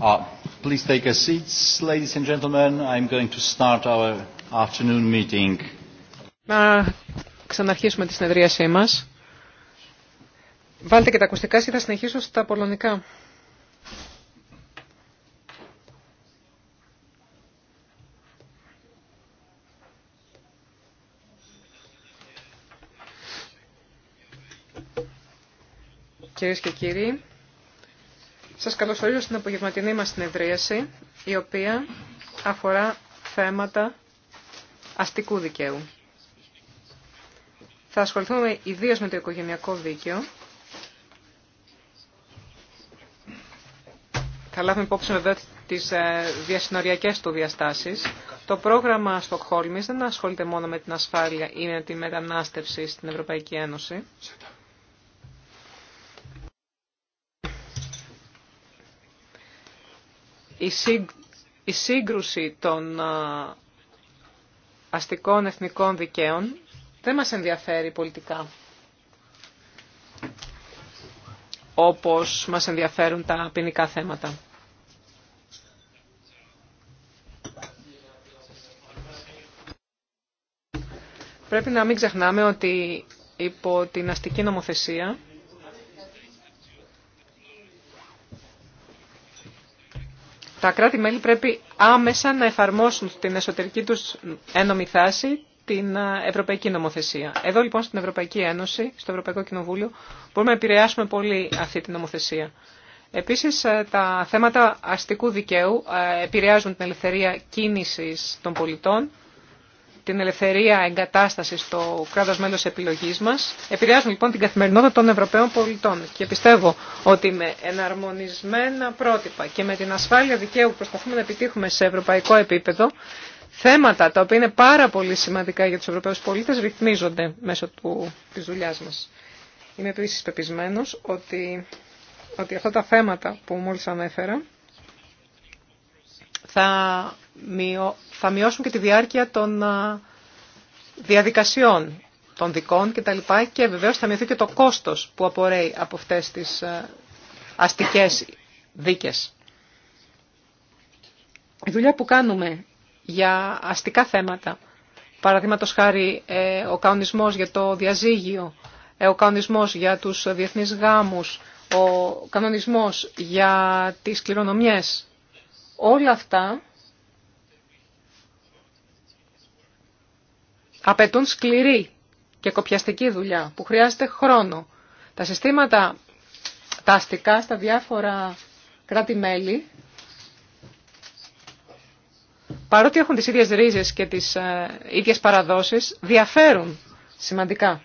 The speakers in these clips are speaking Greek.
Uh, please take a seat, ladies and gentlemen. I'm going to start our afternoon meeting. Να ξαναρχίσουμε τη συνεδρίασή μας. Βάλτε και τα ακουστικά σας, θα συνεχίσω στα πολωνικά. Κυρίες και κύριοι, σας καλωσορίζω στην απογευματινή μας συνεδρίαση, η οποία αφορά θέματα αστικού δικαίου. Θα ασχοληθούμε ιδίως με το οικογενειακό δίκαιο. Θα λάβουμε υπόψη βέβαια τις ε, διασυνοριακές του διαστάσεις. Το πρόγραμμα Στοκχόλμης δεν ασχολείται μόνο με την ασφάλεια ή με τη μετανάστευση στην Ευρωπαϊκή Ένωση. η σύγκρουση των αστικών εθνικών δικαίων δεν μας ενδιαφέρει πολιτικά. όπως μας ενδιαφέρουν τα ποινικά θέματα. Πρέπει να μην ξεχνάμε ότι υπό την αστική νομοθεσία τα κράτη-μέλη πρέπει άμεσα να εφαρμόσουν στην εσωτερική τους ένομη θάση την ε, Ευρωπαϊκή Νομοθεσία. Εδώ λοιπόν στην Ευρωπαϊκή Ένωση, στο Ευρωπαϊκό Κοινοβούλιο, μπορούμε να επηρεάσουμε πολύ αυτή την νομοθεσία. Επίσης, ε, τα θέματα αστικού δικαίου ε, επηρεάζουν την ελευθερία κίνησης των πολιτών, την ελευθερία εγκατάσταση στο κράτος μέλος επιλογής μας. Επηρεάζουν λοιπόν την καθημερινότητα των Ευρωπαίων πολιτών και πιστεύω ότι με εναρμονισμένα πρότυπα και με την ασφάλεια δικαίου που προσπαθούμε να επιτύχουμε σε ευρωπαϊκό επίπεδο, θέματα τα οποία είναι πάρα πολύ σημαντικά για τους Ευρωπαίους πολίτες ρυθμίζονται μέσω του, δουλειά μας. Είμαι επίσης πεπισμένος ότι, ότι αυτά τα θέματα που μόλις ανέφερα θα, μειώ, μειώσουν και τη διάρκεια των διαδικασιών των δικών Και, τα λοιπά και βεβαίως θα μειωθεί και το κόστος που απορρέει από αυτές τις αστικές δίκες. Η δουλειά που κάνουμε για αστικά θέματα, παραδείγματος χάρη ε, ο κανονισμός για το διαζύγιο, ε, ο κανονισμός για τους διεθνείς γάμους, ο κανονισμός για τις κληρονομιές, Όλα αυτά απαιτούν σκληρή και κοπιαστική δουλειά που χρειάζεται χρόνο. Τα συστήματα τα αστικά στα διάφορα κράτη-μέλη, παρότι έχουν τις ίδιες ρίζες και τις ε, ίδιες παραδόσεις, διαφέρουν σημαντικά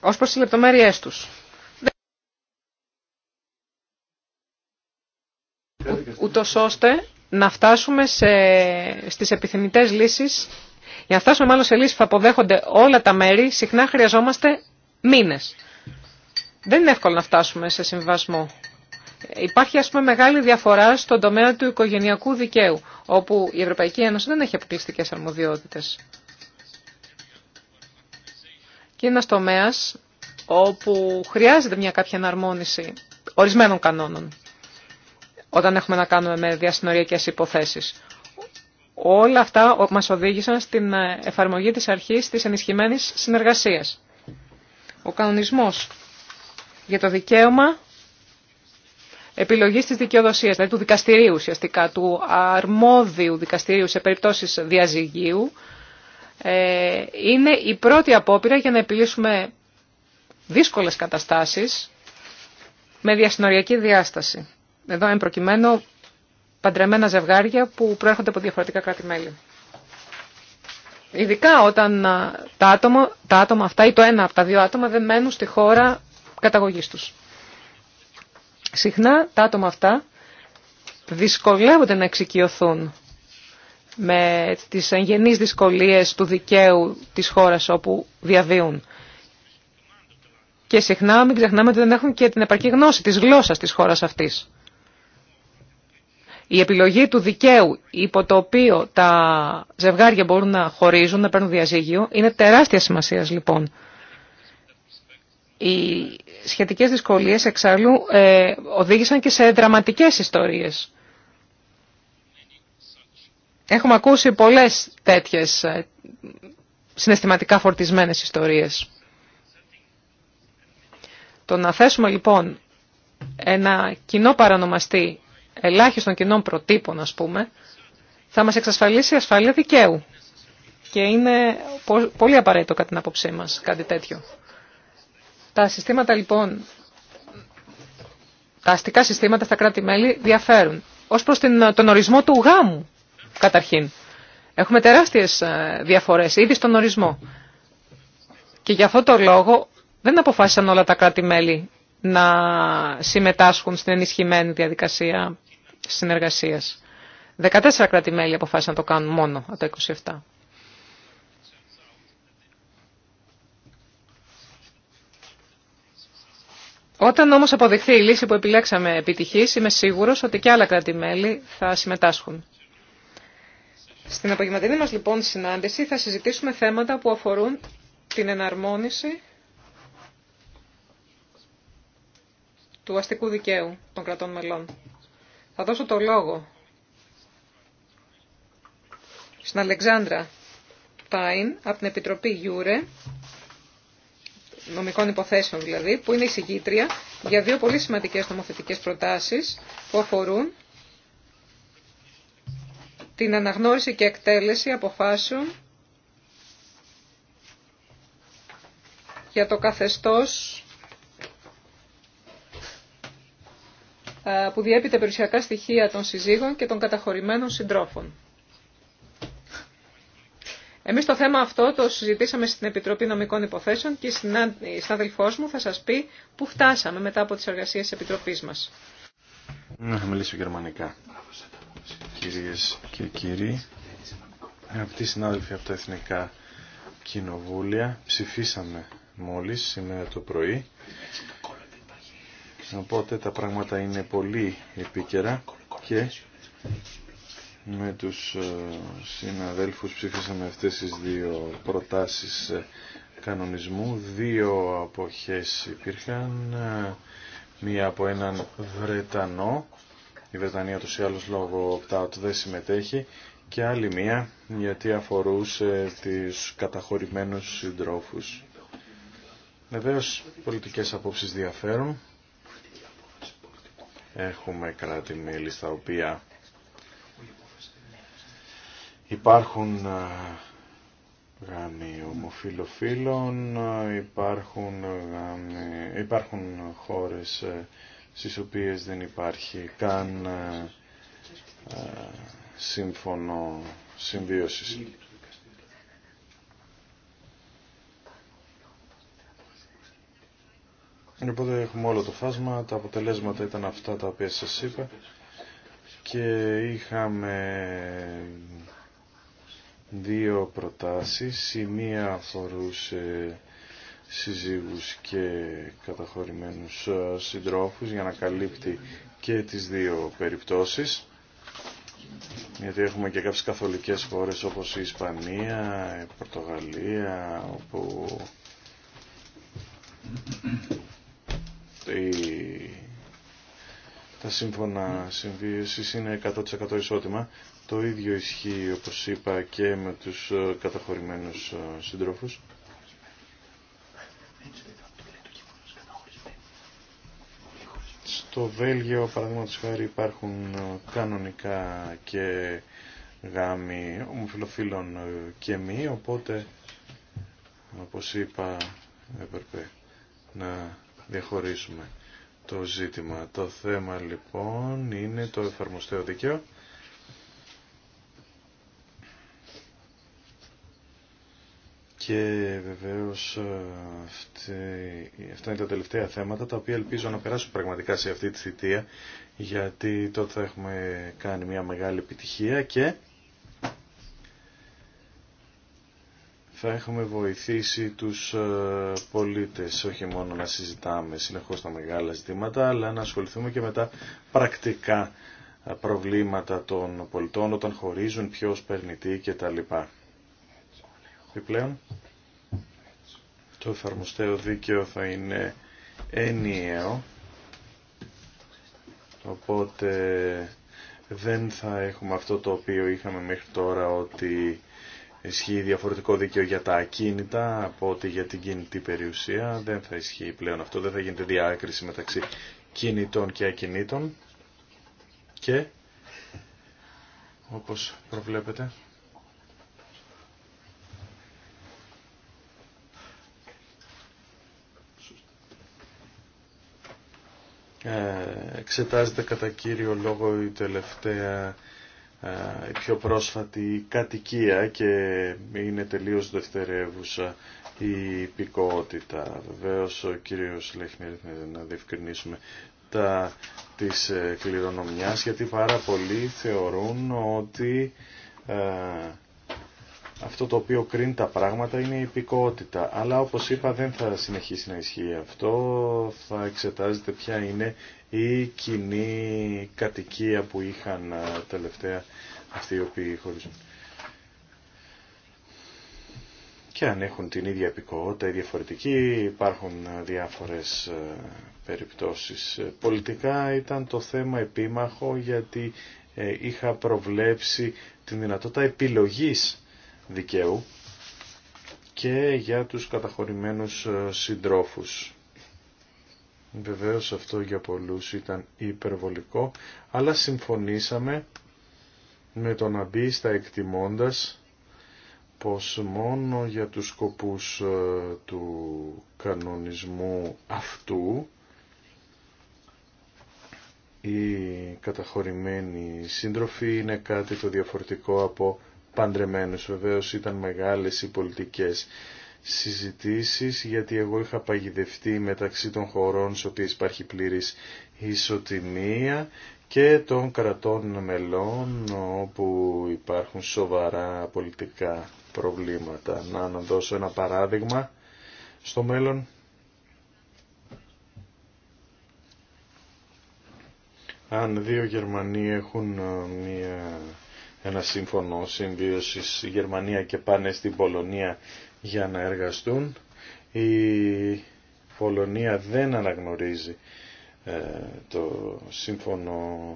ως προς τις λεπτομέρειές τους. ούτως ώστε να φτάσουμε σε, στις επιθυμητές λύσεις. Για να φτάσουμε μάλλον σε λύσεις που αποδέχονται όλα τα μέρη, συχνά χρειαζόμαστε μήνες. Δεν είναι εύκολο να φτάσουμε σε συμβασμό. Υπάρχει ας πούμε μεγάλη διαφορά στον τομέα του οικογενειακού δικαίου, όπου η Ευρωπαϊκή Ένωση δεν έχει αποκλειστικές αρμοδιότητες. Και είναι ένας τομέας όπου χρειάζεται μια κάποια εναρμόνιση ορισμένων κανόνων όταν έχουμε να κάνουμε με διασυνοριακές υποθέσεις. Όλα αυτά μας οδήγησαν στην εφαρμογή της αρχής της ενισχυμένης συνεργασίας. Ο κανονισμός για το δικαίωμα επιλογής της δικαιοδοσίας, δηλαδή του δικαστηρίου ουσιαστικά, του αρμόδιου δικαστηρίου σε περιπτώσεις διαζυγίου, ε, είναι η πρώτη απόπειρα για να επιλύσουμε δύσκολες καταστάσεις με διασυνοριακή διάσταση. Εδώ εν προκειμένου παντρεμένα ζευγάρια που προέρχονται από διαφορετικά κράτη-μέλη. Ειδικά όταν τα άτομα, αυτά ή το ένα από τα δύο άτομα δεν μένουν στη χώρα καταγωγής τους. Συχνά τα άτομα αυτά δυσκολεύονται να εξοικειωθούν με τις εγγενείς δυσκολίες του δικαίου της χώρας όπου διαβίουν. Και συχνά μην ξεχνάμε ότι δεν έχουν και την επαρκή γνώση της γλώσσας της χώρας αυτής. Η επιλογή του δικαίου υπό το οποίο τα ζευγάρια μπορούν να χωρίζουν, να παίρνουν διαζύγιο, είναι τεράστια σημασία λοιπόν. Οι σχετικές δυσκολίες εξάλλου ε, οδήγησαν και σε δραματικές ιστορίες. Έχουμε ακούσει πολλές τέτοιες ε, συναισθηματικά φορτισμένες ιστορίες. Το να θέσουμε λοιπόν ένα κοινό παρανομαστή ελάχιστων κοινών προτύπων, ας πούμε, θα μας εξασφαλίσει ασφάλεια δικαίου. Και είναι πολύ απαραίτητο κατά την άποψή μας κάτι τέτοιο. Τα συστήματα λοιπόν, τα αστικά συστήματα στα κράτη-μέλη διαφέρουν. Ως προς τον ορισμό του γάμου, καταρχήν. Έχουμε τεράστιες ε, διαφορές ήδη στον ορισμό. Και για αυτό το λόγο δεν αποφάσισαν όλα τα κράτη-μέλη να συμμετάσχουν στην ενισχυμένη διαδικασία συνεργασίας. 14 κράτη-μέλη αποφάσισαν να το κάνουν μόνο από το 27. Όταν όμως αποδειχθεί η λύση που επιλέξαμε επιτυχής, είμαι σίγουρος ότι και άλλα κράτη-μέλη θα συμμετάσχουν. Στην απογευματινή μας λοιπόν συνάντηση θα συζητήσουμε θέματα που αφορούν την εναρμόνιση του αστικού δικαίου των κρατών μελών. Θα δώσω το λόγο στην Αλεξάνδρα Πάιν από την Επιτροπή Γιούρε, νομικών υποθέσεων δηλαδή, που είναι η για δύο πολύ σημαντικές νομοθετικές προτάσεις που αφορούν την αναγνώριση και εκτέλεση αποφάσεων για το καθεστώς που διέπει τα περιουσιακά στοιχεία των συζύγων και των καταχωρημένων συντρόφων. Εμείς το θέμα αυτό το συζητήσαμε στην Επιτροπή Νομικών Υποθέσεων και η συνάδελφός μου θα σας πει που φτάσαμε μετά από τις εργασίες της Επιτροπής μας. Να μιλήσω γερμανικά. Κυρίες και κύριοι, αγαπητοί συνάδελφοι από τα Εθνικά Κοινοβούλια, ψηφίσαμε μόλις σήμερα το πρωί Οπότε τα πράγματα είναι πολύ επίκαιρα και με τους ε, συναδέλφους ψήφισαμε αυτές τις δύο προτάσεις ε, κανονισμού. Δύο αποχές υπήρχαν, ε, μία από έναν Βρετανό, η Βρετανία τους ή άλλους λόγω opt-out δεν συμμετέχει, και άλλη μία γιατί αφορούσε τις καταχωρημένους συντρόφους. Βεβαίω, πολιτικές απόψεις διαφέρουν Έχουμε κράτη-μέλη στα οποία υπάρχουν γάμοι ομοφιλοφίλων, υπάρχουν, υπάρχουν χώρες στις οποίες δεν υπάρχει καν σύμφωνο συμβίωσης. Οπότε έχουμε όλο το φάσμα, τα αποτελέσματα ήταν αυτά τα οποία σας είπα και είχαμε δύο προτάσεις. Η μία αφορούσε συζύγους και καταχωρημένους ε, συντρόφους για να καλύπτει και τις δύο περιπτώσεις. Γιατί έχουμε και κάποιες καθολικές χώρες όπως η Ισπανία, η Πορτογαλία, όπου τα σύμφωνα συμβίωση είναι 100% ισότιμα. Το ίδιο ισχύει, όπως είπα, και με τους ε, καταχωρημένους ε, συντρόφους. Στο Βέλγιο, παραδείγματο χάρη, υπάρχουν ε, κανονικά και γάμοι ομοφιλοφίλων και μη, οπότε, όπως είπα, έπρεπε να διαχωρίσουμε το ζήτημα. Το θέμα λοιπόν είναι το εφαρμοστέο δικαίωμα. Και βεβαίως αυτά είναι τα τελευταία θέματα τα οποία ελπίζω να περάσουν πραγματικά σε αυτή τη θητεία γιατί τότε θα έχουμε κάνει μια μεγάλη επιτυχία και θα έχουμε βοηθήσει τους ε, πολίτες όχι μόνο να συζητάμε συνεχώς τα μεγάλα ζητήματα αλλά να ασχοληθούμε και με τα πρακτικά ε, προβλήματα των πολιτών όταν χωρίζουν ποιος παίρνει τι και τα λοιπά. Επιπλέον, το εφαρμοστέο δίκαιο θα είναι ενιαίο οπότε δεν θα έχουμε αυτό το οποίο είχαμε μέχρι τώρα ότι ισχύει διαφορετικό δίκαιο για τα ακίνητα από ότι για την κινητή περιουσία. Δεν θα ισχύει πλέον αυτό, δεν θα γίνεται διάκριση μεταξύ κινητών και ακινήτων. Και, όπως προβλέπετε, ε, εξετάζεται κατά κύριο λόγο η τελευταία η πιο πρόσφατη κατοικία και είναι τελείως δευτερεύουσα η υπηκότητα. Βεβαίως ο κύριος Λέχνερ να διευκρινίσουμε τα της ε, κληρονομιάς γιατί πάρα πολλοί θεωρούν ότι αυτό το οποίο κρίνει τα πράγματα είναι η υπηκότητα. Αλλά όπως είπα δεν θα συνεχίσει να ισχύει αυτό, θα εξετάζεται ποια είναι η κοινή κατοικία που είχαν τελευταία αυτοί οι οποίοι χωρίζουν. Και αν έχουν την ίδια επικοότητα ή διαφορετική υπάρχουν διάφορες περιπτώσεις. Πολιτικά ήταν το θέμα επίμαχο γιατί ε, είχα προβλέψει την δυνατότητα επιλογής δικαίου και για τους καταχωρημένους συντρόφους. Βεβαίως αυτό για πολλούς ήταν υπερβολικό, αλλά συμφωνήσαμε με τον να μπει στα εκτιμώντας πως μόνο για τους σκοπούς ε, του κανονισμού αυτού η καταχωρημένη σύντροφοι είναι κάτι το διαφορετικό από παντρεμένους. Βεβαίως ήταν μεγάλες οι πολιτικές συζητήσεις γιατί εγώ είχα παγιδευτεί μεταξύ των χωρών στις οποίες υπάρχει πλήρης ισοτιμία και των κρατών μελών όπου υπάρχουν σοβαρά πολιτικά προβλήματα. Να, να δώσω ένα παράδειγμα στο μέλλον. Αν δύο Γερμανοί έχουν ε, μια, ένα σύμφωνο συμβίωσης Γερμανία και πάνε στην Πολωνία για να εργαστούν. Η Πολωνία δεν αναγνωρίζει ε, το σύμφωνο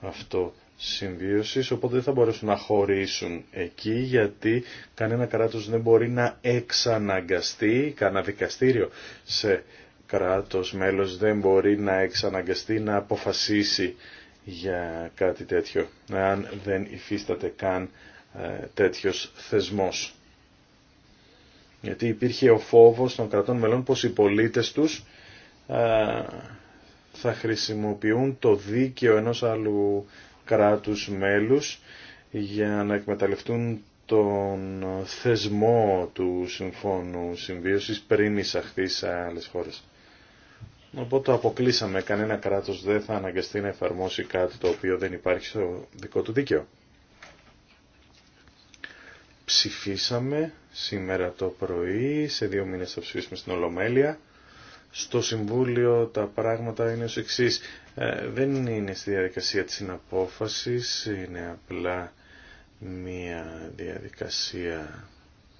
αυτό συμβίωσης, οπότε δεν θα μπορέσουν να χωρίσουν εκεί γιατί κανένα κράτος δεν μπορεί να εξαναγκαστεί, κανένα δικαστήριο σε κράτος μέλος δεν μπορεί να εξαναγκαστεί να αποφασίσει για κάτι τέτοιο, αν δεν υφίσταται καν ε, τέτοιος θεσμός. Γιατί υπήρχε ο φόβος των κρατών μελών πως οι πολίτες τους θα χρησιμοποιούν το δίκαιο ενός άλλου κράτους μέλους για να εκμεταλλευτούν τον θεσμό του Συμφώνου Συμβίωσης πριν εισαχθεί σε άλλες χώρες. Οπότε αποκλείσαμε. Κανένα κράτος δεν θα αναγκαστεί να εφαρμόσει κάτι το οποίο δεν υπάρχει στο δικό του δίκαιο. Ψηφίσαμε σήμερα το πρωί. Σε δύο μήνες θα ψηφίσουμε στην Ολομέλεια. Στο Συμβούλιο τα πράγματα είναι ως εξής. Ε, δεν είναι στη διαδικασία της συναπόφασης, είναι απλά μία διαδικασία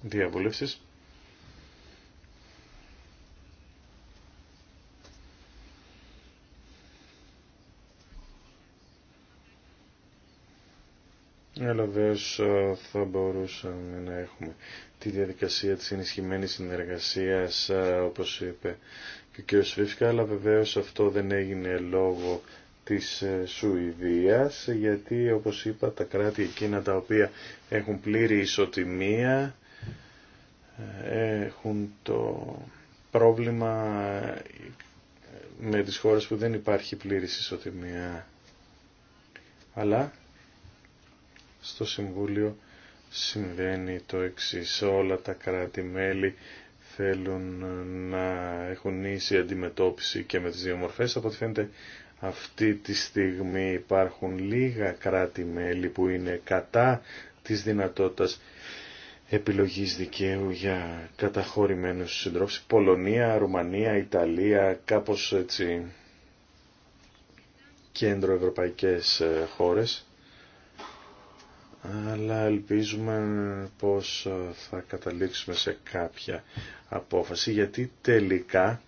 διαβούλευσης. αλλά βέβαια ε, θα μπορούσαμε να έχουμε τη διαδικασία της ενισχυμένης συνεργασίας, ε, όπως είπε και ο κ. Σφίφκα, αλλά βεβαίως αυτό δεν έγινε λόγω της ε, Σουηδίας, γιατί όπως είπα τα κράτη εκείνα τα οποία έχουν πλήρη ισοτιμία έχουν το πρόβλημα με τις χώρες που δεν υπάρχει πλήρης ισοτιμία. Αλλά στο Συμβούλιο συμβαίνει το εξής. Όλα τα κράτη-μέλη θέλουν να έχουν ίση αντιμετώπιση και με τις δύο μορφές. Από ό,τι φαίνεται αυτή τη στιγμή υπάρχουν λίγα κράτη-μέλη που είναι κατά της δυνατότητας επιλογής δικαίου για καταχωρημένους συντρόφους. Πολωνία, Ρουμανία, Ιταλία, κάπως έτσι κέντρο ευρωπαϊκές ε, χώρες αλλά ελπίζουμε πως θα καταλήξουμε σε κάποια απόφαση γιατί τελικά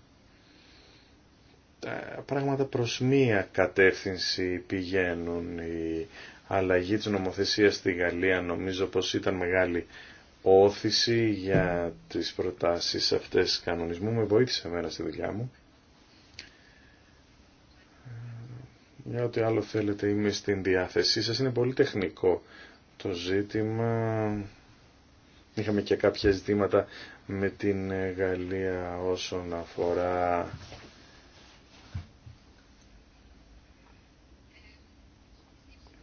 τα πράγματα προς μία κατεύθυνση πηγαίνουν η αλλαγή της νομοθεσίας στη Γαλλία νομίζω πως ήταν μεγάλη όθηση για τις προτάσεις αυτές κανονισμού με βοήθησε μέρα στη δουλειά μου για ό,τι άλλο θέλετε είμαι στην διάθεσή σας είναι πολύ τεχνικό το ζήτημα. Είχαμε και κάποια ζητήματα με την Γαλλία όσον αφορά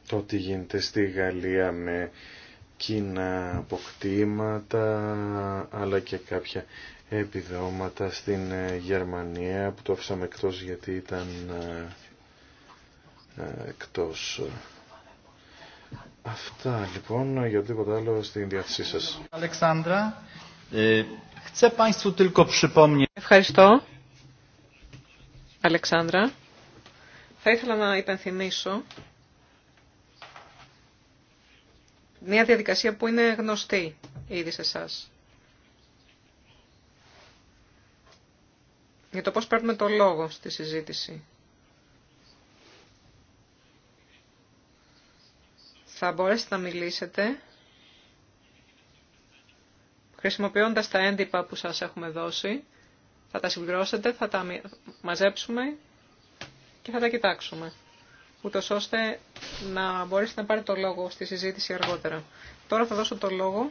το τι γίνεται στη Γαλλία με κοινά αποκτήματα αλλά και κάποια επιδόματα στην Γερμανία που το άφησαμε εκτός γιατί ήταν ε, εκτός Αυτά λοιπόν για τίποτα άλλο στην διάθεσή σα. Αλεξάνδρα, Ευχαριστώ. Αλεξάνδρα, θα ήθελα να υπενθυμίσω μια διαδικασία που είναι γνωστή ήδη σε εσά. Για το πώς παίρνουμε το λόγο στη συζήτηση. θα μπορέσετε να μιλήσετε χρησιμοποιώντας τα έντυπα που σας έχουμε δώσει. Θα τα συμπληρώσετε, θα τα μαζέψουμε και θα τα κοιτάξουμε. Ούτω ώστε να μπορέσετε να πάρετε το λόγο στη συζήτηση αργότερα. Τώρα θα δώσω το λόγο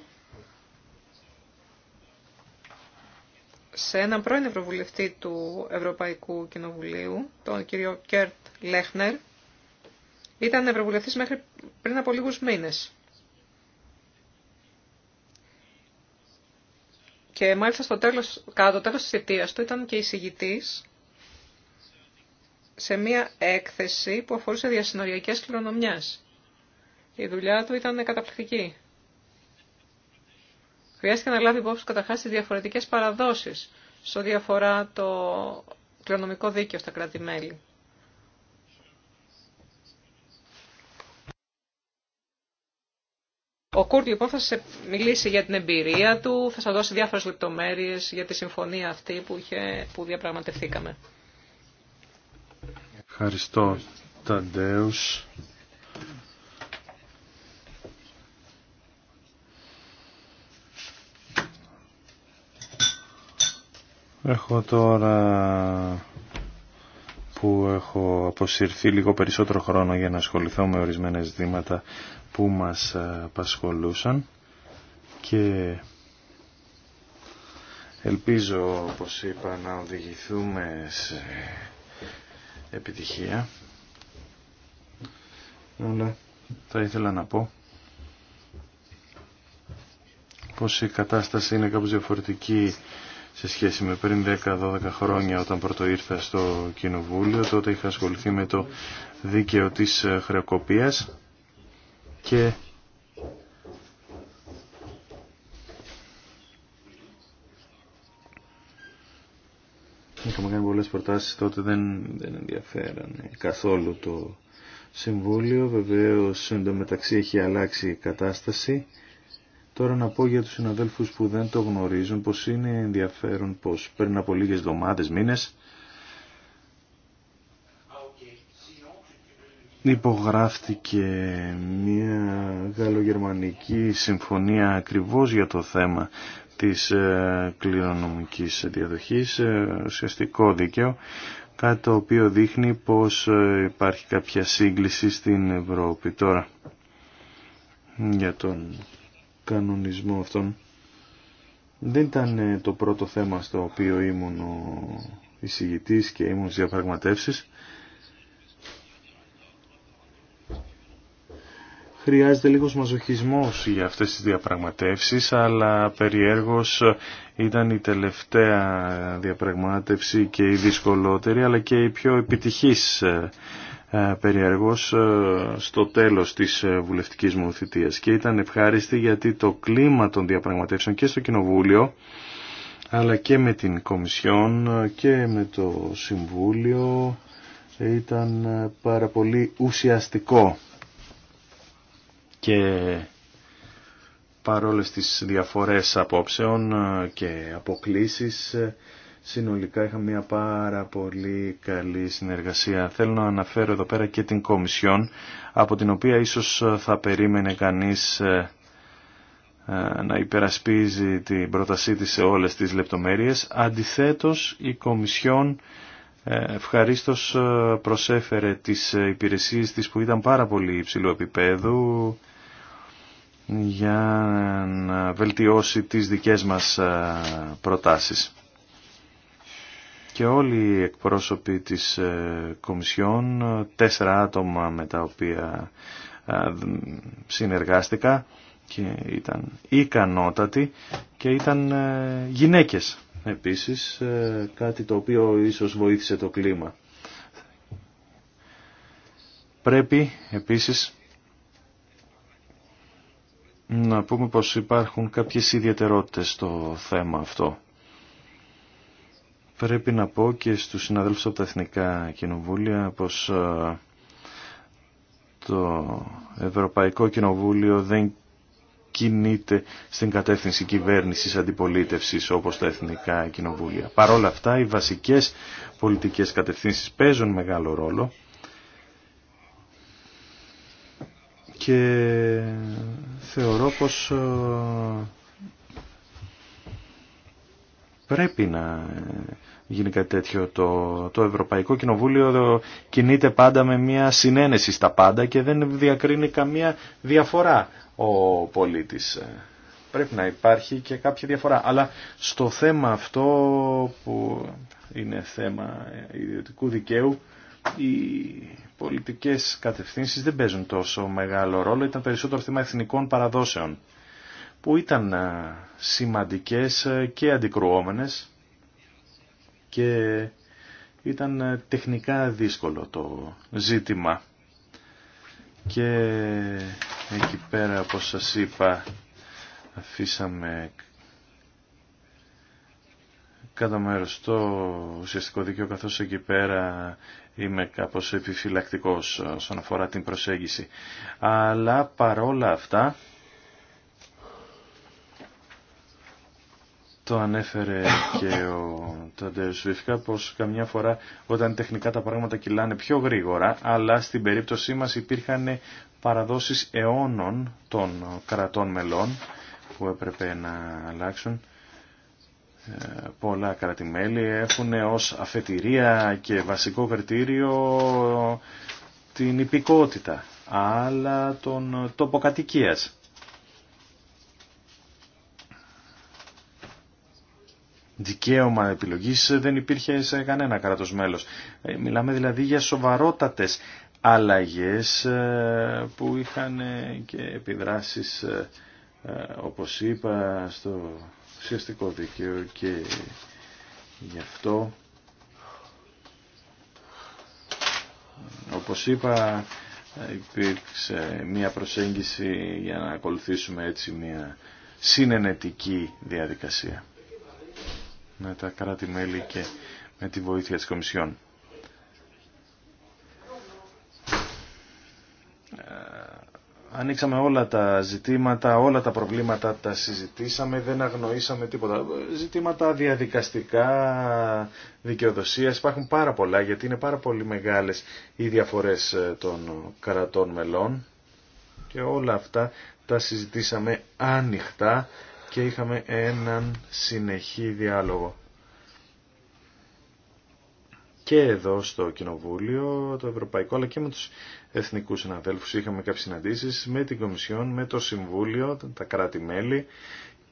σε έναν πρώην Ευρωβουλευτή του Ευρωπαϊκού Κοινοβουλίου, τον κύριο Κέρτ Λέχνερ, ήταν ευρωβουλευτή μέχρι πριν από λίγους μήνες. Και μάλιστα στο τέλος, κατά το τέλος της θητείας του ήταν και εισηγητής σε μια έκθεση που αφορούσε διασυνοριακές κληρονομιάς. Η δουλειά του ήταν καταπληκτική. Χρειάστηκε να λάβει υπόψη καταρχάς τις διαφορετικές παραδόσεις στο διαφορά το κληρονομικό δίκαιο στα κράτη-μέλη. Ο Κούρτ λοιπόν θα σε μιλήσει για την εμπειρία του, θα σα δώσει διάφορες λεπτομέρειες για τη συμφωνία αυτή που, είχε, που διαπραγματευθήκαμε. Ευχαριστώ Ταντέους. Έχω τώρα που έχω αποσυρθεί λίγο περισσότερο χρόνο για να ασχοληθώ με ορισμένα ζητήματα που μας απασχολούσαν και ελπίζω όπως είπα να οδηγηθούμε σε επιτυχία αλλά θα ήθελα να πω πως η κατάσταση είναι κάπως διαφορετική σε σχέση με πριν 10-12 χρόνια όταν πρώτο ήρθα στο Κοινοβούλιο τότε είχα ασχοληθεί με το δίκαιο της χρεοκοπίας και Είχαμε κάνει πολλές προτάσεις, τότε δεν, δεν ενδιαφέρανε καθόλου το Συμβούλιο. Βεβαίως, εντωμεταξύ έχει αλλάξει η κατάσταση. Τώρα να πω για τους συναδέλφους που δεν το γνωρίζουν πως είναι ενδιαφέρον πως πριν από λίγες εβδομάδες, μήνες υπογράφτηκε μια γαλλογερμανική συμφωνία ακριβώς για το θέμα της ε, κληρονομικής διαδοχής, ε, ουσιαστικό δίκαιο, κάτι το οποίο δείχνει πως ε, υπάρχει κάποια σύγκληση στην Ευρώπη τώρα για τον κανονισμό αυτόν. Δεν ήταν το πρώτο θέμα στο οποίο ήμουν ο εισηγητής και ήμουν στις διαπραγματεύσεις. χρειάζεται λίγος μαζοχισμός για αυτές τις διαπραγματεύσεις, αλλά περιέργως ήταν η τελευταία διαπραγμάτευση και η δυσκολότερη, αλλά και η πιο επιτυχής ε, ε, περιέργως ε, στο τέλος της βουλευτικής μου Και ήταν ευχάριστη γιατί το κλίμα των διαπραγματεύσεων και στο Κοινοβούλιο, αλλά και με την Κομισιόν και με το Συμβούλιο ήταν πάρα πολύ ουσιαστικό και παρόλες τις διαφορές απόψεων ε, και αποκλήσεις ε, συνολικά είχαμε μια πάρα πολύ καλή συνεργασία. Θέλω να αναφέρω εδώ πέρα και την Κομισιόν από την οποία ίσως θα περίμενε κανείς ε, να υπερασπίζει την πρότασή της σε όλες τις λεπτομέρειες. Αντιθέτως η Κομισιόν ευχαρίστως προσέφερε τις υπηρεσίες της που ήταν πάρα πολύ υψηλού επίπεδου για να βελτιώσει τις δικές μας ε, προτάσεις. Και όλοι οι εκπρόσωποι της ε, Κομισιόν, τέσσερα άτομα με τα οποία ε, συνεργάστηκα και ήταν ικανότατοι και ήταν γυναίκες επίσης, κάτι το οποίο ίσως βοήθησε το κλίμα. Πρέπει επίσης να πούμε πως υπάρχουν κάποιες ιδιαιτερότητες στο θέμα αυτό. Πρέπει να πω και στους συναδέλφους από τα Εθνικά Κοινοβούλια πως ε, το Ευρωπαϊκό Κοινοβούλιο δεν κινείται στην κατεύθυνση κυβέρνησης αντιπολίτευσης όπως τα Εθνικά Κοινοβούλια. Παρ' αυτά οι βασικές πολιτικές κατευθύνσεις παίζουν μεγάλο ρόλο και θεωρώ πως ε, πρέπει να γίνει κάτι τέτοιο. Το, το Ευρωπαϊκό Κοινοβούλιο κινείται πάντα με μια συνένεση στα πάντα και δεν διακρίνει καμία διαφορά ο πολίτης. Ε, πρέπει να υπάρχει και κάποια διαφορά. Αλλά στο θέμα αυτό που είναι θέμα ιδιωτικού δικαίου οι πολιτικές κατευθύνσεις δεν παίζουν τόσο μεγάλο ρόλο, ήταν περισσότερο θέμα εθνικών παραδόσεων που ήταν ε, σημαντικές ε, και αντικρουόμενες και ήταν ε, τεχνικά δύσκολο το ζήτημα. Και εκεί πέρα, όπως σας είπα, αφήσαμε κατά μέρος το ουσιαστικό δίκαιο, καθώς εκεί πέρα είμαι κάπως επιφυλακτικός όσον αφορά την προσέγγιση. Αλλά παρόλα αυτά το ανέφερε και ο Τοντέρος Βιφκά, πως καμιά φορά όταν τεχνικά τα πράγματα κυλάνε πιο γρήγορα αλλά στην περίπτωσή μας υπήρχαν παραδόσεις αιώνων των κρατών μελών που έπρεπε να αλλάξουν πολλά κρατημέλη έχουν ως αφετηρία και βασικό κριτήριο την υπηκότητα αλλά τον τόπο κατοικίας. Δικαίωμα επιλογής δεν υπήρχε σε κανένα κράτος μέλος. Ε, μιλάμε δηλαδή για σοβαρότατες αλλαγές ε, που είχαν ε, και επιδράσεις όπως είπα στο ουσιαστικό δίκαιο και γι' αυτό όπως είπα υπήρξε μια προσέγγιση για να ακολουθήσουμε έτσι μια συνενετική διαδικασία με τα κράτη-μέλη και με τη βοήθεια της Κομισιόν. ανοίξαμε όλα τα ζητήματα, όλα τα προβλήματα τα συζητήσαμε, δεν αγνοήσαμε τίποτα. Ζητήματα διαδικαστικά, δικαιοδοσίας, υπάρχουν πάρα πολλά γιατί είναι πάρα πολύ μεγάλες οι διαφορές ε, των κρατών μελών και όλα αυτά τα συζητήσαμε άνοιχτα και είχαμε έναν συνεχή διάλογο και εδώ στο Κοινοβούλιο, το Ευρωπαϊκό, αλλά και με τους εθνικούς συναδέλφους. Είχαμε κάποιες συναντήσεις με την Κομισιόν, με το Συμβούλιο, τα κράτη-μέλη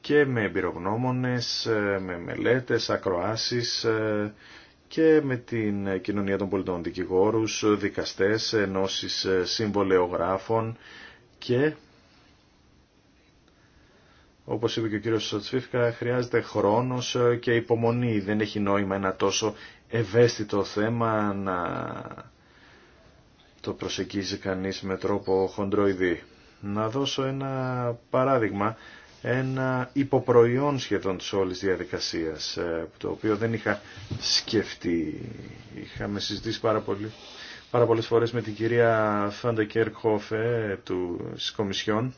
και με εμπειρογνώμονες, με μελέτες, ακροάσεις ε, και με την κοινωνία των πολιτών, δικηγόρους, δικαστές, ενώσεις ε, συμβολεογράφων και όπως είπε και ο κύριος Σοτσφίφκα, χρειάζεται χρόνος και υπομονή. Δεν έχει νόημα ένα τόσο ευαίσθητο θέμα να το προσεγγίζει κανείς με τρόπο χοντροειδή. Να δώσω ένα παράδειγμα, ένα υποπροϊόν σχεδόν της όλης διαδικασίας, ε, το οποίο δεν είχα σκεφτεί. Είχαμε συζητήσει πάρα, πολύ, πάρα πολλές φορές με την κυρία Φαντεκέρ Χόφε του Κομισιόν,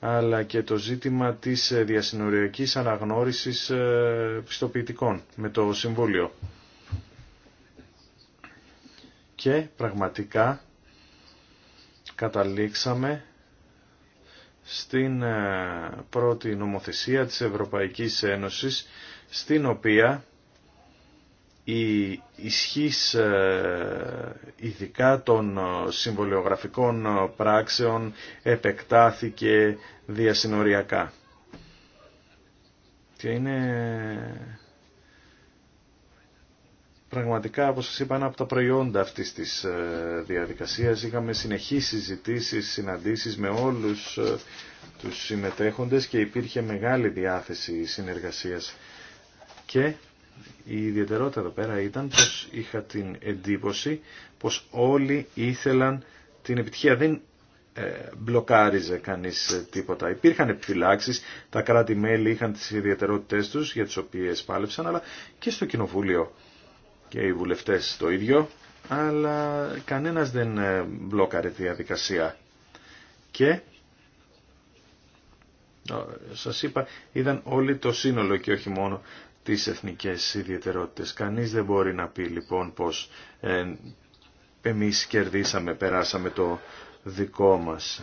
αλλά και το ζήτημα της ε, διασυνοριακής αναγνώρισης ε, πιστοποιητικών με το Συμβούλιο και πραγματικά καταλήξαμε στην ε, πρώτη νομοθεσία της Ευρωπαϊκής Ένωσης στην οποία η ισχύς ε, ειδικά των ε, συμβολιογραφικών πράξεων επεκτάθηκε διασυνοριακά. Και είναι πραγματικά, όπως σας είπα, ένα από τα προϊόντα αυτής της ε, διαδικασίας. Είχαμε συνεχείς συζητήσεις, συναντήσεις με όλους ε, τους συμμετέχοντες και υπήρχε μεγάλη διάθεση συνεργασίας. Και η ιδιαιτερότητα εδώ πέρα ήταν πως είχα την εντύπωση πως όλοι ήθελαν την επιτυχία. Δεν ε, μπλοκάριζε κανείς τίποτα. Υπήρχαν επιφυλάξεις, τα κράτη-μέλη είχαν τις ιδιαιτερότητές τους για τις οποίες πάλεψαν, αλλά και στο Κοινοβούλιο και οι βουλευτές το ίδιο, αλλά κανένας δεν ε, μπλόκαρε τη διαδικασία. Και, σας είπα, είδαν όλοι το σύνολο και όχι μόνο τις εθνικές ιδιαιτερότητες. Κανείς δεν μπορεί να πει λοιπόν πως ε, εμείς κερδίσαμε, περάσαμε το δικό μας.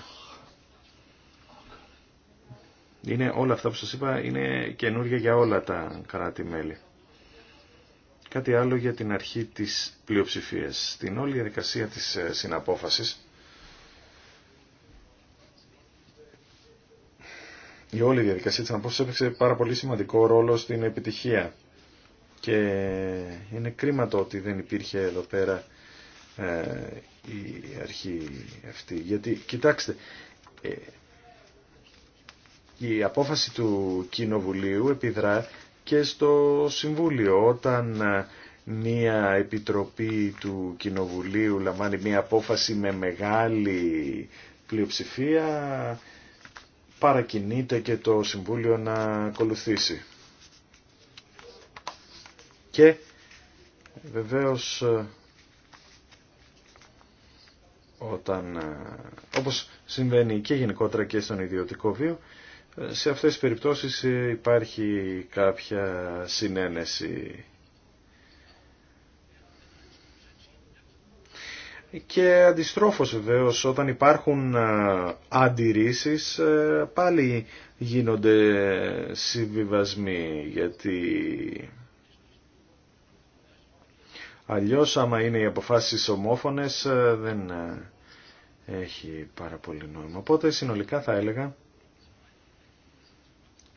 Είναι όλα αυτά που σας είπα, είναι καινούργια για όλα τα κράτη-μέλη. Κάτι άλλο για την αρχή της πλειοψηφίας. Στην όλη διαδικασία της ε, συναπόφασης, η όλη διαδικασία της συναπόφασης έπαιξε πάρα πολύ σημαντικό ρόλο στην επιτυχία. Και είναι κρίμα το ότι δεν υπήρχε εδώ πέρα ε, η αρχή αυτή. Γιατί, κοιτάξτε, ε, η απόφαση του Κοινοβουλίου επιδρά και στο Συμβούλιο. Όταν ε, μια επιτροπή του Κοινοβουλίου λαμβάνει μια απόφαση με μεγάλη πλειοψηφία, παρακινείται και το Συμβούλιο να ακολουθήσει. Και βεβαίως ε, όταν, ε, όπως συμβαίνει και γενικότερα και στον ιδιωτικό βίο, σε αυτές τις περιπτώσεις ε, υπάρχει κάποια συνένεση. Και αντιστρόφως βεβαίως, όταν υπάρχουν ε, αντιρρήσεις ε, πάλι γίνονται συμβιβασμοί γιατί αλλιώς άμα είναι οι αποφάσεις ομόφωνες δεν έχει πάρα πολύ νόημα. Οπότε συνολικά θα έλεγα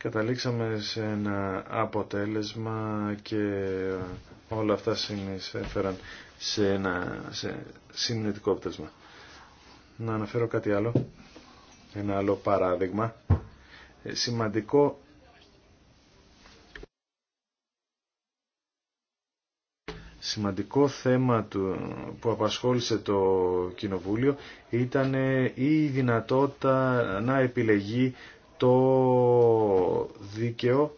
καταλήξαμε σε ένα αποτέλεσμα και όλα αυτά συνεισέφεραν σε ένα σε συνετικό αποτέλεσμα. Να αναφέρω κάτι άλλο, ένα άλλο παράδειγμα. Ε, σημαντικό σημαντικό θέμα του, που απασχόλησε το Κοινοβούλιο ήταν η δυνατότητα να επιλεγεί το δίκαιο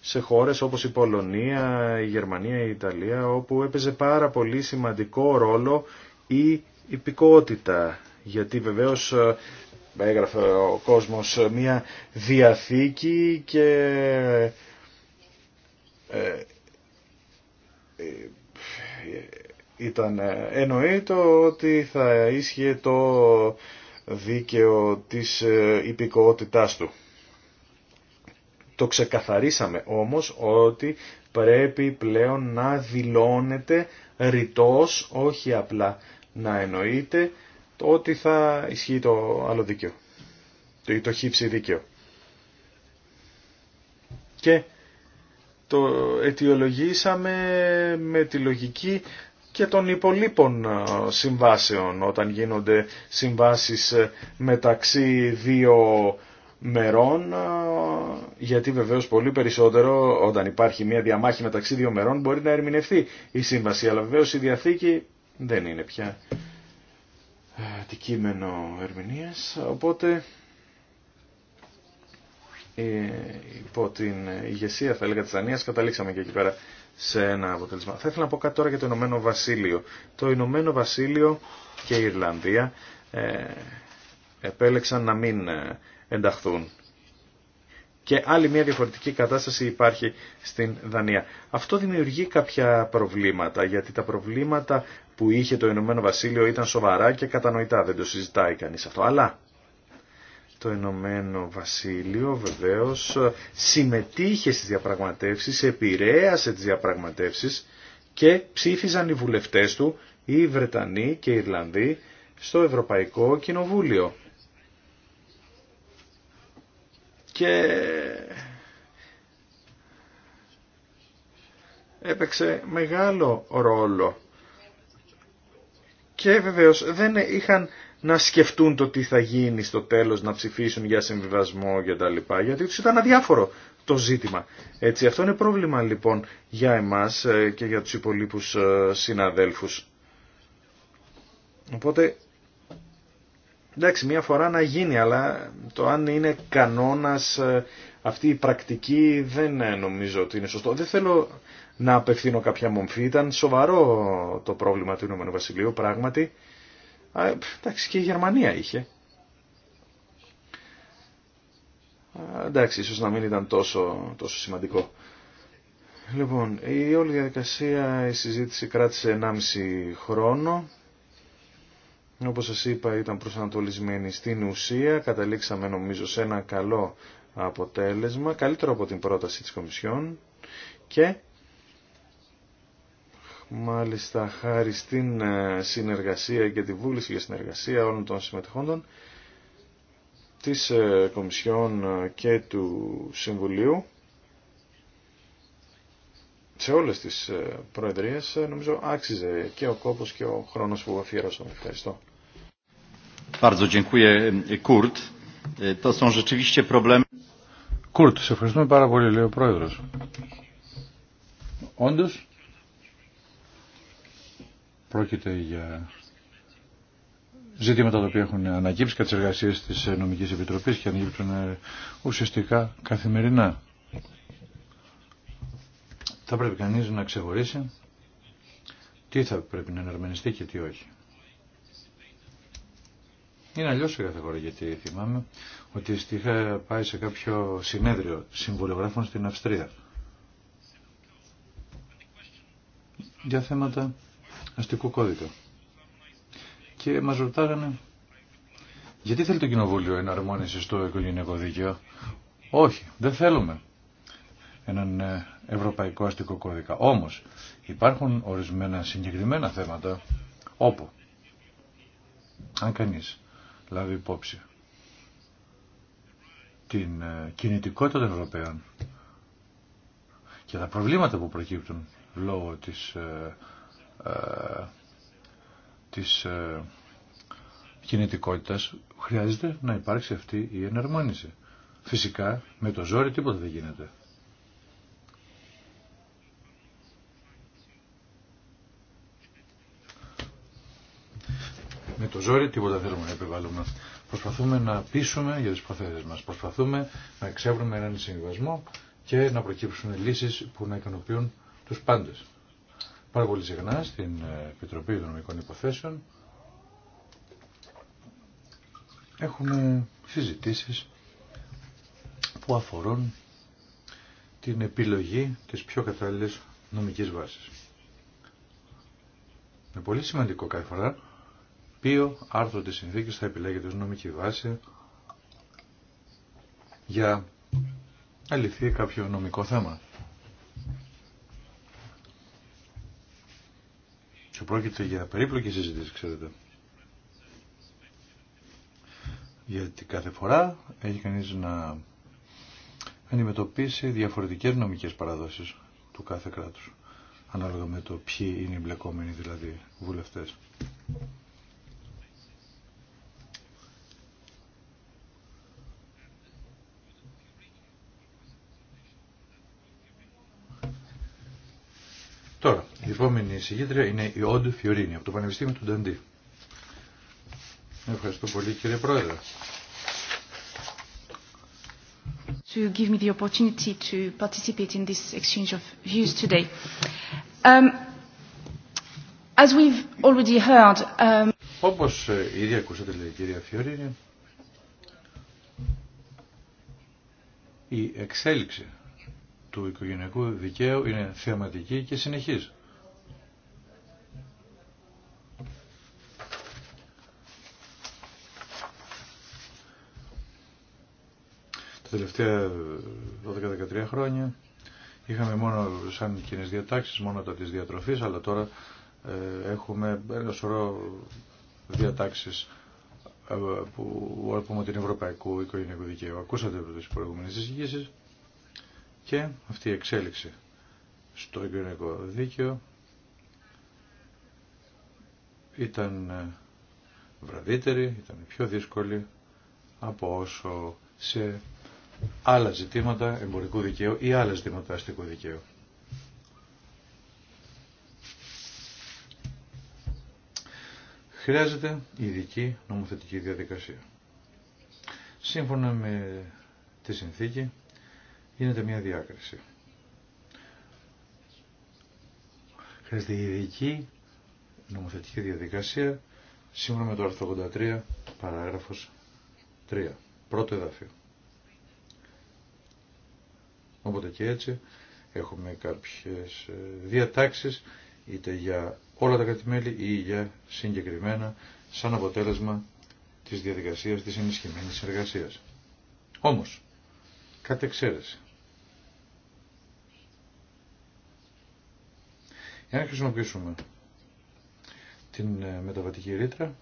σε χώρες όπως η Πολωνία, η Γερμανία, η Ιταλία, όπου έπαιζε πάρα πολύ σημαντικό ρόλο η υπηκότητα. Γιατί βεβαίως ε, έγραφε ο κόσμος ε, μια διαθήκη και ε, ήταν εννοείτο ότι θα ίσχυε το δίκαιο της ε, υπηκότητάς του. Το ξεκαθαρίσαμε όμως ότι πρέπει πλέον να δηλώνεται ρητός, όχι απλά να εννοείται, το ότι θα ισχύει το άλλο δίκαιο, το, το χύψη δίκαιο. Και το αιτιολογήσαμε με τη λογική και των υπολείπων ε, συμβάσεων όταν γίνονται συμβάσεις ε, μεταξύ δύο μερών ε, γιατί βεβαίως πολύ περισσότερο όταν υπάρχει μια διαμάχη μεταξύ δύο μερών μπορεί να ερμηνευτεί η σύμβαση αλλά βεβαίως η Διαθήκη δεν είναι πια αντικείμενο ερμηνείας οπότε υπό την ηγεσία θα έλεγα της Ανίας καταλήξαμε και εκεί πέρα σε ένα αποτέλεσμα. Θα ήθελα να πω κάτι τώρα για το Ηνωμένο Βασίλειο. Το Ηνωμένο Βασίλειο και η Ιρλανδία ε, επέλεξαν να μην ε, ενταχθούν. Και άλλη μια διαφορετική κατάσταση υπάρχει στην Δανία. Αυτό δημιουργεί κάποια προβλήματα, γιατί τα προβλήματα που είχε το Ηνωμένο Βασίλειο ήταν σοβαρά και κατανοητά, δεν το συζητάει κανείς αυτό. Αλλά το Ενωμένο Βασίλειο βεβαίως συμμετείχε στις διαπραγματεύσεις, επηρέασε τις διαπραγματεύσεις και ψήφιζαν οι βουλευτές του, οι Βρετανοί και οι Ιρλανδοί, στο Ευρωπαϊκό Κοινοβούλιο. Και έπαιξε μεγάλο ρόλο. Και βεβαίως δεν είχαν να σκεφτούν το τι θα γίνει στο τέλος, να ψηφίσουν για συμβιβασμό και τα λοιπά, γιατί τους ήταν αδιάφορο το ζήτημα. Έτσι, αυτό είναι πρόβλημα λοιπόν για εμάς ε, και για τους υπολείπους ε, συναδέλφους. Οπότε, εντάξει, μία φορά να γίνει, αλλά το αν είναι κανόνας ε, αυτή η πρακτική δεν νομίζω ότι είναι σωστό. Δεν θέλω να απευθύνω κάποια μομφή, ήταν σοβαρό το πρόβλημα του Ηνωμένου Βασιλείου, πράγματι εντάξει και η Γερμανία είχε. Εντάξει, ίσως να μην ήταν τόσο, τόσο σημαντικό. Λοιπόν, η όλη διαδικασία, η συζήτηση κράτησε 1,5 χρόνο. Όπως σας είπα ήταν προσανατολισμένη στην ουσία, καταλήξαμε νομίζω σε ένα καλό αποτέλεσμα, καλύτερο από την πρόταση της Κομισιόν και Μάλιστα, χάρη στην ε, συνεργασία και τη βούληση για συνεργασία όλων των συμμετεχόντων της ε, Κομισιόν ε, και του Συμβουλίου σε όλες τις προεδρίες νομίζω άξιζε και ο κόπος και ο χρόνος που αφιέρωσαμε. Ευχαριστώ. Κουρτ, σε ευχαριστούμε πάρα πολύ, λέει ο Πρόεδρος. Όντως, Πρόκειται για ζητήματα τα οποία έχουν ανακύψει κατά τι εργασίε τη Νομική Επιτροπή και ανακύπτουν ε, ουσιαστικά καθημερινά. Θα πρέπει κανεί να ξεχωρίσει τι θα πρέπει να εναρμενιστεί και τι όχι. Είναι αλλιώ η καθηγορία γιατί θυμάμαι ότι είχα πάει σε κάποιο συνέδριο συμβολιογράφων στην Αυστρία για θέματα αστικού κώδικα. Και μα ρωτάγανε γιατί θέλει το Κοινοβούλιο εναρμόνιση στο οικογενειακό δίκαιο. Όχι, δεν θέλουμε έναν ε, ευρωπαϊκό αστικό κώδικα. Όμως υπάρχουν ορισμένα συγκεκριμένα θέματα όπου αν κανεί λάβει υπόψη την ε, κινητικότητα των Ευρωπαίων και τα προβλήματα που προκύπτουν λόγω της ε, ε, της ε, κινητικότητας χρειάζεται να υπάρξει αυτή η ενερμόνιση. Φυσικά με το ζόρι τίποτα δεν γίνεται. Με το ζόρι τίποτα θέλουμε να επιβάλλουμε. Προσπαθούμε να πείσουμε για τις προθέσεις μας. Προσπαθούμε να εξεύρουμε έναν συμβασμό και να προκύψουν λύσεις που να ικανοποιούν τους πάντες πάρα πολύ συχνά στην ε, Επιτροπή Νομικών Υποθέσεων έχουμε συζητήσεις που αφορούν την επιλογή της πιο κατάλληλης νομικής βάσης. Με πολύ σημαντικό κάθε φορά ποιο άρθρο της συνθήκης θα επιλέγεται ως νομική βάση για αληθεί κάποιο νομικό θέμα. πρόκειται για περίπλοκη συζήτηση, ξέρετε. Γιατί κάθε φορά έχει κανείς να αντιμετωπίσει διαφορετικές νομικές παραδόσεις του κάθε κράτους. Ανάλογα με το ποιοι είναι οι μπλεκόμενοι δηλαδή βουλευτές. Η συγγήτρια είναι η Οντ Φιωρίνη από το Πανεπιστήμιο του Νταντή. Ευχαριστώ πολύ κύριε Πρόεδρε. To give me the opportunity to participate in this exchange of views today. Um, as we've already heard, um... Όπως ε, ήδη ακούσατε λέει κυρία Φιωρίνη, η εξέλιξη του οικογενειακού δικαίου είναι θεαματική και συνεχίζει. Τα τελευταία 12-13 χρόνια είχαμε μόνο σαν κοινέ διατάξει μόνο τα της διατροφή αλλά τώρα ε, έχουμε ένα σωρό διατάξεις ε, που αρπούμε την Ευρωπαϊκού Οικογενειακού Δικαίου. Ακούσατε από τις προηγούμενες και αυτή η εξέλιξη στο Οικογενειακό Δίκαιο ήταν ε, βραδύτερη, ήταν πιο δύσκολη από όσο σε άλλα ζητήματα εμπορικού δικαίου ή άλλα ζητήματα αστικού δικαίου. Χρειάζεται ειδική νομοθετική διαδικασία. Σύμφωνα με τη συνθήκη γίνεται μια διάκριση. Χρειάζεται ειδική νομοθετική διαδικασία σύμφωνα με το άρθρο 83 παράγραφος 3. Πρώτο εδάφιο. Οπότε και έτσι έχουμε κάποιες ε, διατάξεις είτε για όλα τα κρατημέλη ή για συγκεκριμένα σαν αποτέλεσμα της διαδικασίας της ενισχυμένης εργασίας. Όμως, κάτι εξαίρεση. Εάν χρησιμοποιήσουμε την ε, μεταβατική ρήτρα,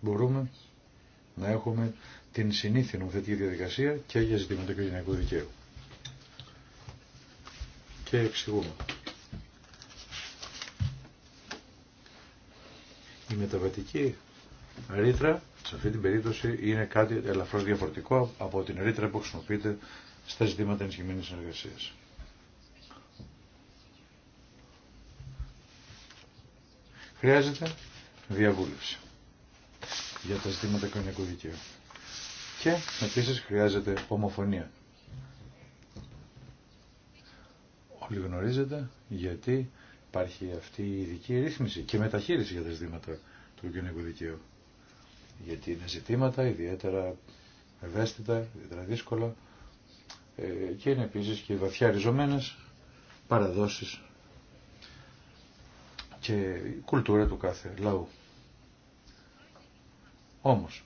μπορούμε να έχουμε την συνήθεια νομοθετική διαδικασία και για ζητήματα κοινωνικού δικαίου. Και εξηγούμε. Η μεταβατική ρήτρα σε αυτή την περίπτωση είναι κάτι ελαφρώς διαφορετικό από την ρήτρα που χρησιμοποιείται στα ζητήματα ενισχυμένης συνεργασίας. Χρειάζεται διαβούλευση για τα ζητήματα κοινωνικού δικαίου και επίσης χρειάζεται ομοφωνία. Όλοι γνωρίζετε γιατί υπάρχει αυτή η ειδική ρύθμιση και μεταχείριση για τα ζητήματα του κοινωνικού δικαίου. Γιατί είναι ζητήματα ιδιαίτερα ευαίσθητα, ιδιαίτερα δύσκολα ε, και είναι επίσης και βαθιά ριζωμένες παραδόσεις και κουλτούρα του κάθε λαού. Όμως,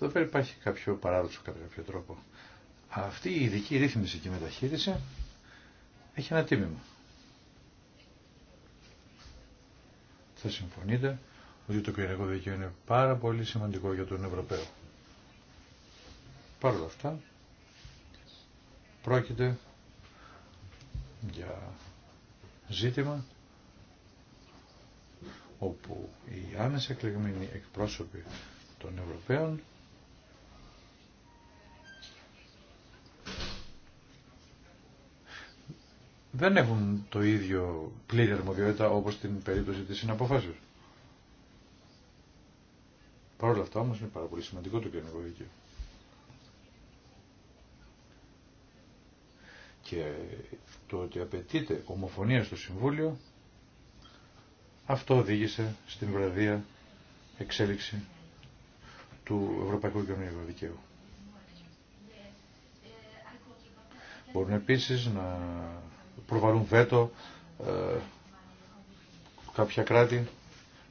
εδώ υπάρχει κάποιο παράδοξο κατά κάποιο τρόπο. Αυτή η ειδική ρύθμιση και μεταχείριση έχει ένα τίμημα. Θα συμφωνείτε ότι το πυριακό δικαίωμα είναι πάρα πολύ σημαντικό για τον Ευρωπαίο. Παρ' όλα αυτά, πρόκειται για ζήτημα όπου οι άμεσα εκλεγμένοι εκπρόσωποι των Ευρωπαίων δεν έχουν το ίδιο πλήρη αρμοδιότητα όπως στην περίπτωση της συναποφάσεως. Παρ' όλα αυτά όμως είναι πάρα πολύ σημαντικό το κοινωνικό δίκαιο. Και το ότι απαιτείται ομοφωνία στο Συμβούλιο, αυτό οδήγησε στην βραδία εξέλιξη του Ευρωπαϊκού Κοινωνικού Δικαίου. Μπορούν επίσης να προβαλούν βέτο ε, κάποια κράτη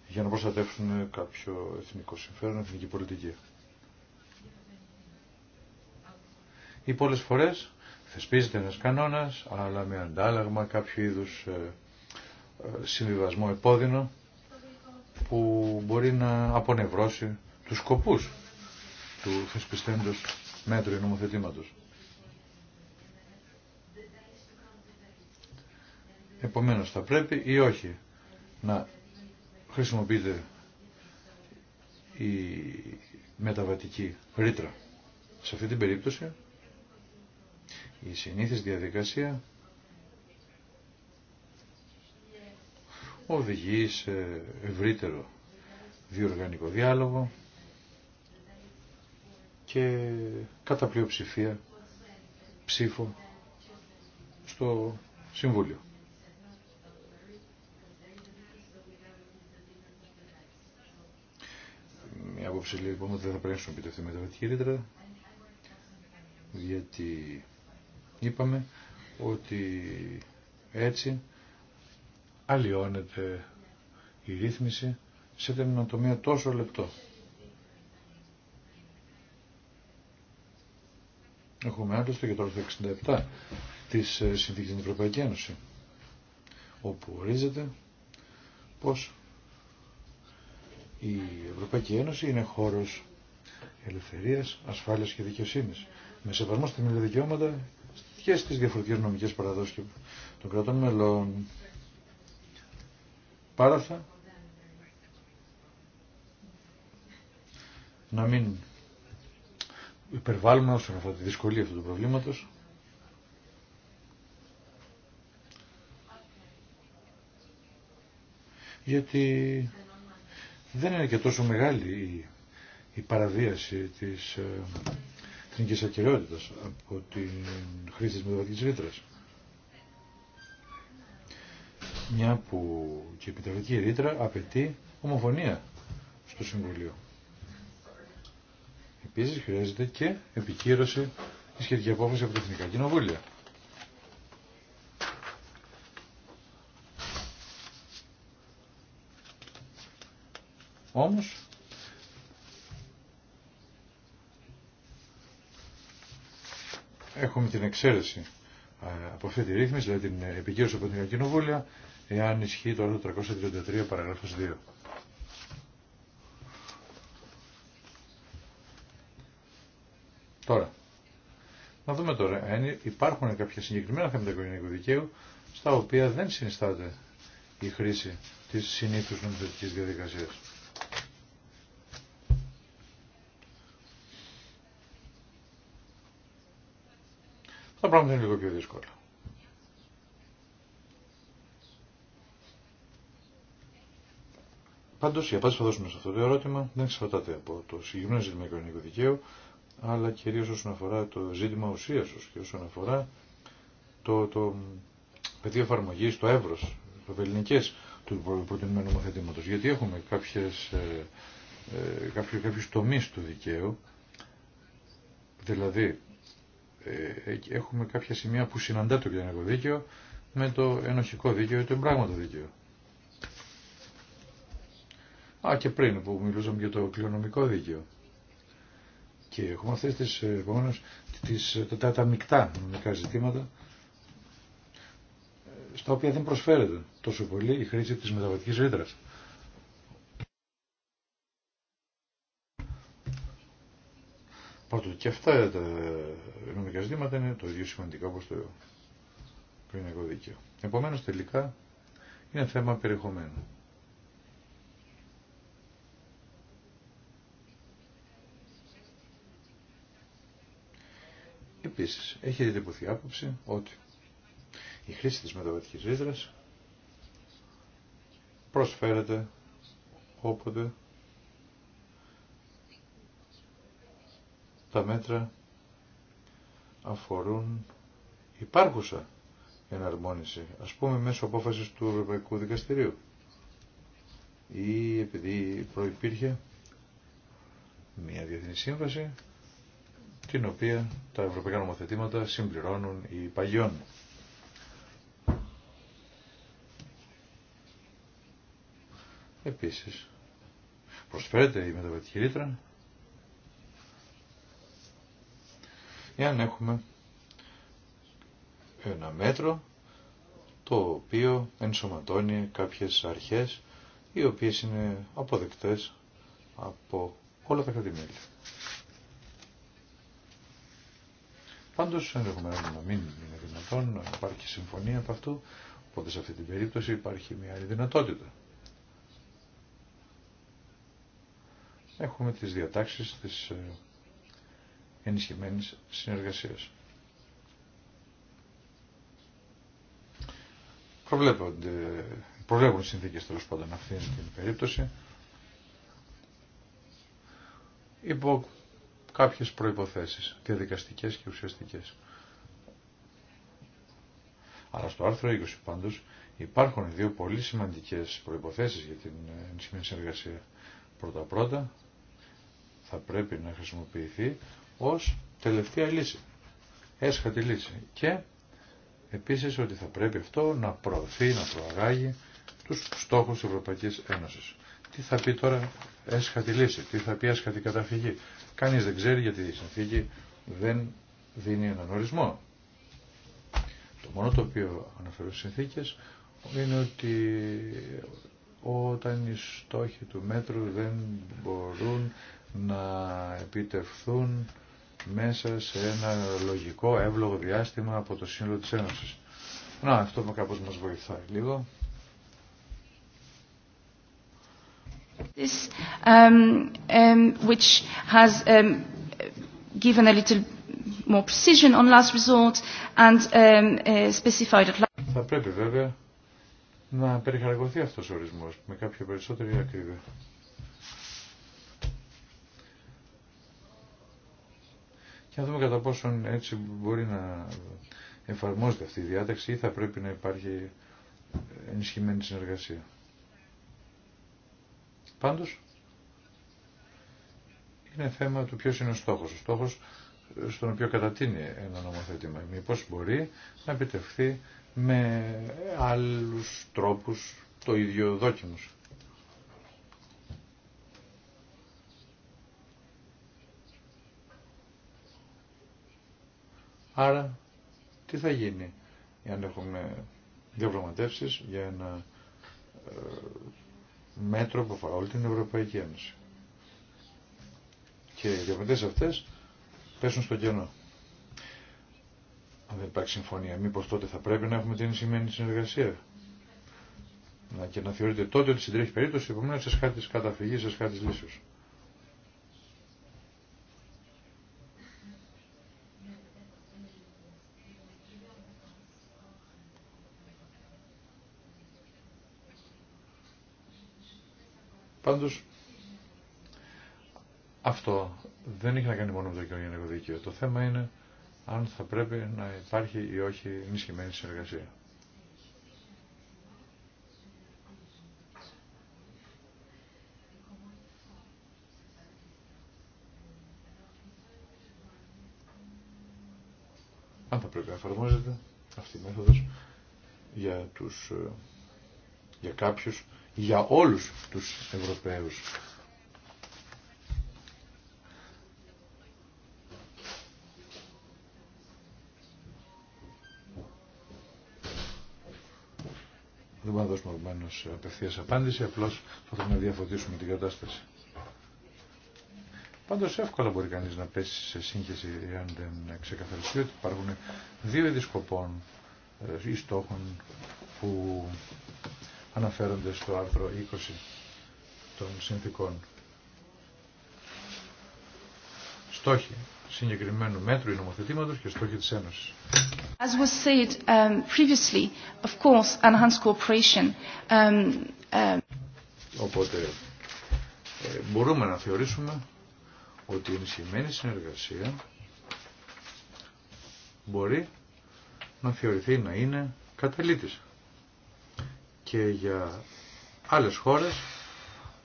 για να προστατεύσουν κάποιο εθνικό συμφέρον, εθνική πολιτική. Ή πολλές φορές θεσπίζεται ένας κανόνας, αλλά με αντάλλαγμα κάποιο είδους ε, ε, συμβιβασμό επώδυνο που μπορεί να απονευρώσει τους σκοπούς του θεσπιστέντος μέτρου νομοθετήματος. Επομένως θα πρέπει ή όχι να χρησιμοποιείται η μεταβατική ρήτρα. Σε αυτή την περίπτωση η συνήθις διαδικασία οδηγεί σε ευρύτερο διοργανικό διάλογο και κατά πλειοψηφία ψήφο στο Συμβούλιο. άποψη λοιπόν ότι δεν θα πρέπει να χρησιμοποιηθεί με τα μεταβατική γιατί είπαμε ότι έτσι αλλοιώνεται η ρύθμιση σε τεμινοτομία τόσο λεπτό. Έχουμε άλλωστε και το 67 της ε, Συνθήκης στην Ευρωπαϊκή Ένωση, όπου ορίζεται πως η Ευρωπαϊκή Ένωση είναι χώρος ελευθερίας, ασφάλειας και δικαιοσύνης. Με σεβασμό στα δικαιώματα και στις διαφορετικές νομικές παραδόσεις των κρατών μελών. Πάραθα να μην υπερβάλλουμε όσον αφορά τη δυσκολία αυτού του προβλήματος. Γιατί δεν είναι και τόσο μεγάλη η, η παραβίαση της ε, εθνικής ακυριότητας από την χρήση της μεταβατικής ρήτρας. Μια που και η επιτελετική ρήτρα απαιτεί ομοφωνία στο Συμβουλίο. Επίσης χρειάζεται και επικύρωση της σχετική απόφαση από τα Εθνικά Κοινοβούλια. Όμως, έχουμε την εξαίρεση από αυτή τη ρύθμιση, δηλαδή την επικύρωση από την Ευρωκοινοβούλια, εάν ισχύει το άρθρο 333 παραγράφος 2. Τώρα, να δούμε τώρα, αν υπάρχουν κάποια συγκεκριμένα θέματα οικογενειακού δικαίου, στα οποία δεν συνιστάται η χρήση της συνήθους νομοθετικής διαδικασίας. τα πράγματα είναι λίγο πιο δύσκολα. Πάντω η απάντηση που θα δώσουμε σε αυτό το ερώτημα δεν εξαρτάται από το συγκεκριμένο ζήτημα οικονομικού δικαίου, αλλά κυρίω όσον αφορά το ζήτημα ουσία και όσον αφορά το, το πεδίο εφαρμογή, το εύρο, το ελληνικέ του προτείνουμε νομοθετήματο. Γιατί έχουμε κάποιες, ε, ε τομείς του δικαίου, δηλαδή ε, έχουμε κάποια σημεία που συναντά το κοινωνικό δίκαιο με το ενοχικό δίκαιο ή το εμπράγματο δίκαιο. Α, και πριν που μιλούσαμε για το κληρονομικό δίκαιο. Και έχουμε αυτές τις, ε, επομένως, τις, ε, τα, τα μεικτά νομικά ζητήματα, στα οποία δεν προσφέρεται τόσο πολύ η χρήση της μεταβατικής ρήτρας. Οπότε και αυτά τα νομικά ζητήματα είναι το ίδιο σημαντικά όπω, το ποινικό δίκαιο. Επομένω τελικά είναι θέμα περιεχομένου. Επίσης, έχει διατυπωθεί άποψη ότι η χρήση της μεταβατικής ρήτρας προσφέρεται όποτε τα μέτρα αφορούν υπάρχουσα εναρμόνιση, ας πούμε μέσω απόφασης του Ευρωπαϊκού Δικαστηρίου ή επειδή προϋπήρχε μια διεθνή σύμβαση την οποία τα ευρωπαϊκά νομοθετήματα συμπληρώνουν ή παγιώνουν. Επίσης, προσφέρεται η μεταβατική ρήτρα εάν έχουμε ένα μέτρο το οποίο ενσωματώνει κάποιες αρχές οι οποίες είναι αποδεκτές από όλα τα κρατημέλη. Πάντως ενδεχομένω να μην είναι δυνατόν να υπάρχει συμφωνία από αυτού, οπότε σε αυτή την περίπτωση υπάρχει μια άλλη δυνατότητα. Έχουμε τις διατάξεις της ε, ενισχυμένης συνεργασίας. Προβλέπουν οι συνθήκες τέλο πάντων αυτήν την περίπτωση υπό κάποιες προϋποθέσεις διαδικαστικές και ουσιαστικές. Αλλά στο άρθρο 20 πάντως υπάρχουν δύο πολύ σημαντικές προϋποθέσεις για την ενισχυμένη συνεργασία. Πρώτα-πρώτα θα πρέπει να χρησιμοποιηθεί ως τελευταία λύση, έσχατη λύση. Και επίσης ότι θα πρέπει αυτό να προωθεί, να προαγάγει τους στόχους της Ευρωπαϊκής Ένωσης. Τι θα πει τώρα έσχατη λύση, τι θα πει έσχατη καταφυγή. Κανείς δεν ξέρει γιατί η συνθήκη δεν δίνει έναν ορισμό. Το μόνο το οποίο αναφέρω στις συνθήκες είναι ότι όταν οι στόχοι του μέτρου δεν μπορούν να επιτευχθούν μέσα σε ένα λογικό, εύλογο διάστημα από το σύνολο της Ένωσης. Να, αυτό με κάπως μας βοηθάει λίγο. This, um, um, which has um, given a little more precision on last resort and um, uh, specified at last. Θα πρέπει βέβαια να περιχαρακωθεί αυτός ο ορισμός με κάποια περισσότερη ακρίβεια. Και να δούμε κατά πόσον έτσι μπορεί να εφαρμόζεται αυτή η διάταξη ή θα πρέπει να υπάρχει ενισχυμένη συνεργασία. Πάντως, είναι θέμα του ποιος είναι ο στόχος. Ο στόχος στον οποίο κατατείνει ένα νομοθέτημα. Μήπως μπορεί να επιτευχθεί με άλλους τρόπους το ίδιο δόκιμος. Άρα, τι θα γίνει αν έχουμε διαπραγματεύσει για ένα ε, μέτρο που αφορά όλη την Ευρωπαϊκή Ένωση. Και οι διαπραγματεύσει αυτέ πέσουν στο κενό. Αν δεν υπάρχει συμφωνία, μήπω τότε θα πρέπει να έχουμε την σημαίνει συνεργασία. Να και να θεωρείται τότε ότι συντρέχει περίπτωση επομένω σε τη καταφυγή, σε τη λύσεω. Πάντω αυτό δεν έχει να κάνει μόνο με το κοινωνικό δίκαιο. Το θέμα είναι αν θα πρέπει να υπάρχει ή όχι ενισχυμένη συνεργασία. Αν θα πρέπει να εφαρμόζεται αυτή η μέθοδος για, τους, ε, για κάποιους για όλους τους Ευρωπαίους. Δεν μπορούμε να δώσουμε ορμένως απάντηση, απλώς θα να διαφωτίσουμε την κατάσταση. Πάντως εύκολα μπορεί κανείς να πέσει σε σύγχυση αν δεν ξεκαθαριστεί ότι υπάρχουν δύο είδη ε, ή στόχων που αναφέρονται στο άρθρο 20 των συνθήκων. Στόχοι συγκεκριμένου μέτρου ή νομοθετήματος και στόχοι της Ένωσης. As was said um, previously, of course, enhanced cooperation. Um, um, Οπότε ε, μπορούμε να θεωρήσουμε ότι η ενισχυμένη συνεργασία μπορεί να θεωρηθεί να είναι καταλήτης και για άλλες χώρες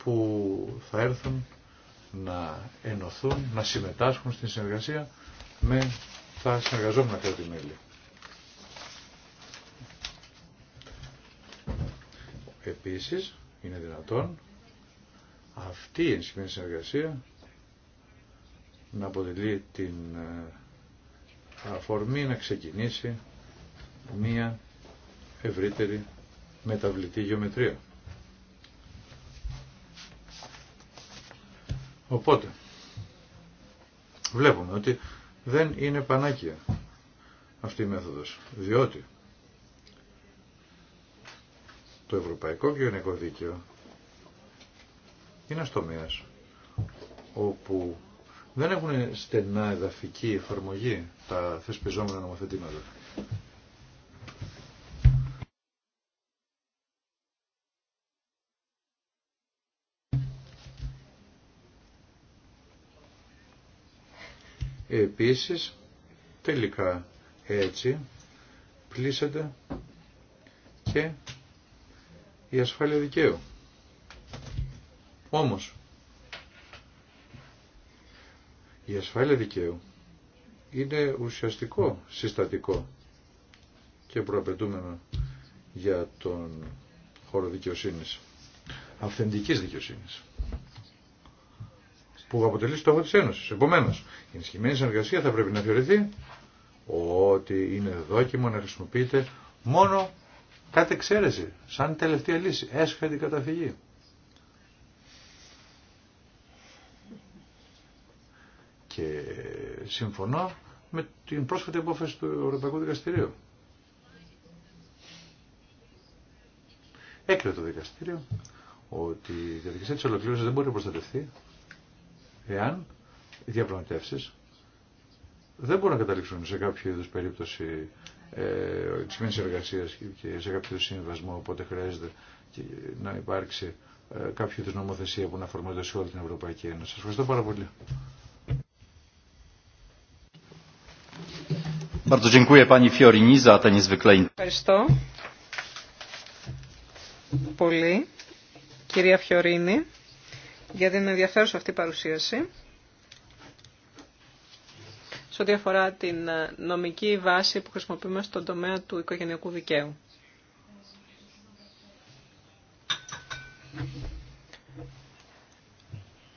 που θα έρθουν να ενωθούν, να συμμετάσχουν στην συνεργασία με τα συνεργαζόμενα κράτη-μέλη. Επίσης, είναι δυνατόν αυτή η ενσυμμένη συνεργασία να αποτελεί την ε, αφορμή να ξεκινήσει μία ευρύτερη μεταβλητή γεωμετρία. Οπότε, βλέπουμε ότι δεν είναι πανάκια αυτή η μέθοδος, διότι το ευρωπαϊκό Γενικό δίκαιο είναι αστομίας όπου δεν έχουν στενά εδαφική εφαρμογή τα θεσπιζόμενα νομοθετήματα. Επίσης, τελικά έτσι πλήσεται και η ασφάλεια δικαίου. Όμως, η ασφάλεια δικαίου είναι ουσιαστικό συστατικό και προαπαιτούμενο για τον χώρο δικαιοσύνης, αυθεντικής δικαιοσύνης που αποτελεί στόχο τη Ένωση. Επομένως, η ενισχυμένη συνεργασία θα πρέπει να θεωρηθεί ότι είναι δόκιμο να χρησιμοποιείται μόνο κάτι εξαίρεση, σαν τελευταία λύση, έσχατη καταφυγή. Και συμφωνώ με την πρόσφατη απόφαση του Ευρωπαϊκού Δικαστηρίου. Έκρινε το δικαστήριο ότι η διαδικασία της ολοκλήρωσης δεν μπορεί να προστατευτεί εάν οι διαπραγματεύσει, δεν μπορούν να καταλήξουν σε κάποιο είδου περίπτωση ε, της εργασίας και σε κάποιο είδου συμβασμό, οπότε χρειάζεται να υπάρξει ε, κάποιο είδου νομοθεσία που να εφαρμόζεται σε όλη την Ευρωπαϊκή Ένωση. Σα ευχαριστώ πάρα πολύ. Ευχαριστώ πολύ, κυρία Φιωρίνη για την ενδιαφέρουσα αυτή παρουσίαση. Σε ό,τι αφορά την νομική βάση που χρησιμοποιούμε στον τομέα του οικογενειακού δικαίου.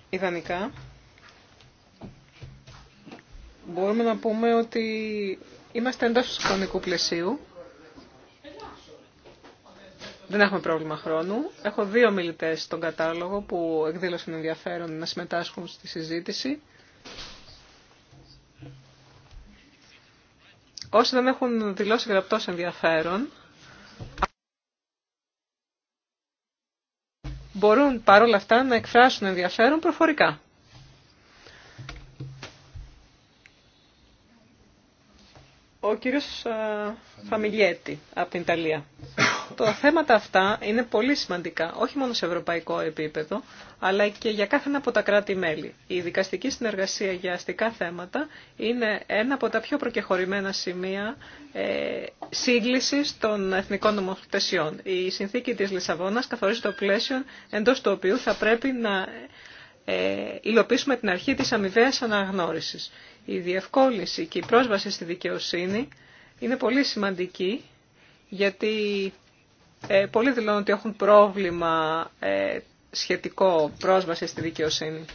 Ιδανικά, μπορούμε να πούμε ότι είμαστε εντός του χρονικού πλαισίου δεν έχουμε πρόβλημα χρόνου. Έχω δύο μιλητέ στον κατάλογο που εκδήλωσαν ενδιαφέρον να συμμετάσχουν στη συζήτηση. Όσοι δεν έχουν δηλώσει γραπτό ενδιαφέρον, μπορούν παρόλα αυτά να εκφράσουν ενδιαφέρον προφορικά. Ο κύριος ε, Φαμιλιέτη από την Ιταλία τα θέματα αυτά είναι πολύ σημαντικά, όχι μόνο σε ευρωπαϊκό επίπεδο, αλλά και για κάθε ένα από τα κράτη-μέλη. Η δικαστική συνεργασία για αστικά θέματα είναι ένα από τα πιο προκεχωρημένα σημεία ε, σύγκληση των εθνικών νομοθεσιών. Η συνθήκη της Λισαβόνας καθορίζει το πλαίσιο εντός του οποίου θα πρέπει να ε, υλοποιήσουμε την αρχή της αμοιβαίας αναγνώρισης. Η διευκόλυνση και η πρόσβαση στη δικαιοσύνη είναι πολύ σημαντική γιατί ε, πολλοί δηλώνουν ότι έχουν πρόβλημα ε, σχετικό πρόσβαση στη δικαιοσύνη.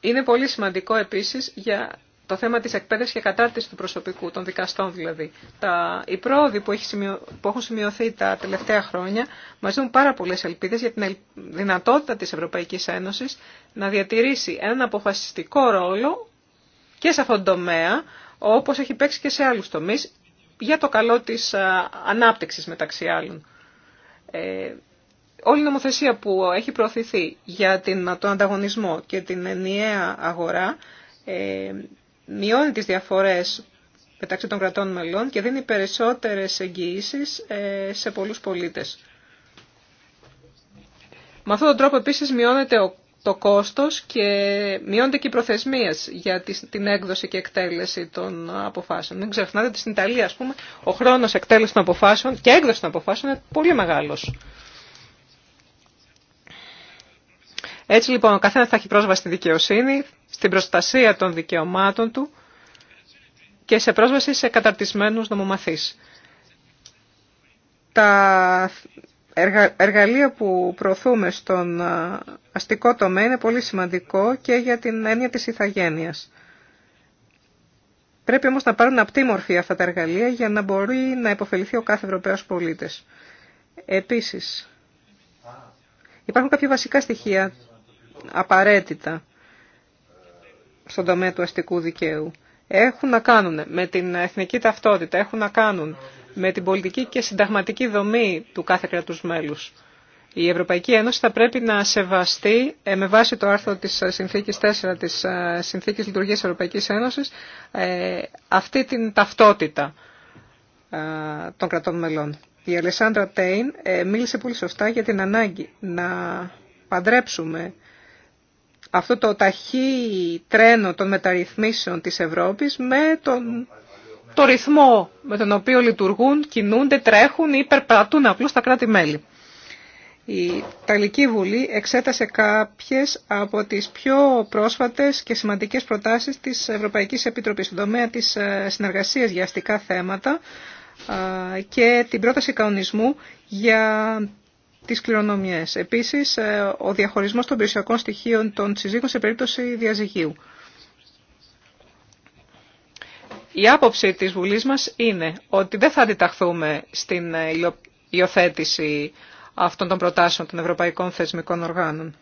Είναι πολύ σημαντικό επίσης για το θέμα της εκπαίδευσης και κατάρτισης του προσωπικού, των δικαστών δηλαδή. Τα, οι πρόοδοι που, σημειω, που έχουν σημειωθεί τα τελευταία χρόνια μας δίνουν πάρα πολλές ελπίδες για την δυνατότητα της Ευρωπαϊκής Ένωσης να διατηρήσει έναν αποφασιστικό ρόλο και σε αυτόν τον τομέα, όπως έχει παίξει και σε άλλους τομείς, για το καλό της ε, ανάπτυξης μεταξύ άλλων. Ε, όλη η νομοθεσία που έχει προωθηθεί για την, τον ανταγωνισμό και την ενιαία αγορά ε, μειώνει τις διαφορές μεταξύ των κρατών μελών και δίνει περισσότερες εγγυήσεις ε, σε πολλούς πολίτες. Με αυτόν τον τρόπο επίσης μειώνεται ο το κόστος και μειώνται και οι προθεσμίες για την έκδοση και εκτέλεση των αποφάσεων. Μην ξεχνάτε ότι στην Ιταλία, ας πούμε, ο χρόνος εκτέλεσης των αποφάσεων και έκδοση των αποφάσεων είναι πολύ μεγάλος. Έτσι λοιπόν, ο καθένας θα έχει πρόσβαση στη δικαιοσύνη, στην προστασία των δικαιωμάτων του και σε πρόσβαση σε καταρτισμένους νομομαθείς. Τα εργαλεία που προωθούμε στον αστικό τομέα είναι πολύ σημαντικό και για την έννοια της ηθαγένειας. Πρέπει όμως να πάρουν απτή μορφή αυτά τα εργαλεία για να μπορεί να υποφεληθεί ο κάθε Ευρωπαίος πολίτης. Επίσης, υπάρχουν κάποια βασικά στοιχεία απαραίτητα στον τομέα του αστικού δικαίου. Έχουν να κάνουν με την εθνική ταυτότητα, έχουν να κάνουν με την πολιτική και συνταγματική δομή του κάθε κρατούς μέλους. Η Ευρωπαϊκή Ένωση θα πρέπει να σεβαστεί ε, με βάση το άρθρο της ε, Συνθήκης 4 της ε, Συνθήκης Λειτουργίας της Ευρωπαϊκής Ένωσης αυτή την ταυτότητα των κρατών μελών. Η Αλεσάνδρα Τέιν μίλησε πολύ σωστά για την ανάγκη να παντρέψουμε αυτό το ταχύ τρένο των μεταρρυθμίσεων της Ευρώπης με τον το ρυθμό με τον οποίο λειτουργούν, κινούνται, τρέχουν ή υπερπατούν απλώς τα κράτη-μέλη. Η υπερπατουν απλω τα Βουλή εξέτασε κάποιες από τις πιο πρόσφατες και σημαντικές προτάσεις της Ευρωπαϊκής Επιτροπής στον τομέα της ε, συνεργασίας για αστικά θέματα ε, και την πρόταση κανονισμού για τις κληρονομιές. Επίσης, ε, ο διαχωρισμός των περιουσιακών στοιχείων των συζύγων σε περίπτωση διαζυγίου. Η άποψη της Βουλής μας είναι ότι δεν θα αντιταχθούμε στην ε, υιοθέτηση αυτών των προτάσεων των ευρωπαϊκών θεσμικών οργάνων.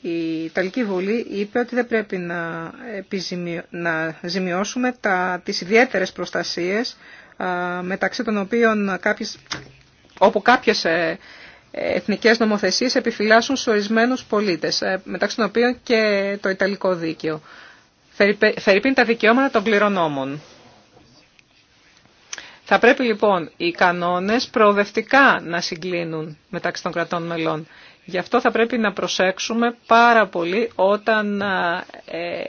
Η Ιταλική Βουλή είπε ότι δεν πρέπει να, να ζημιώσουμε τα... τις ιδιαίτερες προστασίες μεταξύ των οποίων κάποιες... όπου κάποιες ε, εθνικές νομοθεσίες επιφυλάσσουν σε ορισμένους πολίτες, ε, μεταξύ των οποίων και το Ιταλικό δίκαιο. Φερρυπίν τα δικαιώματα των κληρονόμων. Θα πρέπει λοιπόν οι κανόνες προοδευτικά να συγκλίνουν μεταξύ των κρατών μελών. Γι' αυτό θα πρέπει να προσέξουμε πάρα πολύ όταν ε,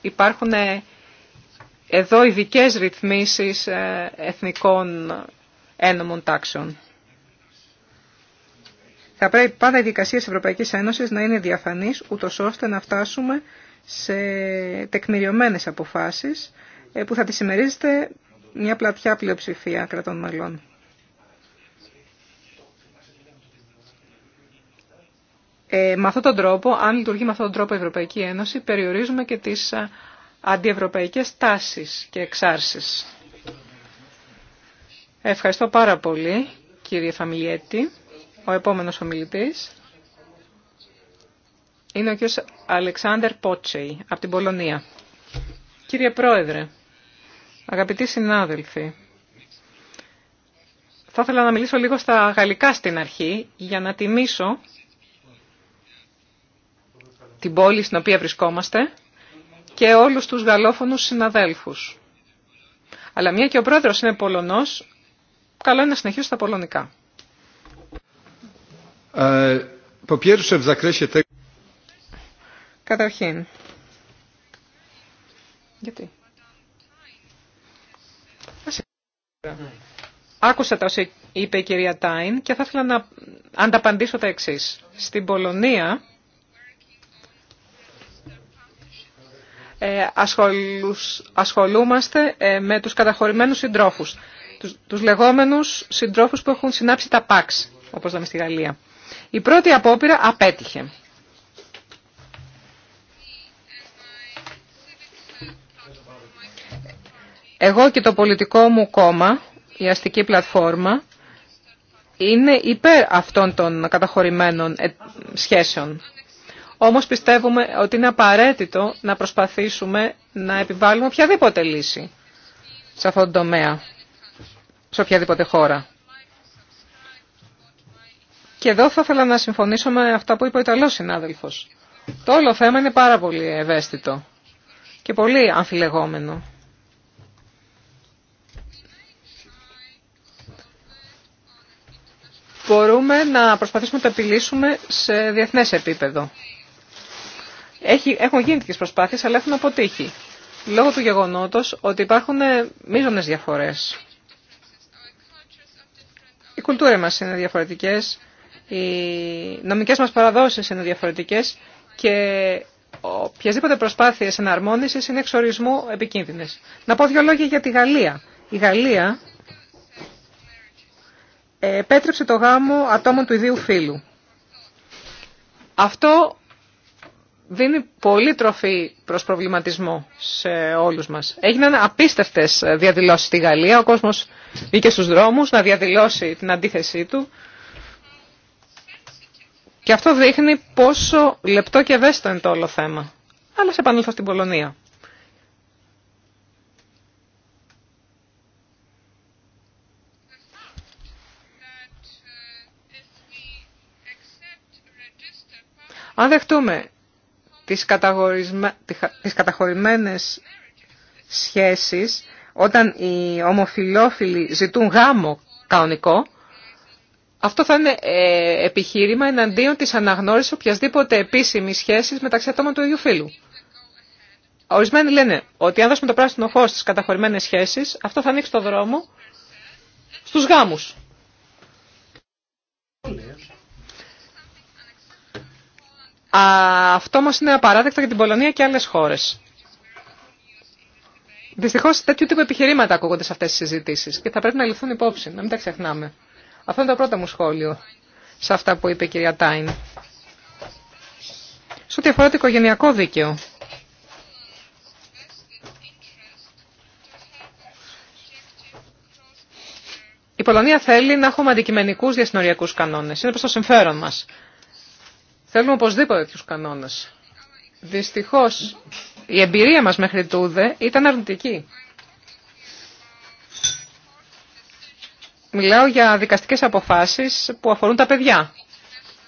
υπάρχουν ε, εδώ ειδικέ ρυθμίσεις εθνικών ένομων τάξεων. Θα πρέπει πάντα η δικασία της Ευρωπαϊκής Ένωσης να είναι διαφανής ούτω ώστε να φτάσουμε σε τεκμηριωμένες αποφάσεις ε, που θα τις συμμερίζεται μια πλατιά πλειοψηφία κρατών μελών. Ε, με αυτόν τον τρόπο, αν λειτουργεί με αυτόν τον τρόπο η Ευρωπαϊκή Ένωση, περιορίζουμε και τις ε, αντιευρωπαϊκές τάσεις και εξάρσεις. Ευχαριστώ πάρα πολύ, κύριε Φαμιλιέτη. Ο επόμενος ομιλητής είναι ο κ. Αλεξάνδερ Πότσεϊ από την Πολωνία. Κύριε Πρόεδρε, αγαπητοί συνάδελφοι, θα ήθελα να μιλήσω λίγο στα γαλλικά στην αρχή για να τιμήσω την πόλη στην οποία βρισκόμαστε και όλους τους γαλλόφωνους συναδέλφους. Αλλά μια και ο πρόεδρος είναι Πολωνός, καλό είναι να συνεχίσω στα πολωνικά. Ε, Καταρχήν. Γιατί. Άκουσα τα όσα είπε η κυρία Τάιν και θα ήθελα να ανταπαντήσω τα εξή. Στην Πολωνία ε, ασχολούμαστε ε, με τους καταχωρημένους συντρόφους. Τους, τους λεγόμενους συντρόφους που έχουν συνάψει τα ΠΑΞ, όπως λέμε στη Γαλλία. Η πρώτη απόπειρα απέτυχε. Εγώ και το πολιτικό μου κόμμα, η αστική πλατφόρμα, είναι υπέρ αυτών των καταχωρημένων ε, σχέσεων. Όμως πιστεύουμε ότι είναι απαραίτητο να προσπαθήσουμε να επιβάλλουμε οποιαδήποτε λύση σε αυτόν τον τομέα, σε οποιαδήποτε χώρα. Και εδώ θα ήθελα να συμφωνήσω με αυτά που είπε ο Ιταλός συνάδελφος. Το όλο θέμα είναι πάρα πολύ ευαίσθητο και πολύ αμφιλεγόμενο. Μπορούμε να προσπαθήσουμε να το επιλύσουμε σε διεθνές επίπεδο. έχουν γίνει τις προσπάθειες, αλλά έχουν αποτύχει. Λόγω του γεγονότος ότι υπάρχουν ε, μείζονες διαφορές. Οι κουλτούρες μας είναι διαφορετικές, οι νομικές μας παραδόσεις είναι διαφορετικές και οποιασδήποτε προσπάθειες εναρμόνισης είναι εξορισμού επικίνδυνες. Να πω δύο λόγια για τη Γαλλία. Η Γαλλία επέτρεψε το γάμο ατόμων του ιδίου φύλου. Αυτό δίνει πολύ τροφή προς προβληματισμό σε όλους μας. Έγιναν απίστευτες διαδηλώσεις στη Γαλλία, ο κόσμος βγήκε στους δρόμους να διαδηλώσει την αντίθεσή του και αυτό δείχνει πόσο λεπτό και ευαίσθητο είναι το όλο θέμα. Αλλά σε επανέλθω στην Πολωνία. Αν δεχτούμε τις, καταχωρισμέ... τις καταχωρημένες σχέσεις, όταν οι ομοφιλόφιλοι ζητούν γάμο κανονικό, αυτό θα είναι ε, επιχείρημα εναντίον της αναγνώρισης οποιασδήποτε επίσημη σχέσης μεταξύ ατόμων του ίδιου φύλου. Ορισμένοι λένε ότι αν δώσουμε το πράσινο χώρο στις καταχωρημένες σχέσεις, αυτό θα ανοίξει το δρόμο στους γάμους. αυτό όμως είναι απαράδεκτο για την Πολωνία και άλλες χώρες. Δυστυχώς τέτοιου τύπου επιχειρήματα ακούγονται σε αυτές τις συζητήσεις και θα πρέπει να ληφθούν υπόψη, να μην τα ξεχνάμε. Αυτό είναι το πρώτο μου σχόλιο σε αυτά που είπε η κυρία Τάιν. Σε ό,τι αφορά το οικογενειακό δίκαιο. Η Πολωνία θέλει να έχουμε αντικειμενικούς διασυνοριακούς κανόνες. Είναι προς το συμφέρον μας. Θέλουμε οπωσδήποτε τους κανόνες. Δυστυχώς η εμπειρία μας μέχρι τούδε ήταν αρνητική. Μιλάω για δικαστικές αποφάσεις που αφορούν τα παιδιά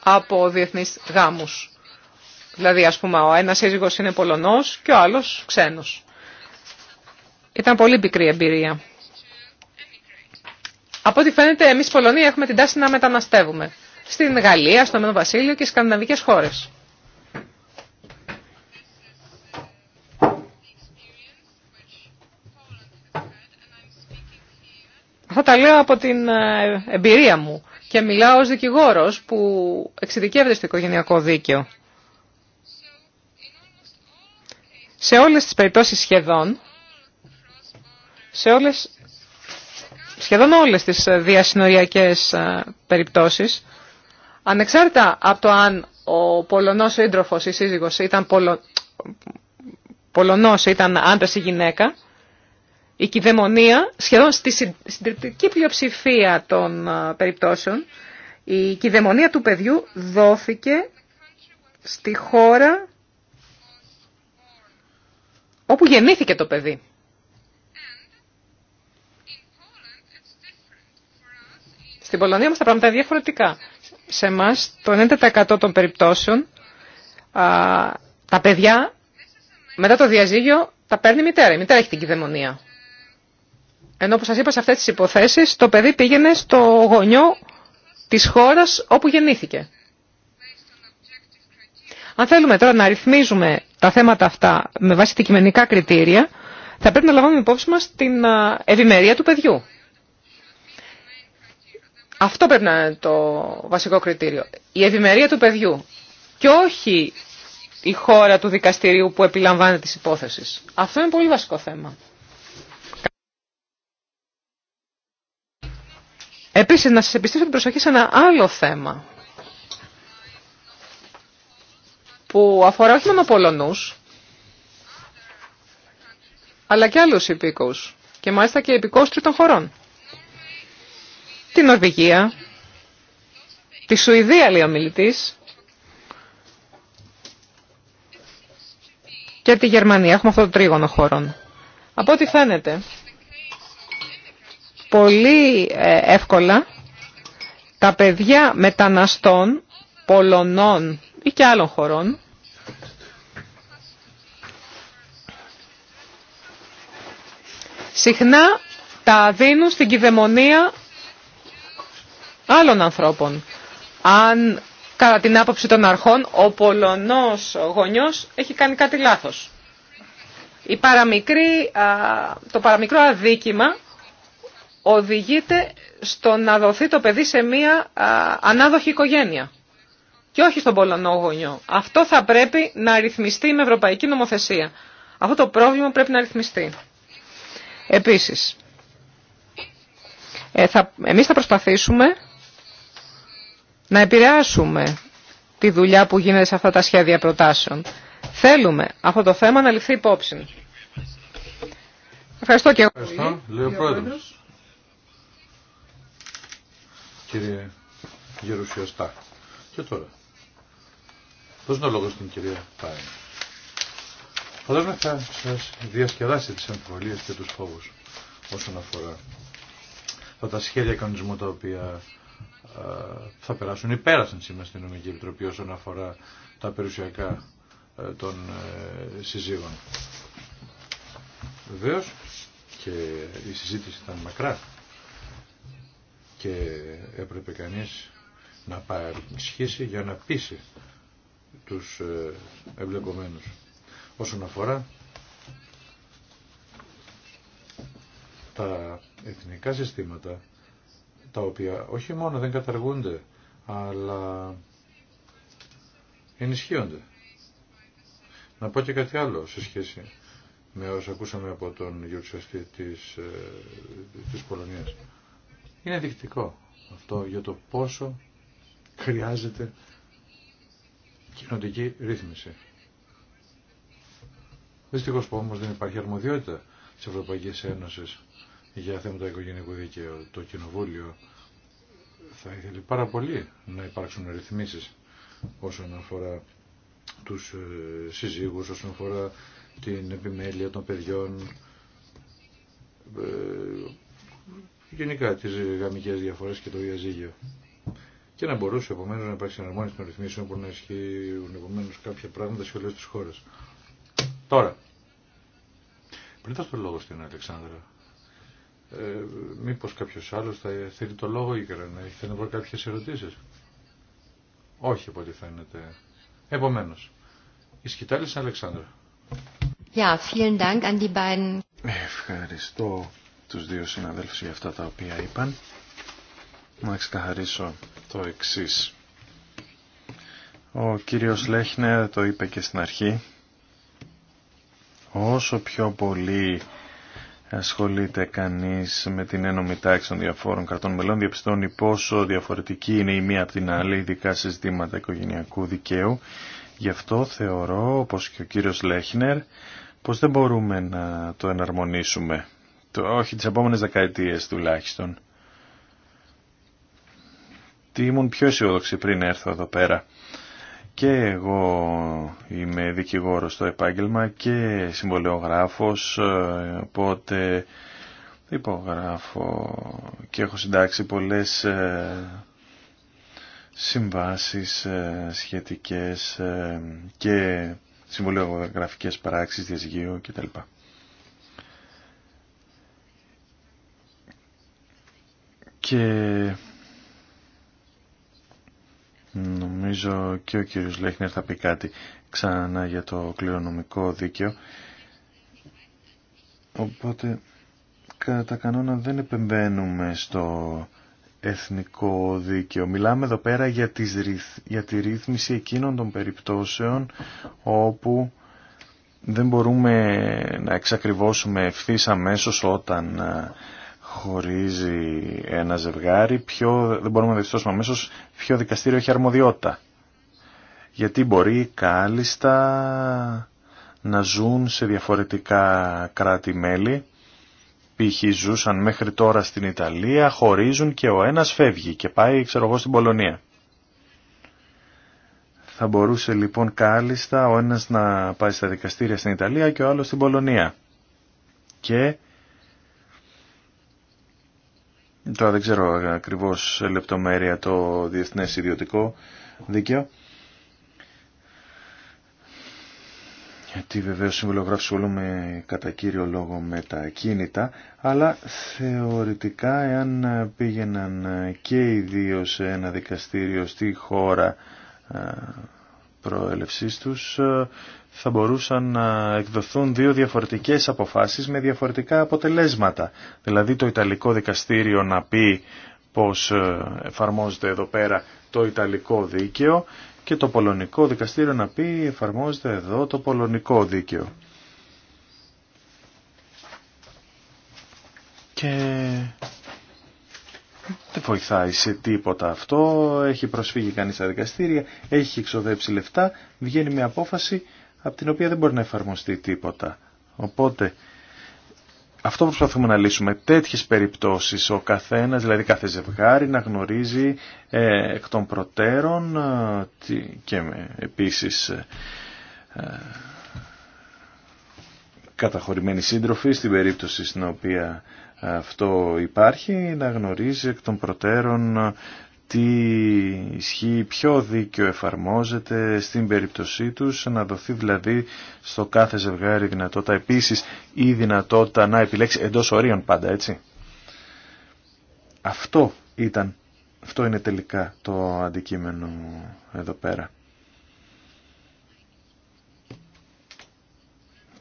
από διεθνείς γάμους. Δηλαδή, ας πούμε, ο ένας σύζυγος είναι Πολωνός και ο άλλος ξένος. Ήταν πολύ πικρή εμπειρία. Από ό,τι φαίνεται, εμείς Πολωνία έχουμε την τάση να μεταναστεύουμε. Στην Γαλλία, στο Μένο Βασίλειο και στις σκανδιναβικές χώρες. Αυτά τα λέω από την ε, εμπειρία μου και μιλάω ως δικηγόρος που εξειδικεύεται στο οικογενειακό δίκαιο. Σε όλες τις περιπτώσεις σχεδόν, σε όλες, σχεδόν όλες τις ε, διασυνοριακές ε, περιπτώσεις, ανεξάρτητα από το αν ο Πολωνός σύντροφος ή σύζυγος ήταν Πολο... ήταν άντρας ή γυναίκα, η κυδαιμονία, σχεδόν στη συντριπτική πλειοψηφία των περιπτώσεων, η κυδαιμονία του παιδιού δόθηκε στη χώρα όπου γεννήθηκε το παιδί. Στην Πολωνία όμως τα πράγματα είναι διαφορετικά. Σε εμά το 90% των περιπτώσεων τα παιδιά μετά το διαζύγιο τα παίρνει η μητέρα. Η μητέρα έχει την κυδαιμονία. Ενώ όπως σας είπα σε αυτές τις υποθέσεις το παιδί πήγαινε στο γονιό της χώρας όπου γεννήθηκε. Αν θέλουμε τώρα να ρυθμίζουμε τα θέματα αυτά με βάση κειμένικά κριτήρια, θα πρέπει να λαμβάνουμε υπόψη μας την ευημερία του παιδιού. Αυτό πρέπει να είναι το βασικό κριτήριο. Η ευημερία του παιδιού και όχι η χώρα του δικαστηρίου που επιλαμβάνεται τις υπόθεσεις. Αυτό είναι πολύ βασικό θέμα. Επίσης, να σας επιστήσω την προσοχή σε ένα άλλο θέμα που αφορά όχι μόνο Πολωνούς, αλλά και άλλους υπήκους και μάλιστα και υπηκούς τρίτων χωρών. Την Νορβηγία, τη Σουηδία, λέει ο μιλητής, και τη Γερμανία. Έχουμε αυτό το τρίγωνο χώρων. Από ό,τι φαίνεται, πολύ ε, εύκολα τα παιδιά μεταναστών, Πολωνών ή και άλλων χωρών, συχνά τα δίνουν στην κυδαιμονία άλλων ανθρώπων. Αν κατά την άποψη των αρχών ο Πολωνός γονιός έχει κάνει κάτι λάθος. Η παραμικρή, το παραμικρό αδίκημα οδηγείται στο να δοθεί το παιδί σε μία ανάδοχη οικογένεια και όχι στον πολωνό γονιό. Αυτό θα πρέπει να ρυθμιστεί με ευρωπαϊκή νομοθεσία. Αυτό το πρόβλημα πρέπει να ρυθμιστεί. Επίσης, ε, θα, εμείς θα προσπαθήσουμε να επηρεάσουμε τη δουλειά που γίνεται σε αυτά τα σχέδια προτάσεων. Θέλουμε αυτό το θέμα να ληφθεί υπόψη. Ευχαριστώ και εγώ κύριε Γερουσιαστά. Και τώρα, δώσ' το λόγο στην κυρία Πάιν. Φαντάζομαι θα σας διασκεδάσει τις εμφιβολίες και τους φόβους όσον αφορά τα σχέδια κανονισμού τα οποία θα περάσουν ή πέρασαν σήμερα στην ομική Επιτροπή όσον αφορά τα περιουσιακά των ε, συζύγων. Βεβαίω και η συζήτηση ήταν μακρά και έπρεπε κανείς να παρισχύσει για να πείσει τους ε, εμπλεκομένους. Όσον αφορά τα εθνικά συστήματα, τα οποία όχι μόνο δεν καταργούνται, αλλά ενισχύονται. Να πω και κάτι άλλο σε σχέση με όσα ακούσαμε από τον γερουσιαστή της, ε, της Πολωνίας. Είναι δεικτικό αυτό για το πόσο χρειάζεται κοινωνική ρύθμιση. Δυστυχώς που όμως δεν υπάρχει αρμοδιότητα της Ευρωπαϊκής Ένωσης για θέματα οικογενειακού δικαίου. Το Κοινοβούλιο θα ήθελε πάρα πολύ να υπάρξουν ρυθμίσεις όσον αφορά τους ε, συζύγους, όσον αφορά την επιμέλεια των παιδιών, ε, γενικά τις γαμικές διαφορές και το διαζύγιο. Και να μπορούσε επομένω να υπάρξει εναρμόνιση των ρυθμίσεων που να ισχύουν επομένω κάποια πράγματα σε όλε τι χώρε. Τώρα, πριν δώσω το λόγο στην Αλεξάνδρα, ε, μήπω κάποιο άλλο θα θέλει το λόγο ή να έχει να βρει κάποιε ερωτήσει. Όχι από ό,τι φαίνεται. Επομένω, η σκητάλη στην Αλεξάνδρα. Ευχαριστώ τους δύο συναδέλφους για αυτά τα οποία είπαν. Να ξεκαθαρίσω το εξής. Ο κύριος Λέχνερ το είπε και στην αρχή. Όσο πιο πολύ ασχολείται κανείς με την ένωμη τάξη των διαφόρων κρατών μελών, διαπιστώνει πόσο διαφορετική είναι η μία από την άλλη, ειδικά σε ζητήματα οικογενειακού δικαίου. Γι' αυτό θεωρώ, όπως και ο κύριος Λέχνερ, πως δεν μπορούμε να το εναρμονίσουμε όχι τις επόμενες δεκαετίες τουλάχιστον. Τι ήμουν πιο αισιόδοξη πριν έρθω εδώ πέρα. Και εγώ είμαι δικηγόρος στο επάγγελμα και συμβολεογράφος, οπότε υπογράφω και έχω συντάξει πολλές ε, συμβάσεις ε, σχετικές ε, και συμβολεογραφικές πράξεις διασυγείου κτλ. Και νομίζω και ο κύριος Λέχνερ θα πει κάτι ξανά για το κληρονομικό δίκαιο. Οπότε κατά κανόνα δεν επεμβαίνουμε στο εθνικό δίκαιο. Μιλάμε εδώ πέρα για, τις, για τη ρύθμιση εκείνων των περιπτώσεων όπου δεν μπορούμε να εξακριβώσουμε ευθύ αμέσω όταν ε, χωρίζει ένα ζευγάρι, ποιο, δεν μπορούμε να αμέσω ποιο δικαστήριο έχει αρμοδιότητα. Γιατί μπορεί κάλλιστα να ζουν σε διαφορετικά κράτη-μέλη, π.χ. ζούσαν μέχρι τώρα στην Ιταλία, χωρίζουν και ο ένας φεύγει και πάει, ξέρω εγώ, στην Πολωνία. Θα μπορούσε λοιπόν κάλλιστα ο ένας να πάει στα δικαστήρια στην Ιταλία και ο άλλος στην Πολωνία. Και Τώρα δεν ξέρω ακριβώς λεπτομέρεια το διεθνές ιδιωτικό δίκαιο. Γιατί βεβαίως συμβολογράφη ολούμε κατά κύριο λόγο με τα κίνητα, αλλά θεωρητικά εάν πήγαιναν και οι δύο σε ένα δικαστήριο στη χώρα ε, προέλευσής τους θα μπορούσαν να εκδοθούν δύο διαφορετικές αποφάσεις με διαφορετικά αποτελέσματα. Δηλαδή το Ιταλικό Δικαστήριο να πει πώς ε, εφαρμόζεται εδώ πέρα το Ιταλικό Δίκαιο και το Πολωνικό Δικαστήριο να πει εφαρμόζεται εδώ το Πολωνικό Δίκαιο. Και δεν βοηθάει σε τίποτα αυτό, έχει προσφύγει κανείς στα δικαστήρια, έχει εξοδέψει λεφτά, βγαίνει με απόφαση από την οποία δεν μπορεί να εφαρμοστεί τίποτα. Οπότε, αυτό που προσπαθούμε να λύσουμε. Τέτοιες περιπτώσεις ο καθένας, δηλαδή κάθε ζευγάρι, να γνωρίζει ε, εκ των προτέρων ε, και επίσης ε, ε καταχωρημένοι σύντροφοι στην περίπτωση στην οποία αυτό υπάρχει, να γνωρίζει εκ των προτέρων τι ισχύει, ποιο δίκαιο εφαρμόζεται στην περίπτωσή τους, να δοθεί δηλαδή στο κάθε ζευγάρι δυνατότητα επίσης ή δυνατότητα να επιλέξει εντός ορίων πάντα, έτσι. Αυτό ήταν, αυτό είναι τελικά το αντικείμενο εδώ πέρα.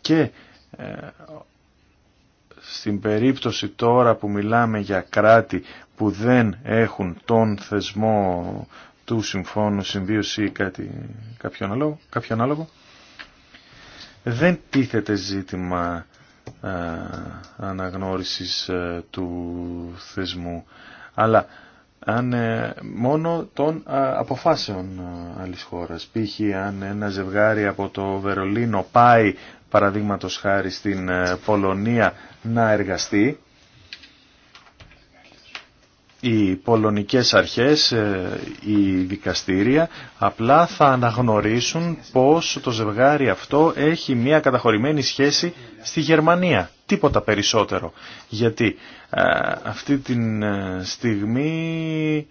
Και ε, στην περίπτωση τώρα που μιλάμε για κράτη που δεν έχουν τον θεσμό του συμφώνου συμβίωση ή κάτι, κάποιο ανάλογο δεν τίθεται ζήτημα α, αναγνώρισης του θεσμού, αλλά αν, ναι, μόνο των αποφάσεων άλλης χώρας. Π.χ. αν ένα ζευγάρι από το Βερολίνο πάει παραδείγματος χάρη στην ε, Πολωνία να εργαστεί. Οι πολωνικές αρχές, οι ε, δικαστήρια απλά θα αναγνωρίσουν πως το ζευγάρι αυτό έχει μια καταχωρημένη σχέση στη Γερμανία. Τίποτα περισσότερο. Γιατί ε, αυτή την στιγμή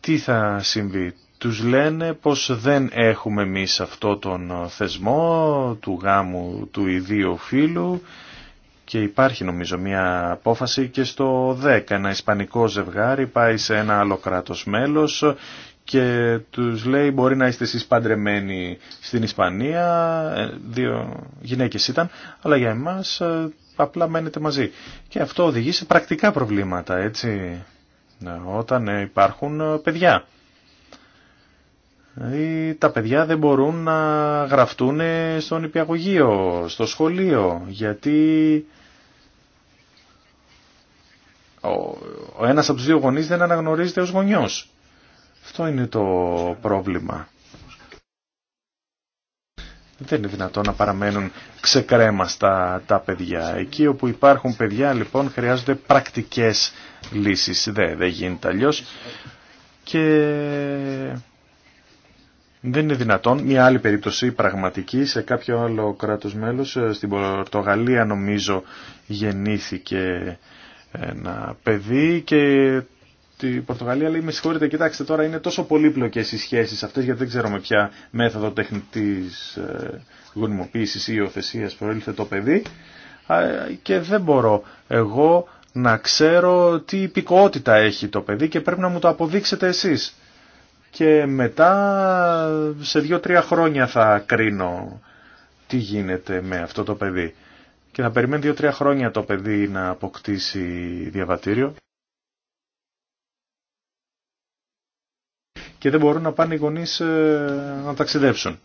τι θα συμβεί τους λένε πως δεν έχουμε εμείς αυτό τον θεσμό του γάμου του ιδίου φίλου και υπάρχει νομίζω μια απόφαση και στο 10 ένα ισπανικό ζευγάρι πάει σε ένα άλλο κράτος μέλος και τους λέει μπορεί να είστε εσείς παντρεμένοι στην Ισπανία, ε, δύο γυναίκες ήταν, αλλά για εμάς ε, απλά μένετε μαζί. Και αυτό οδηγεί σε πρακτικά προβλήματα, έτσι, όταν ε, υπάρχουν παιδιά. Δηλαδή, τα παιδιά δεν μπορούν να γραφτούν στον υπηαγωγείο, στο σχολείο, γιατί ο ένας από τους δύο γονείς δεν αναγνωρίζεται ως γονιός. Αυτό είναι το πρόβλημα. Δεν είναι δυνατόν να παραμένουν ξεκρέμαστα τα παιδιά. Εκεί όπου υπάρχουν παιδιά λοιπόν χρειάζονται πρακτικές λύσεις. Δεν, δεν γίνεται αλλιώς. Και δεν είναι δυνατόν μια άλλη περίπτωση πραγματική σε κάποιο άλλο κράτος μέλος. Ε, στην Πορτογαλία νομίζω γεννήθηκε ένα παιδί και η Πορτογαλία λέει με συγχωρείτε κοιτάξτε τώρα είναι τόσο πολύπλοκες οι σχέσεις αυτές γιατί δεν ξέρω με ποια μέθοδο τεχνητής ε, γονιμοποίησης ή υιοθεσίας προήλθε το παιδί και δεν μπορώ εγώ να ξέρω τι υπηκότητα έχει το παιδί και πρέπει να μου το αποδείξετε εσείς και μετά σε δύο-τρία χρόνια θα κρίνω τι γίνεται με αυτό το παιδί. Και θα περιμένει δύο-τρία χρόνια το παιδί να αποκτήσει διαβατήριο. Και δεν μπορούν να πάνε οι γονείς ε, να ταξιδέψουν.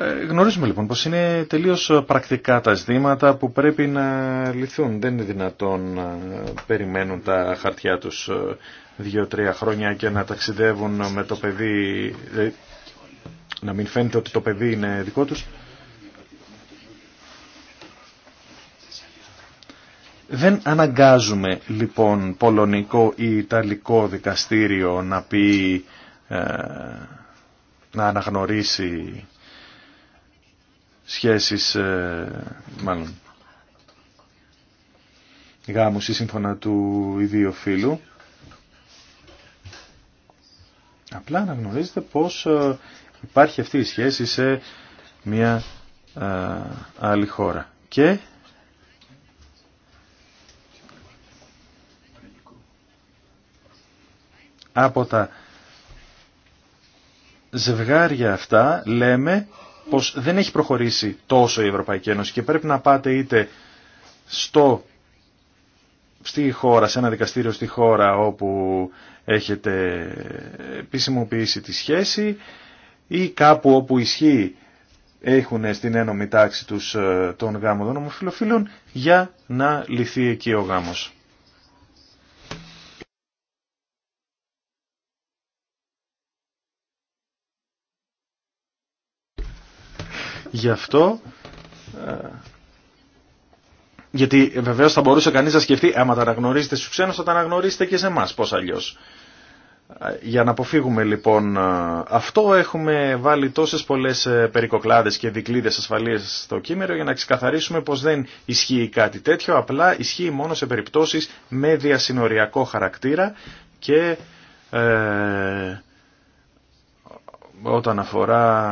Ε, γνωρίζουμε λοιπόν πως είναι τελείως ε, πρακτικά τα ζητήματα που πρέπει να λυθούν. Δεν είναι δυνατόν να περιμένουν τα χαρτιά τους ε, δύο-τρία χρόνια και να ταξιδεύουν με το παιδί, να μην φαίνεται ότι το παιδί είναι δικό τους. Δεν αναγκάζουμε λοιπόν πολωνικό ή ιταλικό δικαστήριο να πει, να αναγνωρίσει σχέσεις, ε, μάλλον γάμους ή σύμφωνα του ιδίου φίλου. Απλά να γνωρίζετε πως ε, υπάρχει αυτή η σχέση σε μια ε, άλλη χώρα. Και από τα ζευγάρια αυτά λέμε πως δεν έχει προχωρήσει τόσο η Ευρωπαϊκή Ένωση και πρέπει να πάτε είτε στο, στη χώρα, σε ένα δικαστήριο στη χώρα όπου έχετε επισημοποιήσει τη σχέση ή κάπου όπου ισχύει έχουν στην ένωμη τάξη τους ε, τον γάμο των ομοφιλοφίλων για να λυθεί εκεί ο γάμος. Γι' αυτό ε, γιατί βεβαίω θα μπορούσε κανεί να σκεφτεί, άμα τα αναγνωρίζετε στου ξένου, θα τα αναγνωρίζετε και σε εμά. Πώ αλλιώ. Ε, για να αποφύγουμε λοιπόν ε, αυτό, έχουμε βάλει τόσε πολλέ περικοκλάδε και δικλείδε ασφαλεία στο κείμενο για να ξεκαθαρίσουμε πω δεν ισχύει κάτι τέτοιο. Απλά ισχύει μόνο σε περιπτώσει με διασυνοριακό χαρακτήρα και ε, όταν αφορά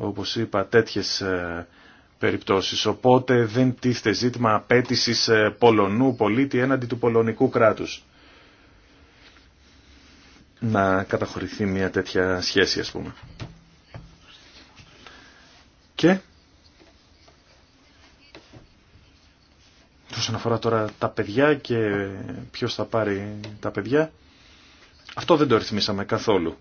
όπως είπα, τέτοιες ε, περιπτώσεις. Οπότε δεν τίθεται ζήτημα απέτησης ε, Πολωνού πολίτη έναντι του πολωνικού κράτους. Να καταχωρηθεί μια τέτοια σχέση, ας πούμε. Και... Όσον αφορά τώρα τα παιδιά και ποιος θα πάρει τα παιδιά, αυτό δεν το ρυθμίσαμε καθόλου.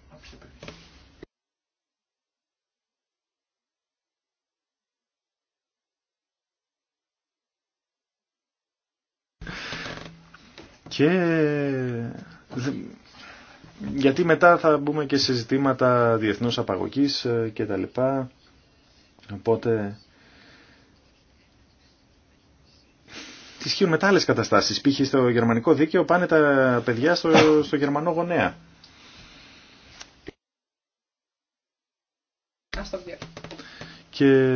Και γιατί μετά θα μπούμε και σε ζητήματα διεθνούς απαγωγής ε, και τα λοιπά. Οπότε ισχύουν μετά άλλες καταστάσεις. Π.χ. στο γερμανικό δίκαιο πάνε τα παιδιά στο, στο γερμανό γονέα. Και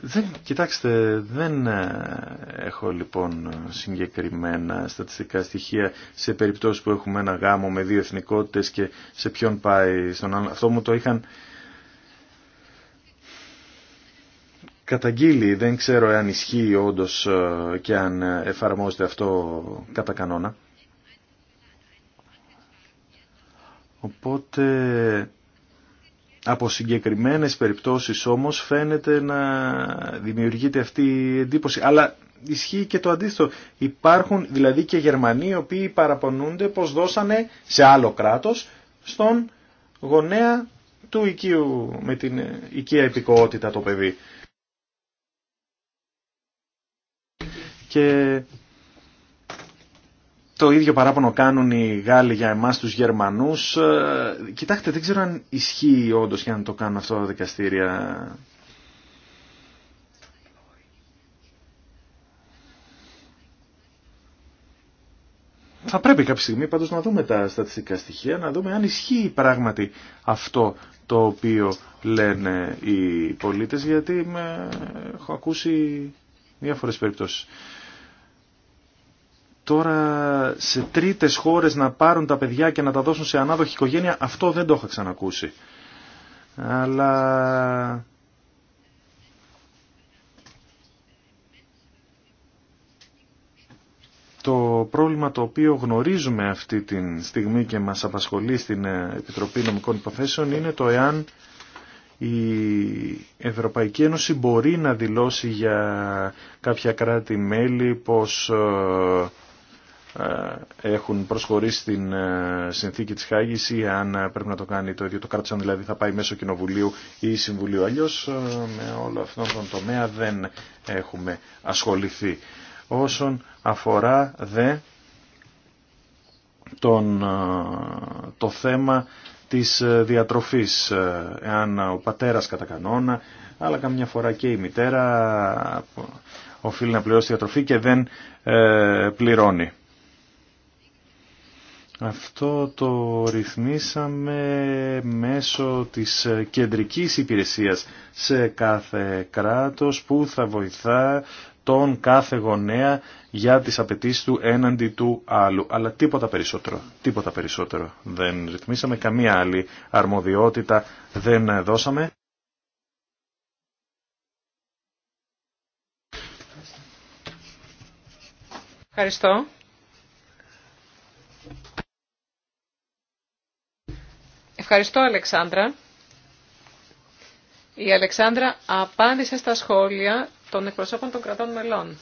δεν, κοιτάξτε, δεν ε, έχω λοιπόν συγκεκριμένα στατιστικά στοιχεία σε περιπτώσεις που έχουμε ένα γάμο με δύο εθνικότητες και σε ποιον πάει στον άλλο. Αυτό μου το είχαν καταγγείλει, δεν ξέρω αν ισχύει όντως ε, και αν ε, εφαρμόζεται αυτό κατά κανόνα. Οπότε από συγκεκριμένες περιπτώσεις όμως φαίνεται να δημιουργείται αυτή η εντύπωση. Αλλά ισχύει και το αντίθετο. Υπάρχουν δηλαδή και Γερμανοί οι οποίοι παραπονούνται πως δώσανε σε άλλο κράτος στον γονέα του οικίου με την οικία επικοότητα το παιδί. Και το ίδιο παράπονο κάνουν οι Γάλλοι για εμάς τους Γερμανούς. Ε, κοιτάξτε, δεν ξέρω αν ισχύει όντω για να το κάνουν αυτό τα δικαστήρια. Θα πρέπει κάποια στιγμή πάντως να δούμε τα στατιστικά στοιχεία, να δούμε αν ισχύει πράγματι αυτό το οποίο λένε οι πολίτες, γιατί έχω ακούσει διάφορες περιπτώσεις. Τώρα σε τρίτες χώρες να πάρουν τα παιδιά και να τα δώσουν σε ανάδοχη οικογένεια, αυτό δεν το είχα ξανακούσει. Αλλά... Το πρόβλημα το οποίο γνωρίζουμε αυτή τη στιγμή και μας απασχολεί στην ε, Επιτροπή Νομικών Υποθέσεων είναι το εάν η Ευρωπαϊκή Ένωση μπορεί να δηλώσει για κάποια κράτη-μέλη πως ε, ε, έχουν προσχωρήσει στην ε, συνθήκη της Χάγης ή αν ε, πρέπει να το κάνει το ίδιο το κράτος, αν δηλαδή θα πάει μέσω κοινοβουλίου ή συμβουλίου. Αλλιώς με όλο αυτόν τον τομέα δεν έχουμε ασχοληθεί. Όσον αφορά δε τον, το θέμα της διατροφής, εάν ο πατέρας κατά κανόνα, αλλά καμιά φορά και η μητέρα οφείλει να πληρώσει διατροφή και δεν πληρώνει. Αυτό το ρυθμίσαμε μέσω της κεντρικής υπηρεσίας σε κάθε κράτος που θα βοηθά τον κάθε γονέα για τις απαιτήσει του έναντι του άλλου. Αλλά τίποτα περισσότερο, τίποτα περισσότερο δεν ρυθμίσαμε, καμία άλλη αρμοδιότητα δεν δώσαμε. Ευχαριστώ. Ευχαριστώ, Αλεξάνδρα. Η Αλεξάνδρα απάντησε στα σχόλια των εκπροσώπων των κρατών μελών.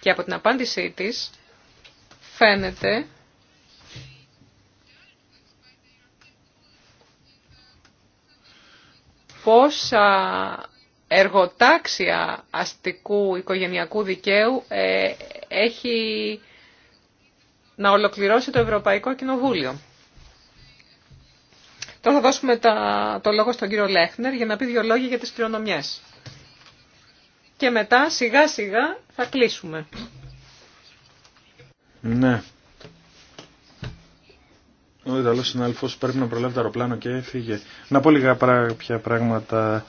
Και από την απάντησή της φαίνεται πόσα εργοτάξια αστικού οικογενειακού δικαίου ε, έχει να ολοκληρώσει το Ευρωπαϊκό Κοινοβούλιο. Τώρα θα δώσουμε τα, το λόγο στον κύριο Λέχνερ για να πει δύο λόγια για τις κληρονομιές. Και μετά σιγά σιγά θα κλείσουμε. Ναι. Ο Ιταλός συνάλφος πρέπει να προλάβει το αεροπλάνο και έφυγε. Να πω λίγα ποια πράγματα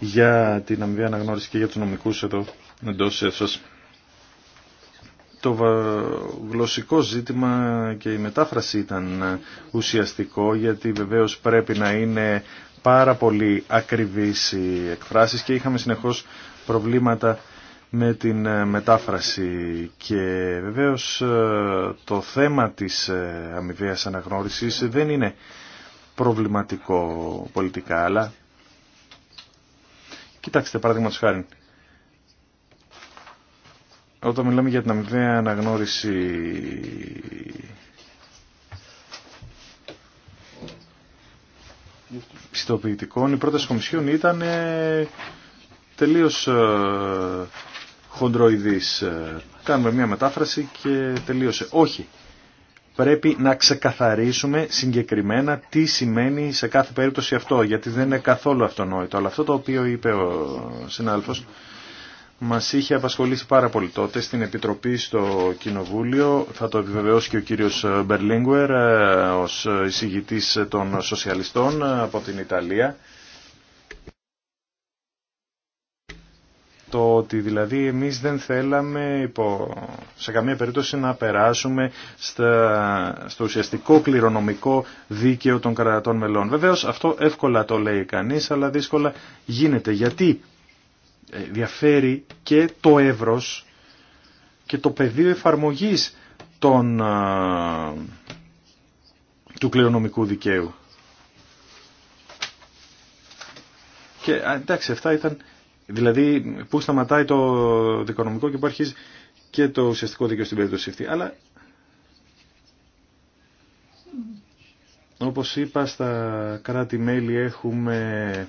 για την αμοιβή αναγνώριση και για τους νομικούς εδώ εντός εύσως το γλωσσικό ζήτημα και η μετάφραση ήταν ουσιαστικό γιατί βεβαίως πρέπει να είναι πάρα πολύ ακριβείς οι εκφράσεις και είχαμε συνεχώς προβλήματα με την ε, μετάφραση και βεβαίως ε, το θέμα της ε, αμοιβαίας αναγνώρισης δεν είναι προβληματικό πολιτικά αλλά κοιτάξτε παραδείγματος χάρη όταν μιλάμε για την αμοιβαία αναγνώριση πιστοποιητικών, η πρόταση Κομισιόν ήταν ε, τελείως ε, χοντροειδής. Κάνουμε μια μετάφραση και τελείωσε. Όχι. Πρέπει να ξεκαθαρίσουμε συγκεκριμένα τι σημαίνει σε κάθε περίπτωση αυτό, γιατί δεν είναι καθόλου αυτονόητο. Αλλά αυτό το οποίο είπε ο συνάδελφος μας είχε απασχολήσει πάρα πολύ τότε στην Επιτροπή στο Κοινοβούλιο. Θα το επιβεβαιώσει και ο κύριος Μπερλίνγκουερ ε, ως εισηγητής των σοσιαλιστών ε, από την Ιταλία. Το ότι δηλαδή εμείς δεν θέλαμε υπό, σε καμία περίπτωση να περάσουμε στο ουσιαστικό κληρονομικό δίκαιο των κρατών μελών. Βεβαίως αυτό εύκολα το λέει κανείς αλλά δύσκολα γίνεται. Γιατί ε, διαφέρει και το εύρος και το πεδίο εφαρμογής των, του κληρονομικού δικαίου. Και εντάξει, αυτά ήταν, δηλαδή που σταματάει το δικονομικό και που αρχίζει και το ουσιαστικό δίκαιο στην περίπτωση αυτή. Αλλά όπως είπα στα κράτη-μέλη έχουμε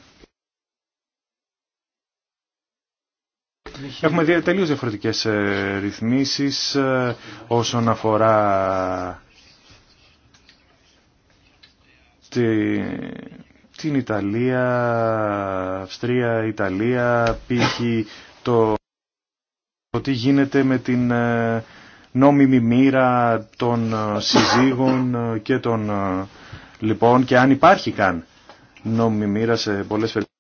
Έχουμε δύο τελείως ρυθμίσει ε, ρυθμίσεις ε, όσον αφορά την Ιταλία, Αυστρία, Ιταλία, π.χ. το τι γίνεται με την ε, νόμιμη μοίρα των συζύγων και των λοιπόν και αν υπάρχει καν νόμιμη μοίρα σε πολλές περιπτώσεις.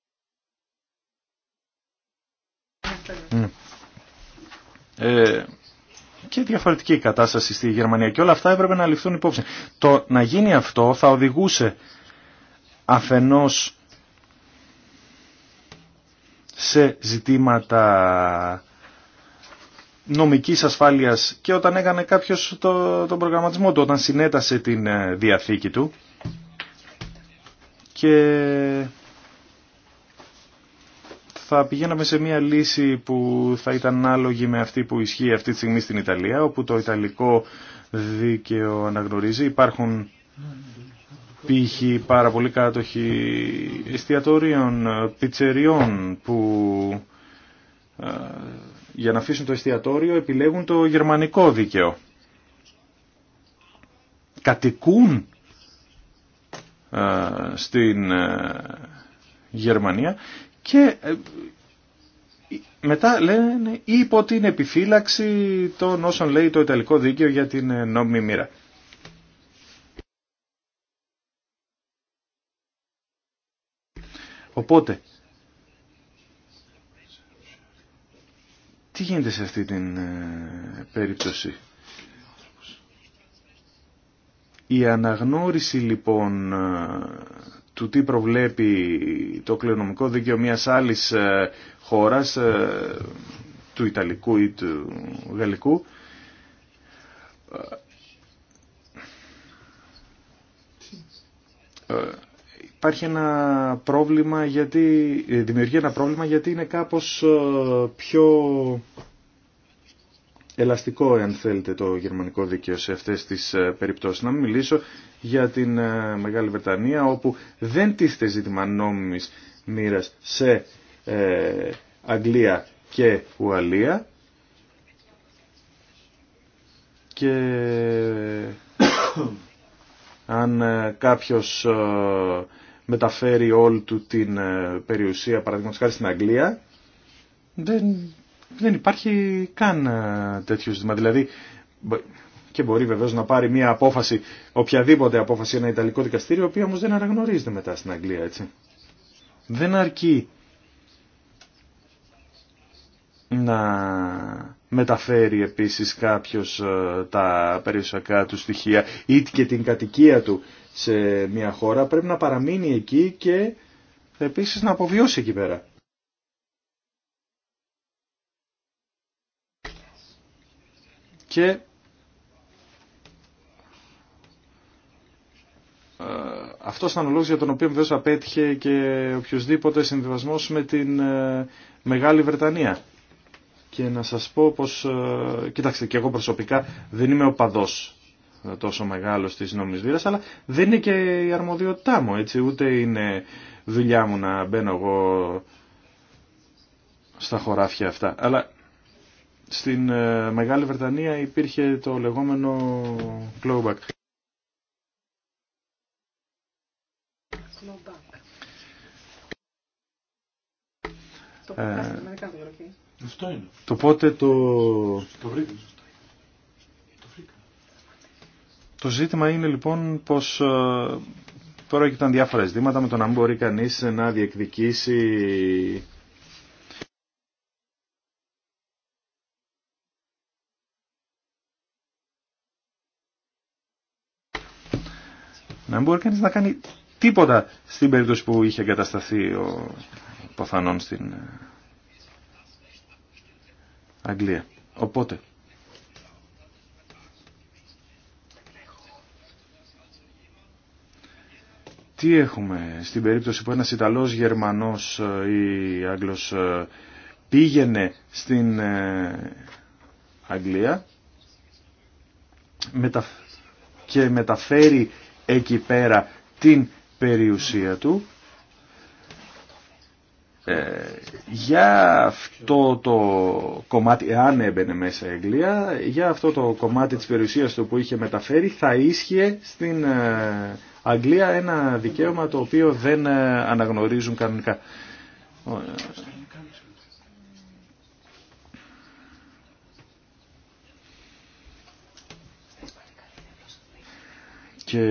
Ε, και διαφορετική κατάσταση στη Γερμανία και όλα αυτά έπρεπε να ληφθούν υπόψη. Το να γίνει αυτό θα οδηγούσε αφενός σε ζητήματα νομικής ασφάλειας και όταν έκανε κάποιος το, τον προγραμματισμό του, όταν συνέτασε την ε, διαθήκη του και θα πηγαίναμε σε μια λύση που θα ήταν ανάλογη με αυτή που ισχύει αυτή τη στιγμή στην Ιταλία, όπου το Ιταλικό δίκαιο αναγνωρίζει. Υπάρχουν π.χ. πάρα πολύ κάτοχοι εστιατορίων, πιτσεριών που για να αφήσουν το εστιατόριο επιλέγουν το γερμανικό δίκαιο. Κατοικούν στην Γερμανία και ε, μετά λένε υπό την επιφύλαξη των όσων λέει το Ιταλικό Δίκαιο για την ε, νόμιμη μοίρα. Οπότε, τι γίνεται σε αυτή την ε, περίπτωση. Η αναγνώριση λοιπόν του τι προβλέπει το κληρονομικό δίκαιο μιας άλλης ε, χώρας, ε, του Ιταλικού ή του Γαλλικού, ε, υπάρχει ένα πρόβλημα γιατί, δημιουργεί ένα πρόβλημα γιατί είναι κάπως πιο ελαστικό, εάν θέλετε, το γερμανικό δίκαιο σε αυτές τις ε, περιπτώσεις. Να μιλήσω για την ε, Μεγάλη Βρετανία, όπου δεν τίθεται ζήτημα νόμιμης μοίρας σε ε, Αγγλία και Ουαλία. Και αν κάποιος μεταφέρει όλη του την περιουσία, παραδείγματος χάρη στην Αγγλία, δεν δεν υπάρχει καν ε, τέτοιο ζήτημα. Δηλαδή, και μπορεί βεβαίω να πάρει μια απόφαση, οποιαδήποτε απόφαση, ένα Ιταλικό δικαστήριο, η οποία όμω δεν αναγνωρίζεται μετά στην Αγγλία, έτσι. Δεν αρκεί να μεταφέρει επίσης κάποιος ε, τα περιουσιακά του στοιχεία ή και την κατοικία του σε μια χώρα, πρέπει να παραμείνει εκεί και επίσης να αποβιώσει εκεί πέρα. και ε, αυτός ήταν ο λόγος για τον οποίο βέβαια απέτυχε και οποιοδήποτε συνδυασμός με την ε, Μεγάλη Βρετανία. Και να σας πω πως, ε, κοιτάξτε και εγώ προσωπικά δεν είμαι παδός τόσο μεγάλος της νόμιμης βίρας, αλλά δεν είναι και η αρμοδιότητά μου, έτσι, ούτε είναι δουλειά μου να μπαίνω εγώ στα χωράφια αυτά. Αλλά στην ε, Μεγάλη Βρετανία υπήρχε το λεγόμενο clawback. Ε, το πότε το... Το, βρήκα. το, ζήτημα είναι λοιπόν πως ε, τώρα ήταν διάφορα ζητήματα με το να μην μπορεί κανείς να διεκδικήσει να μπορεί κανείς να κάνει τίποτα στην περίπτωση που είχε εγκατασταθεί ο παθανόν στην ε, Αγγλία. Οπότε, τι έχουμε στην περίπτωση που ένας Ιταλός, Γερμανός ε, ή Άγγλος ε, πήγαινε στην Αγγλία και μεταφέρει εκεί πέρα την περιουσία του. Ε, για αυτό το κομμάτι, αν έμπαινε μέσα η Αγγλία, για αυτό το κομμάτι της περιουσίας του που είχε μεταφέρει θα ίσχυε στην ε, Αγγλία ένα δικαίωμα το οποίο δεν ε, αναγνωρίζουν κανονικά. Και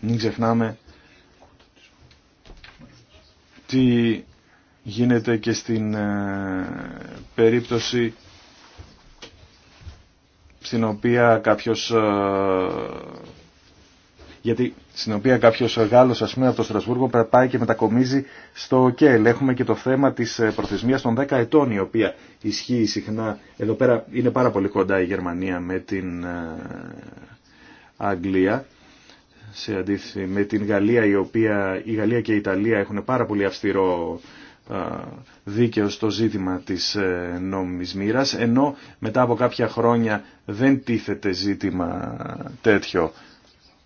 μην ξεχνάμε τι γίνεται και στην ε, περίπτωση στην οποία κάποιος ε, γιατί στην οποία κάποιο Γάλλο, α πούμε από το Στρασβούργο πάει και μετακομίζει στο ΚΕΛ. Έχουμε και το θέμα τη ε, προθεσμία των 10 ετών η οποία ισχύει συχνά. Εδώ πέρα είναι πάρα πολύ κοντά η Γερμανία με την ε, Αγγλία σε αντίθεση με την Γαλλία η οποία η Γαλλία και η Ιταλία έχουν πάρα πολύ αυστηρό ε, δίκαιο στο ζήτημα της νόμιμης μοίρας, ενώ μετά από κάποια χρόνια δεν τίθεται ζήτημα τέτοιο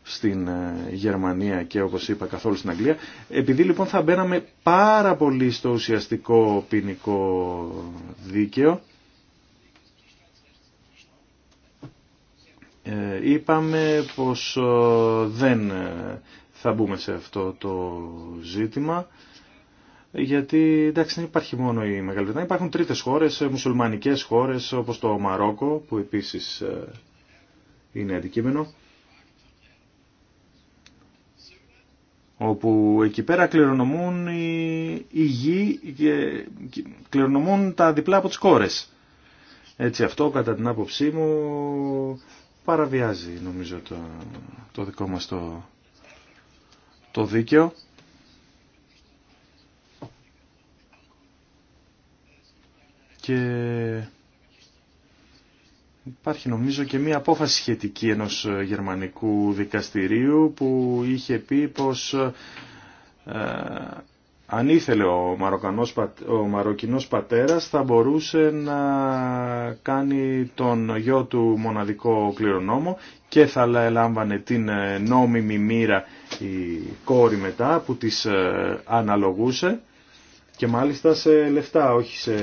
στην ε, Γερμανία και όπως είπα καθόλου στην Αγγλία. Επειδή λοιπόν θα μπαίναμε πάρα πολύ στο ουσιαστικό ποινικό δίκαιο, ε, είπαμε πως ε, δεν θα μπούμε σε αυτό το ζήτημα. Γιατί εντάξει δεν υπάρχει μόνο η Μεγάλη Βρετανία, υπάρχουν τρίτες χώρες, μουσουλμανικές χώρες όπως το Μαρόκο που επίσης είναι αντικείμενο. όπου εκεί πέρα κληρονομούν οι, γη και κληρονομούν τα διπλά από τις κόρες. Έτσι αυτό κατά την άποψή μου παραβιάζει νομίζω το, το δικό μας το, το δίκαιο. Και Υπάρχει νομίζω και μία απόφαση σχετική ενός ε, γερμανικού δικαστηρίου που είχε πει πως ε, ε, αν ήθελε ο, Μαροκανός, ο Μαροκινός πατέρας θα μπορούσε να κάνει τον γιο του μοναδικό κληρονόμο και θα έλαμβανε την νόμιμη μοίρα η κόρη μετά που της αναλογούσε και μάλιστα σε λεφτά όχι σε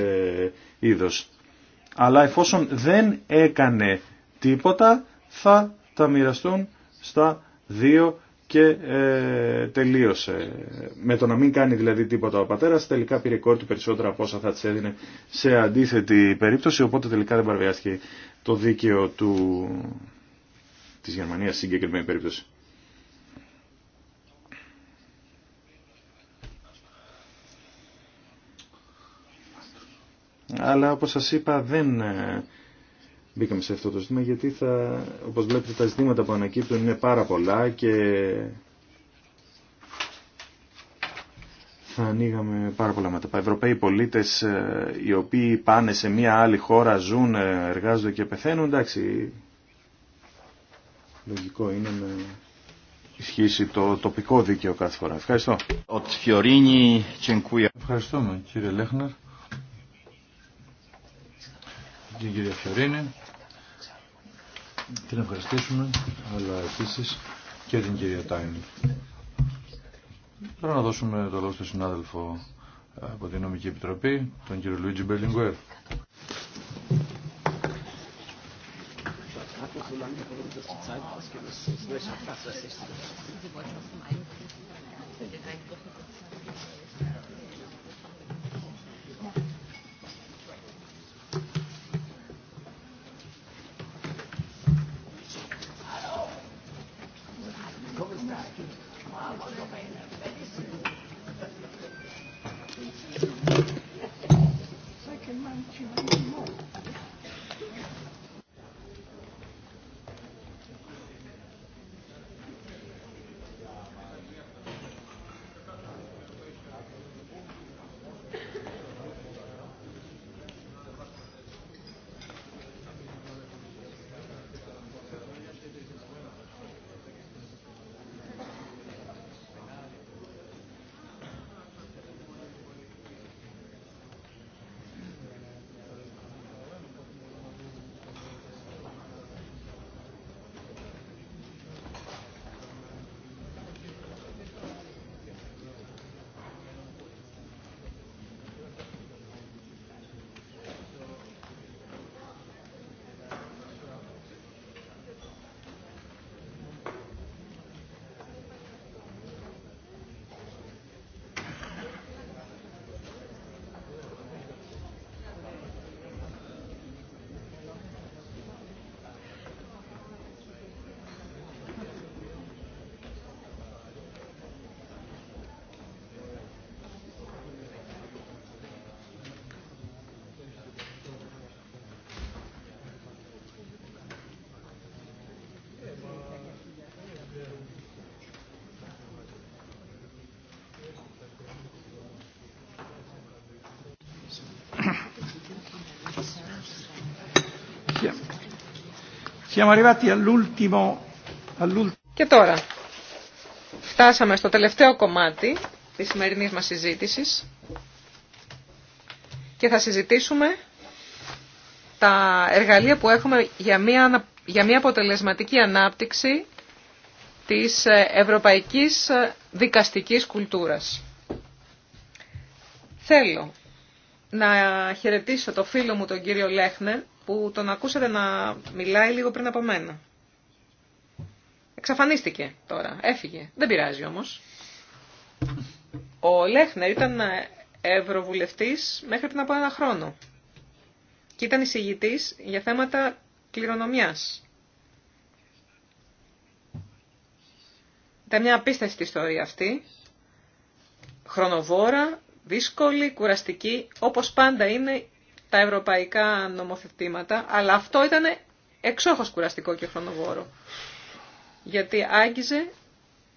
είδος. Αλλά εφόσον δεν έκανε τίποτα θα τα μοιραστούν στα δύο και ε, τελείωσε. Με το να μην κάνει δηλαδή τίποτα ο πατέρας τελικά πήρε κόρη περισσότερα από όσα θα της έδινε σε αντίθετη περίπτωση οπότε τελικά δεν παραβιάστηκε το δίκαιο του... της Γερμανίας συγκεκριμένη περίπτωση. αλλά όπως σας είπα δεν ε, μπήκαμε σε αυτό το ζήτημα γιατί θα, όπως βλέπετε τα ζητήματα που ανακύπτουν είναι πάρα πολλά και θα ανοίγαμε πάρα πολλά μετά. Ευρωπαίοι πολίτες ε, οι οποίοι πάνε σε μια άλλη χώρα, ζουν, ε, εργάζονται και πεθαίνουν, εντάξει, λογικό είναι να ισχύσει το τοπικό δίκαιο κάθε φορά. Ευχαριστώ. Ευχαριστούμε κύριε Λέχναρ την κυρία Φιωρίνη. Την ευχαριστήσουμε, αλλά επίσης και την κυρία Τάινη. Τώρα να δώσουμε το λόγο στον συνάδελφο ε, από την Νομική Επιτροπή, τον κύριο Λουίτζι Μπερλιγκουέρ. Και τώρα, φτάσαμε στο τελευταίο κομμάτι της σημερινής μας συζήτησης και θα συζητήσουμε τα εργαλεία που έχουμε για μια, αποτελεσματική ανάπτυξη της ευρωπαϊκής δικαστικής κουλτούρας. Θέλω να χαιρετήσω το φίλο μου τον κύριο Λέχνερ, που τον ακούσατε να μιλάει λίγο πριν από μένα. Εξαφανίστηκε τώρα, έφυγε. Δεν πειράζει όμως. Ο Λέχνερ ήταν ευρωβουλευτής μέχρι πριν από ένα χρόνο και ήταν εισηγητής για θέματα κληρονομιάς. Ήταν μια απίστευτη ιστορία αυτή, χρονοβόρα, δύσκολη, κουραστική, όπως πάντα είναι τα ευρωπαϊκά νομοθετήματα, αλλά αυτό ήταν εξόχως κουραστικό και χρονοβόρο. Γιατί άγγιζε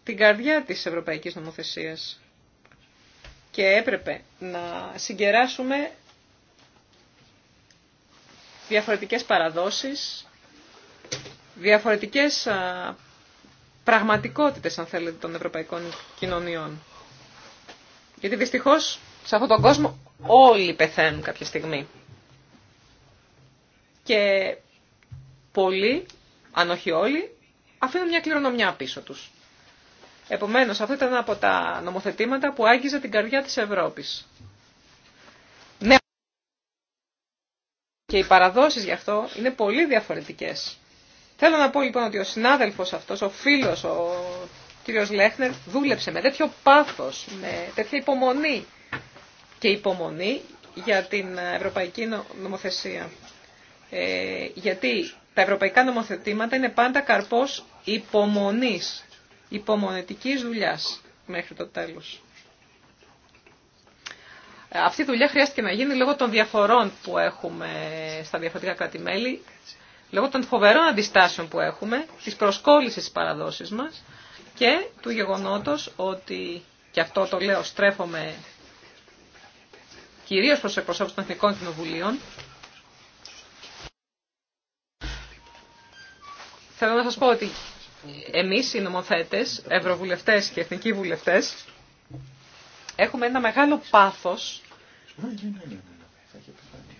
την καρδιά της ευρωπαϊκής νομοθεσίας. Και έπρεπε να συγκεράσουμε διαφορετικές παραδόσεις, διαφορετικές πραγματικότητες, αν θέλετε, των ευρωπαϊκών κοινωνιών. Γιατί δυστυχώς σε αυτόν τον κόσμο όλοι πεθαίνουν κάποια στιγμή και πολλοί, αν όχι όλοι, αφήνουν μια κληρονομιά πίσω τους. Επομένως, αυτό ήταν ένα από τα νομοθετήματα που άγγιζε την καρδιά της Ευρώπης. Ναι, και οι παραδόσεις γι' αυτό είναι πολύ διαφορετικές. Θέλω να πω λοιπόν ότι ο συνάδελφος αυτός, ο φίλος, ο κύριος Λέχνερ, δούλεψε με τέτοιο πάθος, με τέτοια υπομονή και υπομονή για την ευρωπαϊκή νομοθεσία. Ε, γιατί τα ευρωπαϊκά νομοθετήματα είναι πάντα καρπός υπομονής, υπομονετικής δουλειάς μέχρι το τέλος. Αυτή η δουλειά χρειάστηκε να γίνει λόγω των διαφορών που έχουμε στα διαφορετικά κράτη-μέλη, λόγω των φοβερών αντιστάσεων που έχουμε, της προσκόλλησης της παραδόσης μας και του γεγονότος ότι, και αυτό το λέω στρέφομαι κυρίως προς εκπροσώπους των Εθνικών Κοινοβουλίων, Θέλω να σας πω ότι εμείς οι νομοθέτες, ευρωβουλευτές και εθνικοί βουλευτές, έχουμε ένα μεγάλο πάθος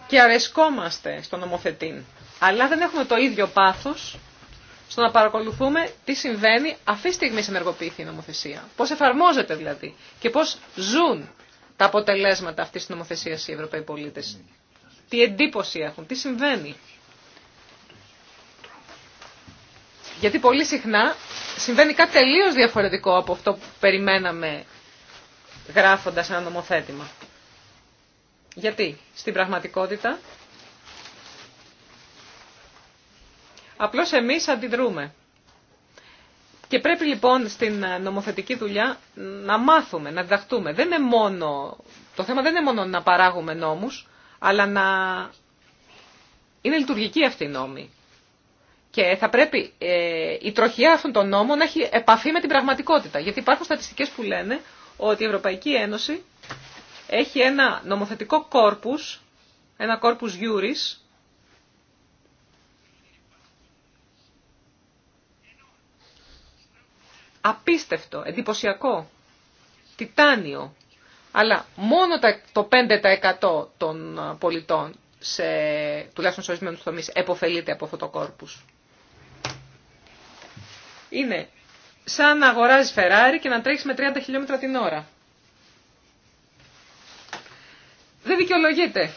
και αρεσκόμαστε στον νομοθετήν. Αλλά δεν έχουμε το ίδιο πάθος στο να παρακολουθούμε τι συμβαίνει αυτή τη στιγμή ενεργοποιηθεί η νομοθεσία. Πώς εφαρμόζεται δηλαδή και πώς ζουν τα αποτελέσματα αυτής της νομοθεσίας οι Ευρωπαίοι πολίτες. Τι εντύπωση έχουν, τι συμβαίνει. Γιατί πολύ συχνά συμβαίνει κάτι τελείως διαφορετικό από αυτό που περιμέναμε γράφοντας ένα νομοθέτημα. Γιατί στην πραγματικότητα απλώς εμείς αντιδρούμε. Και πρέπει λοιπόν στην νομοθετική δουλειά να μάθουμε, να διδαχτούμε. Δεν είναι μόνο, το θέμα δεν είναι μόνο να παράγουμε νόμους, αλλά να είναι λειτουργική αυτή η νόμη. Και θα πρέπει ε, η τροχιά αυτών των νόμων να έχει επαφή με την πραγματικότητα. Γιατί υπάρχουν στατιστικές που λένε ότι η Ευρωπαϊκή Ένωση έχει ένα νομοθετικό κόρπους, ένα κόρπους γιούρις, απίστευτο, εντυπωσιακό, τιτάνιο, αλλά μόνο το 5% των πολιτών, σε, τουλάχιστον σε ορισμένους τομείς, εποφελείται από αυτό το κόρπους. Είναι σαν να αγοράζει Φεράρι και να τρέχεις με 30 χιλιόμετρα την ώρα. Δεν δικαιολογείται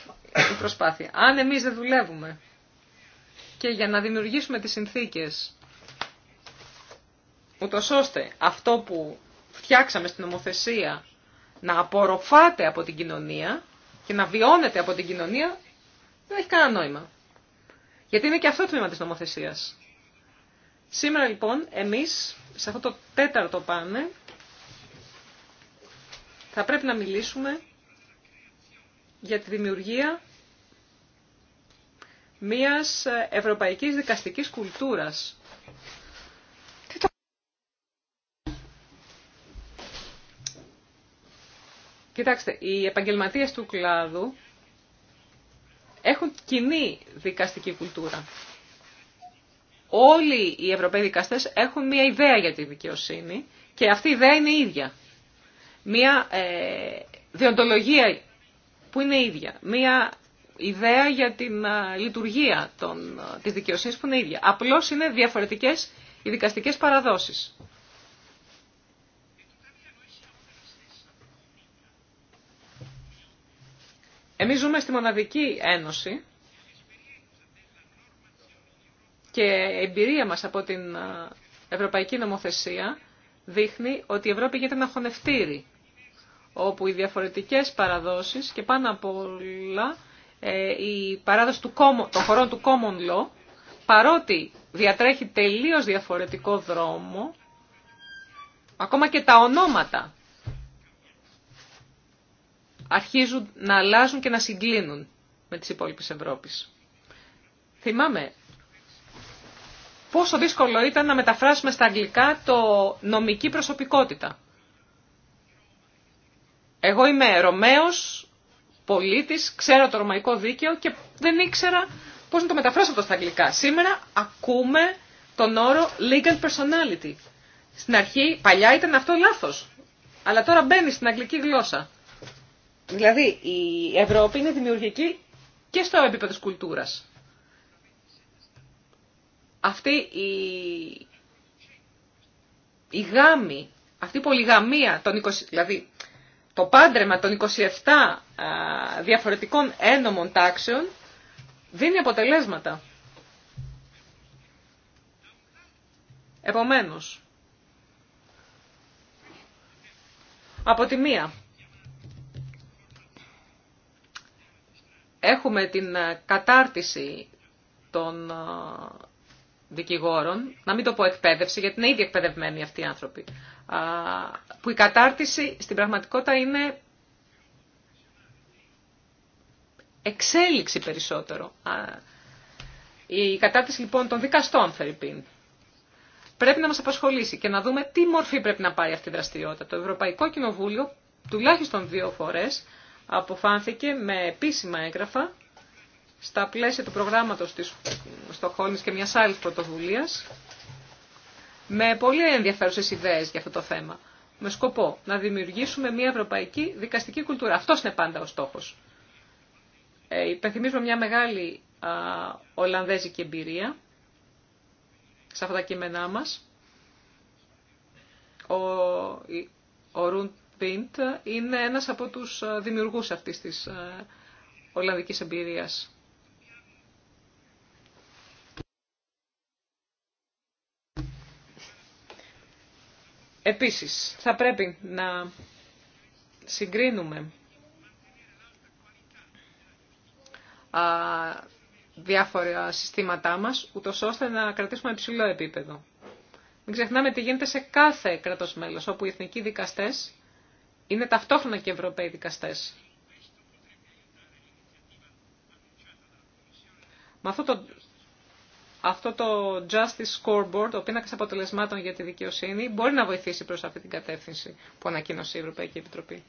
η προσπάθεια. Αν εμείς δεν δουλεύουμε και για να δημιουργήσουμε τις συνθήκες ούτω ώστε αυτό που φτιάξαμε στην νομοθεσία να απορροφάται από την κοινωνία και να βιώνεται από την κοινωνία, δεν έχει κανένα νόημα. Γιατί είναι και αυτό το τμήμα της νομοθεσίας. Σήμερα λοιπόν εμείς σε αυτό το τέταρτο πάνε θα πρέπει να μιλήσουμε για τη δημιουργία μιας ευρωπαϊκής δικαστικής κουλτούρας. Κοιτάξτε, οι επαγγελματίες του κλάδου έχουν κοινή δικαστική κουλτούρα όλοι οι Ευρωπαίοι δικαστέ έχουν μία ιδέα για τη δικαιοσύνη και αυτή η ιδέα είναι ίδια. Μία ε, διοντολογία που είναι ίδια. Μία ιδέα για την ε, λειτουργία των, α, ε, της δικαιοσύνης που είναι ίδια. Απλώς είναι διαφορετικές οι δικαστικές παραδόσεις. Εμείς ζούμε στη μοναδική ένωση και εμπειρία μας από την ε, Ευρωπαϊκή Νομοθεσία δείχνει ότι η Ευρώπη γίνεται ένα χωνευτήρι, όπου οι διαφορετικές παραδόσεις και πάνω απ' όλα ε, η παράδοση του, των χωρών του common law, παρότι διατρέχει τελείως διαφορετικό δρόμο, ακόμα και τα ονόματα αρχίζουν να αλλάζουν και να συγκλίνουν με τις υπόλοιπες Ευρώπης. Θυμάμαι πόσο δύσκολο ήταν να μεταφράσουμε στα αγγλικά το νομική προσωπικότητα. Εγώ είμαι Ρωμαίος, πολίτης, ξέρω το ρωμαϊκό δίκαιο και δεν ήξερα πώς να το μεταφράσω αυτό στα αγγλικά. Σήμερα ακούμε τον όρο legal personality. Στην αρχή, παλιά ήταν αυτό λάθος, αλλά τώρα μπαίνει στην αγγλική γλώσσα. Δηλαδή, η Ευρώπη είναι δημιουργική και στο επίπεδο της κουλτούρας αυτή η, η γάμη, αυτή η πολυγαμία, των 20, δηλαδή το πάντρεμα των 27 διαφορετικών ένομων τάξεων δίνει αποτελέσματα. Επομένως, από τη μία, έχουμε την κατάρτιση των δικηγόρων, να μην το πω εκπαίδευση, γιατί είναι ήδη εκπαιδευμένοι αυτοί οι άνθρωποι, που η κατάρτιση στην πραγματικότητα είναι εξέλιξη περισσότερο. Η κατάρτιση λοιπόν των δικαστών, Φερρυπίν, πρέπει να μας απασχολήσει και να δούμε τι μορφή πρέπει να πάρει αυτή η δραστηριότητα. Το Ευρωπαϊκό Κοινοβούλιο τουλάχιστον δύο φορές αποφάνθηκε με επίσημα έγγραφα στα πλαίσια του προγράμματος της Στοχόλμης και μιας άλλης πρωτοβουλίας, με πολύ ενδιαφέρουσες ιδέες για αυτό το θέμα, με σκοπό να δημιουργήσουμε μια ευρωπαϊκή δικαστική κουλτούρα. Αυτός είναι πάντα ο στόχος. Ε, υπενθυμίζουμε μια μεγάλη α, Ολλανδέζικη εμπειρία σε αυτά τα κείμενά μας. Ο, ο Ρουντ είναι ένας από τους δημιουργούς αυτής της Ολλανδικής εμπειρίας. Επίσης, θα πρέπει να συγκρίνουμε διάφορα συστήματά μας, ούτω ώστε να κρατήσουμε υψηλό επίπεδο. Μην ξεχνάμε τι γίνεται σε κάθε κράτος μέλος, όπου οι εθνικοί δικαστές είναι ταυτόχρονα και Ευρωπαίοι δικαστές. Με αυτό το Justice Scoreboard, ο πίνακα αποτελεσμάτων για τη δικαιοσύνη, μπορεί να βοηθήσει προ αυτή την κατεύθυνση που ανακοίνωσε η Ευρωπαϊκή Επιτροπή.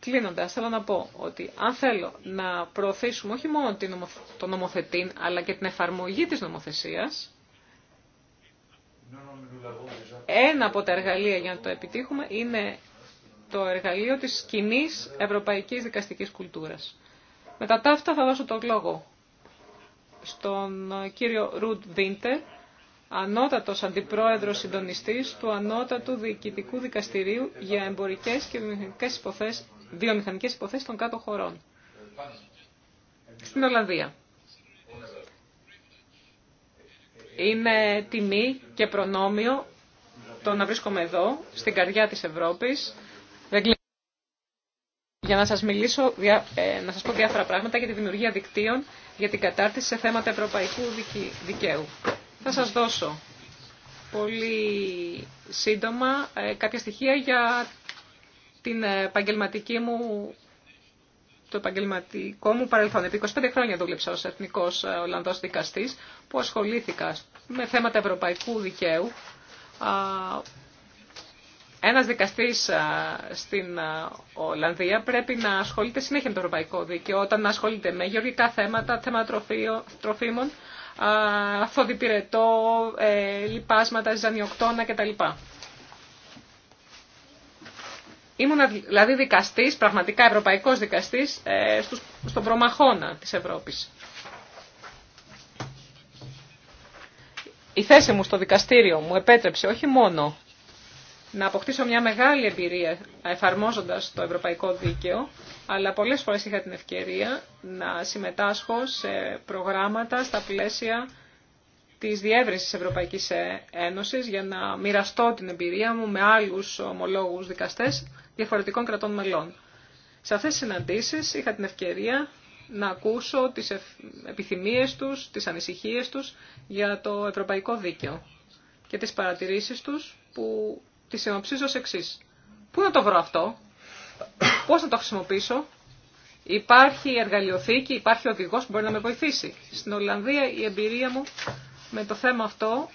Κλείνοντα, θέλω να πω ότι αν θέλω να προωθήσουμε όχι μόνο το νομοθετήν, αλλά και την εφαρμογή τη νομοθεσία, ένα από τα εργαλεία για να το επιτύχουμε είναι το εργαλείο της κοινή ευρωπαϊκής δικαστικής κουλτούρας. Μετά τα αυτά θα δώσω το λόγο στον ε, κύριο Ρουτ Βίντερ, ανώτατος αντιπρόεδρος συντονιστής του Ανώτατου Διοικητικού Δικαστηρίου για εμπορικές και βιομηχανικέ υποθέσεις, υποθέσεις των κάτω χωρών. Στην Ολλανδία. Είναι τιμή και προνόμιο το να βρίσκομαι εδώ, στην καρδιά της Ευρώπης, για να σας, μιλήσω, ε, να σας πω διάφορα πράγματα για τη δημιουργία δικτύων για την κατάρτιση σε θέματα ευρωπαϊκού δικαίου. Θα σας δώσω πολύ σύντομα ε, κάποια στοιχεία για την επαγγελματική μου το επαγγελματικό μου παρελθόν. Επί 25 χρόνια δούλεψα ως εθνικός ε, Ολλανδός δικαστής που ασχολήθηκα με θέματα ευρωπαϊκού δικαίου ένας δικαστής στην Ολλανδία πρέπει να ασχολείται συνέχεια με το ευρωπαϊκό δίκαιο όταν ασχολείται με γεωργικά θέματα, θέματα τροφίμων, ε, λιπάσματα, ζανιοκτώνα κτλ. Ήμουν δηλαδή δικαστής, πραγματικά ευρωπαϊκός δικαστής, ε, στον προμαχώνα της Ευρώπης. Η θέση μου στο δικαστήριο μου επέτρεψε όχι μόνο να αποκτήσω μια μεγάλη εμπειρία εφαρμόζοντας το ευρωπαϊκό δίκαιο, αλλά πολλές φορές είχα την ευκαιρία να συμμετάσχω σε προγράμματα στα πλαίσια της διεύρυνσης Ευρωπαϊκής ε, Ένωσης για να μοιραστώ την εμπειρία μου με άλλους ομολόγους δικαστές διαφορετικών κρατών μελών. Σε αυτές τις συναντήσεις είχα την ευκαιρία να ακούσω τις επιθυμίες τους, τις ανησυχίες τους για το ευρωπαϊκό δίκαιο και τις παρατηρήσεις τους που τη συνοψίζω ω εξή. Πού να το βρω αυτό, πώς να το χρησιμοποιήσω, υπάρχει εργαλειοθήκη, υπάρχει οδηγό που μπορεί να με βοηθήσει. Στην Ολλανδία η εμπειρία μου με το θέμα αυτό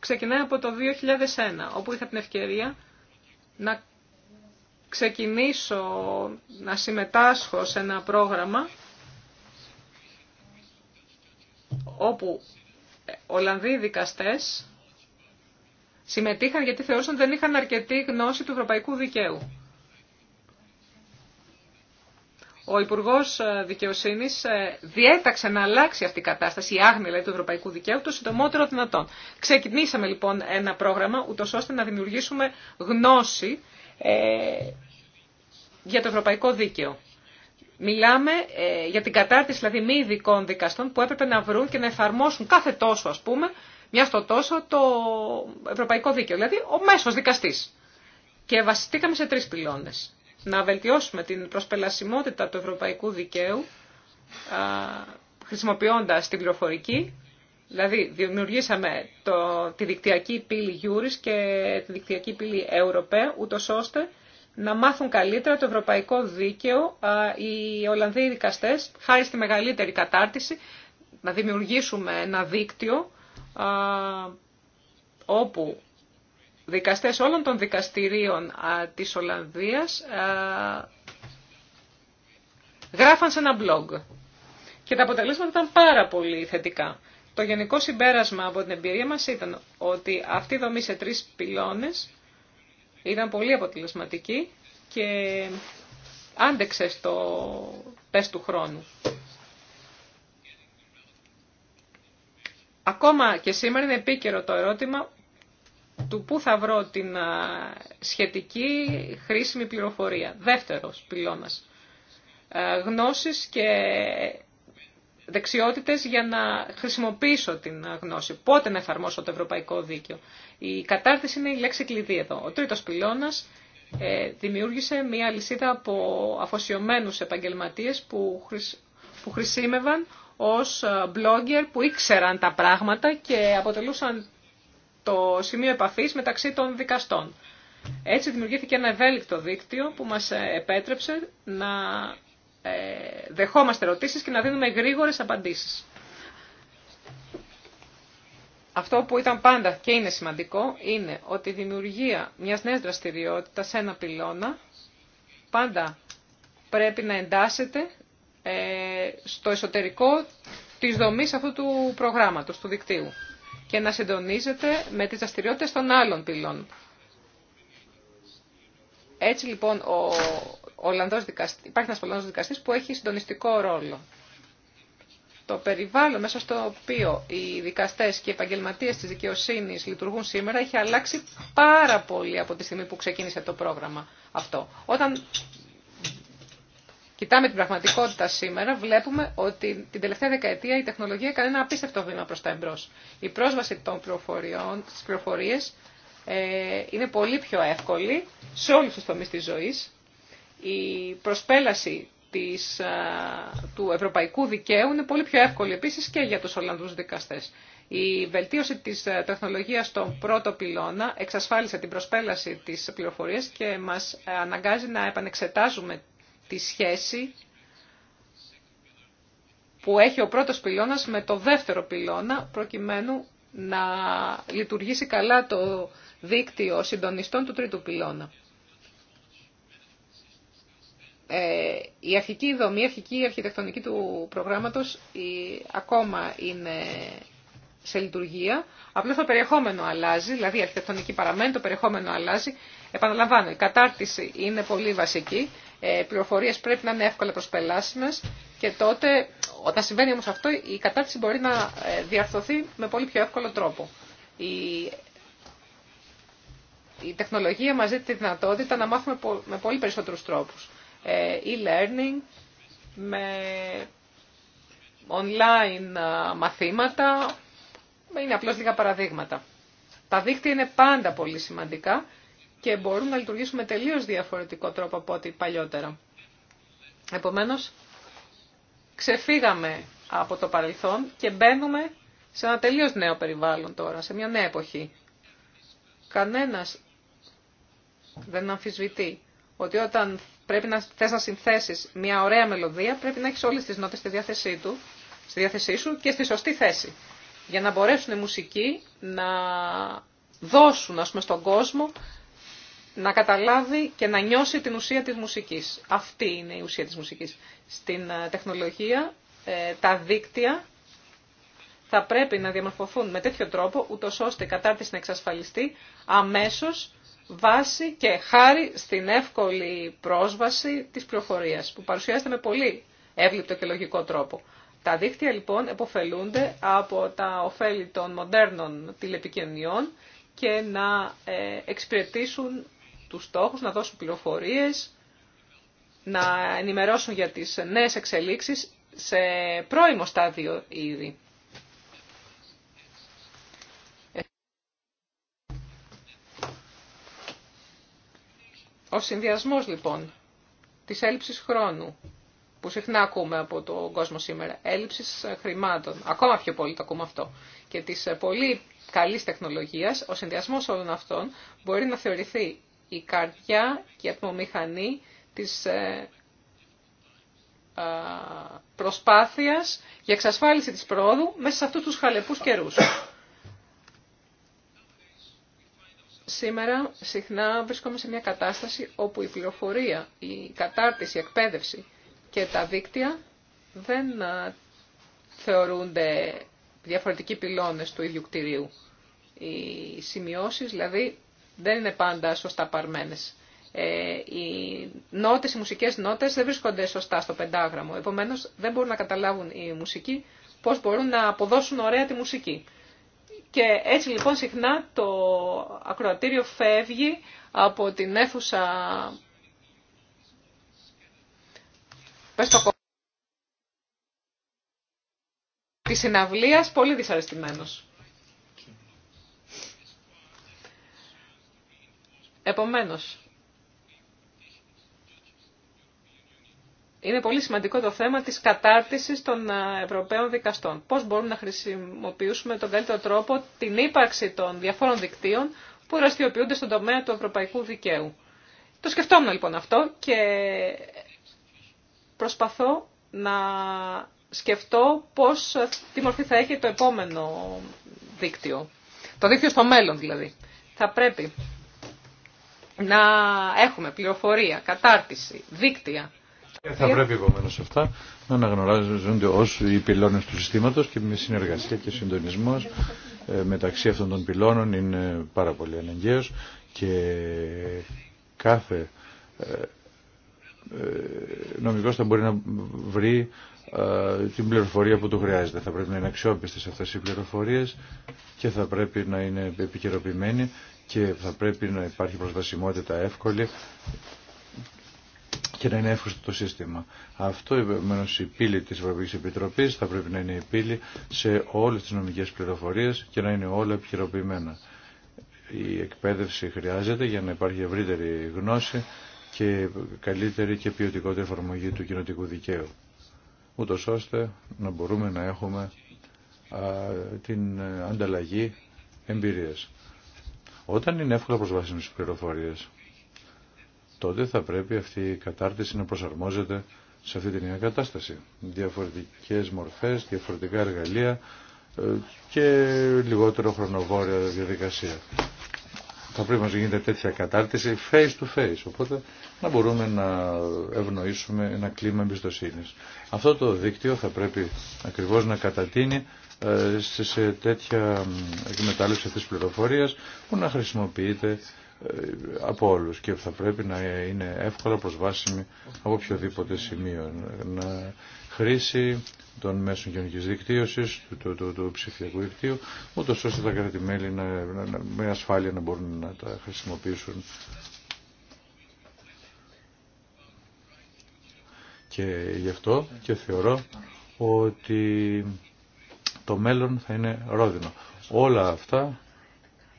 ξεκινάει από το 2001, όπου είχα την ευκαιρία να ξεκινήσω να συμμετάσχω σε ένα πρόγραμμα όπου Ολλανδοί δικαστές συμμετείχαν γιατί θεώρησαν ότι δεν είχαν αρκετή γνώση του ευρωπαϊκού δικαίου. Ο Υπουργό ε, Δικαιοσύνη ε, διέταξε να αλλάξει αυτή η κατάσταση, η άγνοια δηλαδή, του ευρωπαϊκού δικαίου, το συντομότερο δυνατόν. Ξεκινήσαμε λοιπόν ένα πρόγραμμα, ούτω ώστε να δημιουργήσουμε γνώση ε, για το ευρωπαϊκό δίκαιο. Μιλάμε ε, για την κατάρτιση δηλαδή μη ειδικών δικαστών που έπρεπε να βρουν και να εφαρμόσουν κάθε τόσο ας πούμε μια στο τόσο το ευρωπαϊκό δίκαιο, δηλαδή ο μέσος δικαστής. Και βασιστήκαμε σε τρεις πυλώνες. Να βελτιώσουμε την προσπελασιμότητα του ευρωπαϊκού δικαίου χρησιμοποιώντας την πληροφορική, δηλαδή δημιουργήσαμε το, τη δικτυακή πύλη Euris και τη δικτυακή πύλη Ευρωπαίου, ούτως ώστε να μάθουν καλύτερα το ευρωπαϊκό δίκαιο οι Ολλανδοί δικαστές, χάρη στη μεγαλύτερη κατάρτιση, να δημιουργήσουμε ένα δίκτυο όπου δικαστές όλων των δικαστηρίων της Ολλανδίας γράφαν σε ένα blog. Και τα αποτελέσματα ήταν πάρα πολύ θετικά. Το γενικό συμπέρασμα από την εμπειρία μας ήταν ότι αυτή η δομή σε τρεις πυλώνες ήταν πολύ αποτελεσματική και άντεξε στο πες του χρόνου. Ακόμα και σήμερα είναι επίκαιρο το ερώτημα του πού θα βρω την σχετική χρήσιμη πληροφορία. Δεύτερος πυλώνας. Ε, γνώσεις και δεξιότητες για να χρησιμοποιήσω την γνώση. Πότε να εφαρμόσω το ευρωπαϊκό δίκαιο. Η κατάρτιση είναι η λέξη κλειδί εδώ. Ο τρίτος πυλώνας ε, δημιούργησε μια λυσίδα από αφοσιωμένους επαγγελματίες που χρησιμεύαν ως ε, blogger που ήξεραν τα πράγματα και αποτελούσαν το σημείο επαφής μεταξύ των δικαστών. Έτσι δημιουργήθηκε ένα ευέλικτο δίκτυο που μας ε, επέτρεψε να ε, δεχόμαστε ερωτήσεις και να δίνουμε γρήγορες απαντήσεις. Αυτό που ήταν πάντα και είναι σημαντικό είναι ότι η δημιουργία μιας νέας δραστηριότητας σε ένα πυλώνα πάντα πρέπει να εντάσσεται ε, στο εσωτερικό της δομής αυτού του προγράμματος, του δικτύου και να συντονίζεται με τις δραστηριότητε των άλλων πυλών. Έτσι λοιπόν ο Ολλανδός δικαστής, υπάρχει ένας Ολλανδός δικαστής που έχει συντονιστικό ρόλο. Το περιβάλλον μέσα στο οποίο οι δικαστές και οι επαγγελματίες της δικαιοσύνης λειτουργούν σήμερα έχει αλλάξει πάρα πολύ από τη στιγμή που ξεκίνησε το πρόγραμμα αυτό. Όταν κοιτάμε την πραγματικότητα σήμερα, βλέπουμε ότι την τελευταία δεκαετία η τεχνολογία έκανε ένα απίστευτο βήμα προ τα εμπρό. Η πρόσβαση των πληροφοριών, πληροφορίε, ε, είναι πολύ πιο εύκολη σε όλου του τομεί τη ζωή. Η προσπέλαση της, του ευρωπαϊκού δικαίου είναι πολύ πιο εύκολη επίση και για του Ολλανδούς δικαστέ. Η βελτίωση τη ε, τεχνολογία στον πρώτο πυλώνα εξασφάλισε την προσπέλαση τη πληροφορία και μα αναγκάζει να επανεξετάζουμε τη σχέση που έχει ο πρώτος πυλώνας με το δεύτερο πυλώνα, προκειμένου να λειτουργήσει καλά το δίκτυο συντονιστών του τρίτου πυλώνα. Ε, η αρχική δομή, η αρχική αρχιτεκτονική του προγράμματος η, ακόμα είναι σε λειτουργία. Απλώ το περιεχόμενο αλλάζει, δηλαδή η αρχιτεκτονική παραμένει, το περιεχόμενο αλλάζει. Επαναλαμβάνω, η κατάρτιση είναι πολύ βασική. Ε, Πληροφορίε πρέπει να είναι εύκολα προσπελάσιμες και τότε όταν συμβαίνει όμω αυτό η κατάρτιση μπορεί να ε, διαρθωθεί με πολύ πιο εύκολο τρόπο. Η, η τεχνολογία μας δίνει τη δυνατότητα να μάθουμε με πολύ περισσότερους τρόπους. Ε, e-learning με online μαθήματα, είναι απλώς λίγα παραδείγματα. Τα δίκτυα είναι πάντα πολύ σημαντικά και μπορούν να λειτουργήσουν με τελείως διαφορετικό τρόπο από ό,τι παλιότερα. Επομένως, ξεφύγαμε από το παρελθόν και μπαίνουμε σε ένα τελείως νέο περιβάλλον τώρα, σε μια νέα εποχή. Κανένας δεν αμφισβητεί ότι όταν πρέπει να θες να συνθέσεις μια ωραία μελωδία, πρέπει να έχεις όλες τις νότες στη διάθεσή, του, στη διάθεσή σου και στη σωστή θέση. Για να μπορέσουν οι μουσικοί να δώσουν στον κόσμο να καταλάβει και να νιώσει την ουσία της μουσικής. Αυτή είναι η ουσία της μουσικής. Στην ε, τεχνολογία ε, τα δίκτυα θα πρέπει να διαμορφωθούν με τέτοιο τρόπο, ούτω ώστε η κατάρτιση να εξασφαλιστεί αμέσως βάση και χάρη στην εύκολη πρόσβαση της πληροφορία που παρουσιάζεται με πολύ εύληπτο και λογικό τρόπο. Τα δίκτυα λοιπόν εποφελούνται από τα ωφέλη των μοντέρνων τηλεπικοινωνιών και να ε, εξυπηρετήσουν τους στόχους, να δώσουν πληροφορίες, να ενημερώσουν για τις νέες εξελίξεις σε πρώιμο στάδιο ήδη. Ο συνδυασμός λοιπόν της έλλειψης χρόνου που συχνά ακούμε από τον κόσμο σήμερα, έλλειψης χρημάτων, ακόμα πιο πολύ το ακούμε αυτό, και της πολύ καλής τεχνολογίας, ο συνδυασμός όλων αυτών μπορεί να θεωρηθεί η καρδιά και η ατμομηχανή της ε, προσπάθειας για εξασφάλιση της πρόοδου μέσα σε αυτούς τους χαλεπούς καιρούς. Σήμερα συχνά βρίσκομαι σε μια κατάσταση όπου η πληροφορία, η κατάρτιση, η εκπαίδευση και τα δίκτυα δεν θεωρούνται διαφορετικοί πυλώνες του ίδιου κτηρίου. Οι σημειώσεις δηλαδή δεν είναι πάντα σωστά παρμένες. Ε, οι νότες, οι μουσικές νότες δεν βρίσκονται σωστά στο πεντάγραμμο, επομένως δεν μπορούν να καταλάβουν οι μουσικοί πώς μπορούν να αποδώσουν ωραία τη μουσική. Και έτσι λοιπόν συχνά το ακροατήριο φεύγει από την αίθουσα... Πες το Τη συναυλίας πολύ δυσαρεστημένος. Επομένως, είναι πολύ σημαντικό το θέμα της κατάρτισης των ε, Ευρωπαίων δικαστών. Πώς μπορούμε να χρησιμοποιήσουμε τον καλύτερο τρόπο την ύπαρξη των διαφόρων δικτύων που δραστηριοποιούνται στον τομέα του ευρωπαϊκού δικαίου. Το σκεφτόμουν λοιπόν αυτό και προσπαθώ να σκεφτώ πώς, ε, τι μορφή θα έχει το επόμενο δίκτυο. Το δίκτυο στο μέλλον δηλαδή. Θα πρέπει να έχουμε πληροφορία, κατάρτιση, δίκτυα. Θα πρέπει επομένω αυτά να αναγνωρίζονται ω οι πυλώνε του συστήματο και με συνεργασία και συντονισμό ε, μεταξύ αυτών των πυλώνων είναι πάρα πολύ αναγκαίο και κάθε ε, ε, νομικό θα μπορεί να βρει την πληροφορία που του χρειάζεται. Θα πρέπει να είναι αξιόπιστε αυτέ οι πληροφορίε και θα πρέπει να είναι επικαιροποιημένοι και θα πρέπει να υπάρχει προσβασιμότητα εύκολη και να είναι εύκολο το σύστημα. Αυτό επομένω η πύλη τη Ευρωπαϊκή Επιτροπή θα πρέπει να είναι η πύλη σε όλε τι νομικέ πληροφορίε και να είναι όλα επιχειροποιημένα. Η εκπαίδευση χρειάζεται για να υπάρχει ευρύτερη γνώση και καλύτερη και ποιοτικότερη εφαρμογή του κοινοτικού δικαίου. Ούτω ώστε να μπορούμε να έχουμε την ε, ανταλλαγή εμπειρίας. Όταν είναι εύκολα προσβάσιμες οι πληροφορίες, τότε θα πρέπει αυτή η κατάρτιση να προσαρμόζεται σε αυτή την νέα κατάσταση. Διαφορετικές μορφές, διαφορετικά εργαλεία ε, και λιγότερο χρονοβόρια διαδικασία. Θα πρέπει να γίνεται τέτοια κατάρτιση face to face, οπότε να μπορούμε να ευνοήσουμε ένα κλίμα εμπιστοσύνη. Αυτό το δίκτυο θα πρέπει ακριβώς να κατατείνει ε, σε τέτοια εκμετάλλευση αυτής της πληροφορίας που να χρησιμοποιείται ε, από όλους και θα πρέπει να είναι εύκολα προσβάσιμη από οποιοδήποτε σημείο. Να χρήση των μέσων κοινωνικής δικτύωσης, του, ψηφιακού δικτύου, ούτως ώστε τα κράτη-μέλη με ασφάλεια να μπορούν να τα χρησιμοποιήσουν. Και γι' αυτό και θεωρώ ότι το μέλλον θα είναι ρόδινο. Όλα αυτά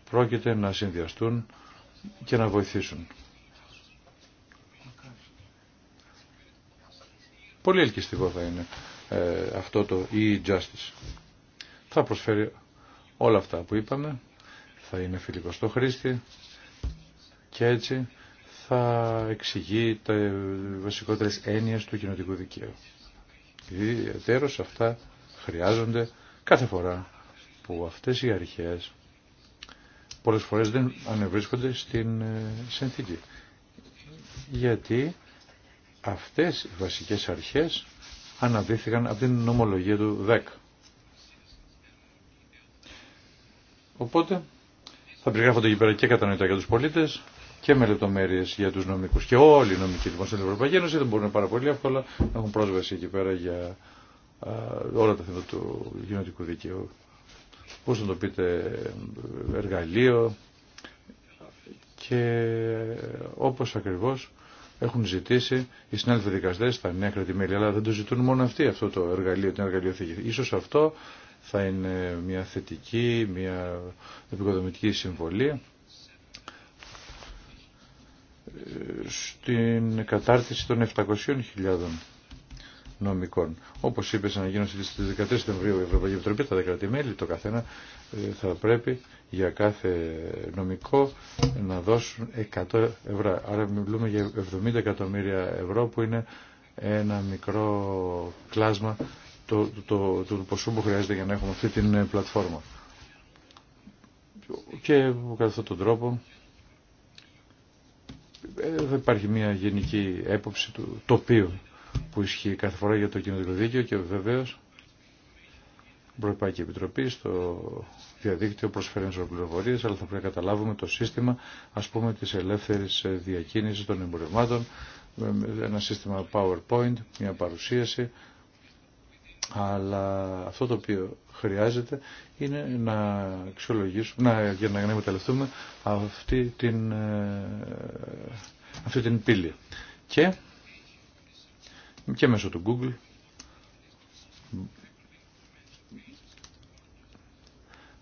πρόκειται να συνδυαστούν και να βοηθήσουν. Πολύ ελκυστικό θα είναι ε, αυτό το e-justice. Θα προσφέρει όλα αυτά που είπαμε, θα είναι φιλικό στο χρήστη και έτσι θα εξηγεί τα βασικότερες έννοιες του κοινωτικού δικαίου. Ιδιαίτερως αυτά χρειάζονται Κάθε φορά που αυτές οι αρχές πολλές φορές δεν ανεβρίσκονται στην ε, συνθήκη. Γιατί αυτές οι βασικές αρχές αναδύθηκαν από την νομολογία του 10. Οπότε θα περιγράφονται εκεί πέρα και κατανοητά για τους πολίτες και με λεπτομέρειε για τους νομικούς Και όλοι οι νομικοί λοιπόν στην Ευρωπαϊκή Ένωση δεν μπορούν πάρα πολύ εύκολα να έχουν πρόσβαση εκεί πέρα για ε, όλα τα θέματα του γενικού δικαίου. Πώς να το πείτε, εργαλείο και όπως ακριβώς έχουν ζητήσει οι συνάδελφοι δικαστές στα νέα κρατημέλη, αλλά δεν το ζητούν μόνο αυτοί αυτό το εργαλείο, την εργαλειοθήκη. Ίσως αυτό θα είναι μια θετική, μια επικοδομητική συμβολή ε, στην κατάρτιση των 700.000 νομικών. Όπω είπε, ανακοίνωση τη 13 Σεπτεμβρίου η Ευρωπαϊκή Επιτροπή, τα μέλη το καθένα ε, θα πρέπει για κάθε νομικό να δώσουν 100 ευρώ. Άρα μιλούμε για 70 εκατομμύρια ευρώ που είναι ένα μικρό κλάσμα του το, ποσού που χρειάζεται για να έχουμε αυτή την ε, πλατφόρμα. Και κατά αυτόν τον τρόπο δεν υπάρχει μια γενική έποψη του τοπίου που ισχύει κάθε φορά για το κοινωτικό δίκαιο και βεβαίω η Ευρωπαϊκή Επιτροπή στο διαδίκτυο προσφέρει πληροφορίε, αλλά θα πρέπει να καταλάβουμε το σύστημα α πούμε τη ελεύθερη διακίνηση των εμπορευμάτων, ένα σύστημα PowerPoint, μια παρουσίαση, αλλά αυτό το οποίο χρειάζεται είναι να αξιολογήσουμε, να, για να εκμεταλλευτούμε αυτή την, ε, αυτή την πύλη. Και και μέσω του Google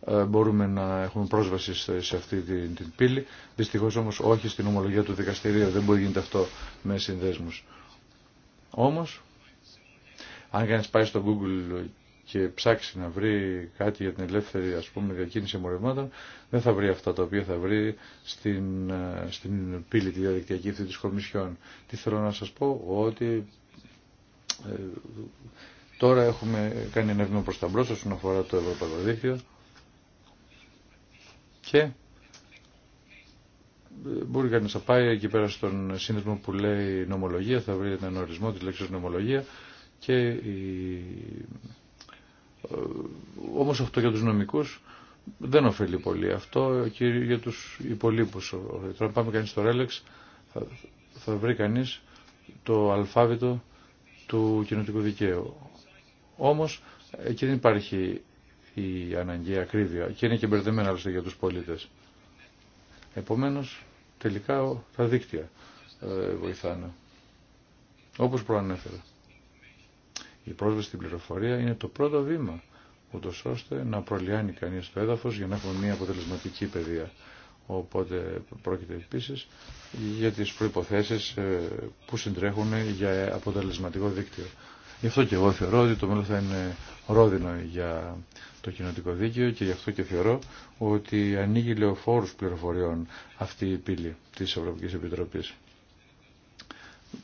ε, μπορούμε να έχουμε πρόσβαση σε αυτή την πύλη. Δυστυχώς όμως όχι στην ομολογία του δικαστηρίου. Δεν μπορεί να γίνεται αυτό με συνδέσμους. Όμως, αν κανείς πάει στο Google και ψάξει να βρει κάτι για την ελεύθερη ας πούμε διακίνηση εμπορευμάτων, δεν θα βρει αυτά τα οποία θα βρει στην, ε, στην πύλη τη διαδικτυακή αυτή της Κομισιόν. Τι θέλω να σας πω, ότι ε, τώρα έχουμε κάνει ένα βήμα προς τα μπρος όσον αφορά το Ευρωπαϊκό Δίκαιο και ε, μπορεί κανείς να πάει εκεί πέρα στον σύνδεσμο που λέει νομολογία, θα βρει έναν ορισμό της λέξης νομολογία και η... Ε, όμως αυτό για τους νομικούς δεν ωφελεί πολύ αυτό και για τους υπολείπους. Τώρα πάμε κανείς στο Ρέλεξ, θα, θα βρει κανείς το αλφάβητο του κοινωτικού δικαίου. Όμως εκεί δεν υπάρχει η αναγκαία ακρίβεια και είναι και μπερδεμένα άλλωστε για τους πολίτες. Επομένως τελικά τα δίκτυα ε, βοηθάνε. Όπως προανέφερα. Η πρόσβαση στην πληροφορία είναι το πρώτο βήμα ούτως ώστε να προλυάνει κανείς το έδαφος για να έχουμε μια αποτελεσματική παιδεία. Οπότε πρόκειται επίσης για τις προϋποθέσεις ε, που συντρέχουν για αποτελεσματικό δίκτυο. Γι' αυτό και εγώ θεωρώ ότι το μέλλον θα είναι ρόδινο για το κοινοτικό δίκαιο και γι' αυτό και θεωρώ ότι ανοίγει λεωφόρους πληροφοριών αυτή η πύλη της Ευρωπαϊκής Επιτροπής.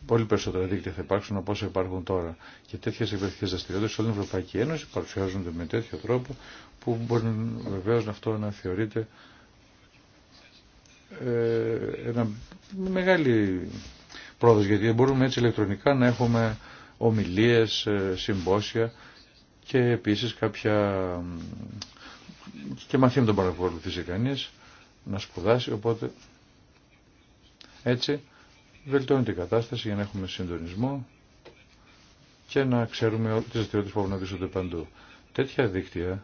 Πολύ περισσότερα δίκτυα θα υπάρξουν από όσα υπάρχουν τώρα. Και τέτοιε εκπαιδευτικέ δραστηριότητε σε όλη την Ευρωπαϊκή Ένωση παρουσιάζονται με τέτοιο τρόπο που μπορεί βεβαίω αυτό να θεωρείται ε, ένα μεγάλη πρόοδος γιατί μπορούμε έτσι ηλεκτρονικά να έχουμε ομιλίες, ε, συμπόσια και επίσης κάποια και μαθήματα που παρακολουθήσει κανείς να σπουδάσει οπότε έτσι βελτιώνει την κατάσταση για να έχουμε συντονισμό και να ξέρουμε τις δραστηριότητες που αποναντήσονται παντού. Τέτοια δίκτυα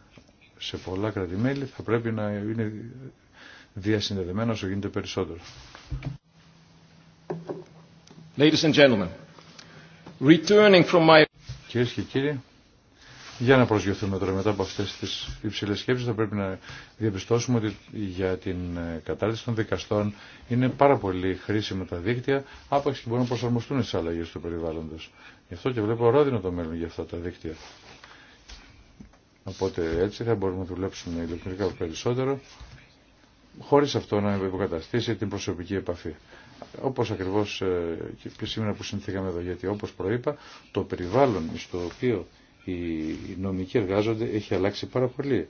σε πολλά κράτη-μέλη θα πρέπει να είναι διασυνδεδεμένα όσο γίνεται περισσότερο. Ladies Κυρίες και κύριοι, για να προσγειωθούμε τώρα μετά από αυτές τις υψηλές σκέψεις θα πρέπει να διαπιστώσουμε ότι για την ε, κατάρτιση των δικαστών είναι πάρα πολύ χρήσιμα τα δίκτυα άπαξ και μπορούν να προσαρμοστούν στις αλλαγές του περιβάλλοντος. Γι' αυτό και βλέπω ρόδινο το μέλλον για αυτά τα δίκτυα. Οπότε έτσι θα μπορούμε να δουλέψουμε ηλεκτρικά περισσότερο χωρίς αυτό να υποκαταστήσει την προσωπική επαφή. Όπως ακριβώς ε, και σήμερα που συνθήκαμε εδώ, γιατί όπως προείπα, το περιβάλλον στο οποίο οι νομικοί εργάζονται έχει αλλάξει πάρα πολύ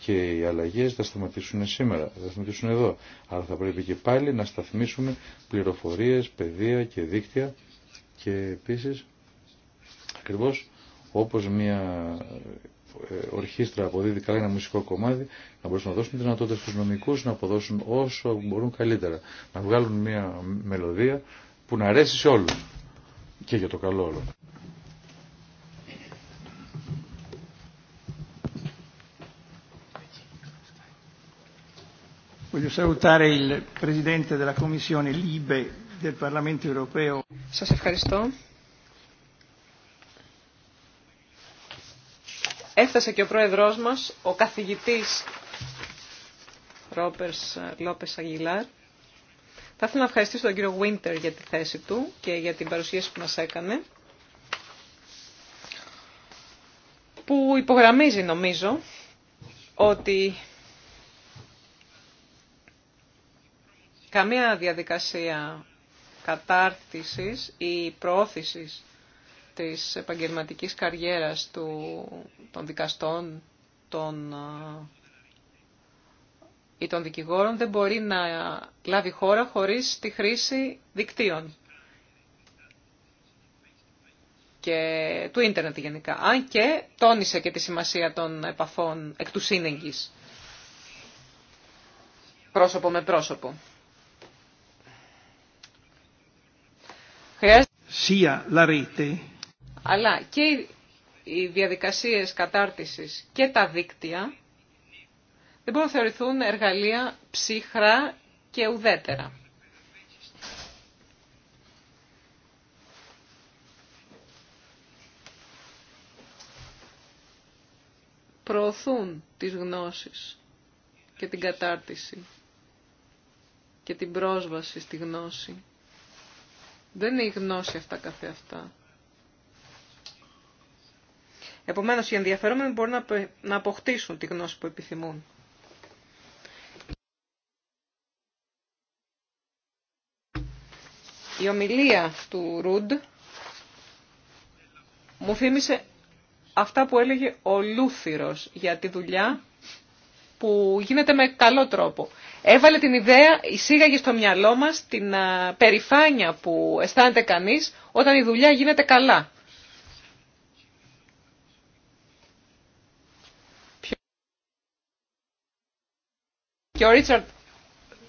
και οι αλλαγές θα σταματήσουν σήμερα, θα σταματήσουν εδώ. Αλλά θα πρέπει και πάλι να σταθμίσουμε πληροφορίες, παιδεία και δίκτυα και επίσης ακριβώς όπως μια ε, ορχήστρα αποδίδει καλά ένα μουσικό κομμάτι, να μπορέσουν να δώσουν τη δυνατότητα στους νομικούς να αποδώσουν όσο μπορούν καλύτερα. Να βγάλουν μια μελωδία που να αρέσει σε όλους και για το καλό όλων. Σας ευχαριστώ. Έφτασε και ο πρόεδρός μας, ο καθηγητής Ρόπερς Λόπες Αγγιλάρ. Θα ήθελα να ευχαριστήσω τον κύριο Βίντερ για τη θέση του και για την παρουσίαση που μας έκανε. Που υπογραμμίζει νομίζω ότι καμία διαδικασία κατάρτισης ή προώθησης της επαγγελματικής καριέρας του, των δικαστών των, ή των δικηγόρων δεν μπορεί να λάβει χώρα χωρίς τη χρήση δικτύων και του ίντερνετ γενικά. Αν και τόνισε και τη σημασία των επαφών εκ του σύνεγγης, πρόσωπο με πρόσωπο. Χρειάζεται... Αλλά και οι διαδικασίες κατάρτισης και τα δίκτυα δεν μπορούν να θεωρηθούν εργαλεία ψυχρά και ουδέτερα. Προωθούν τις γνώσεις και την κατάρτιση και την πρόσβαση στη γνώση. Δεν είναι η γνώση αυτά καθεαυτά. Επομένως, οι ενδιαφερόμενοι μπορούν να αποκτήσουν τη γνώση που επιθυμούν. Η ομιλία του Ρουντ μου θύμισε αυτά που έλεγε ο Λούθυρος για τη δουλειά που γίνεται με καλό τρόπο. Έβαλε την ιδέα, εισήγαγε στο μυαλό μας την περηφάνεια που αισθάνεται κανείς όταν η δουλειά γίνεται καλά. Και ο Ρίτσαρτ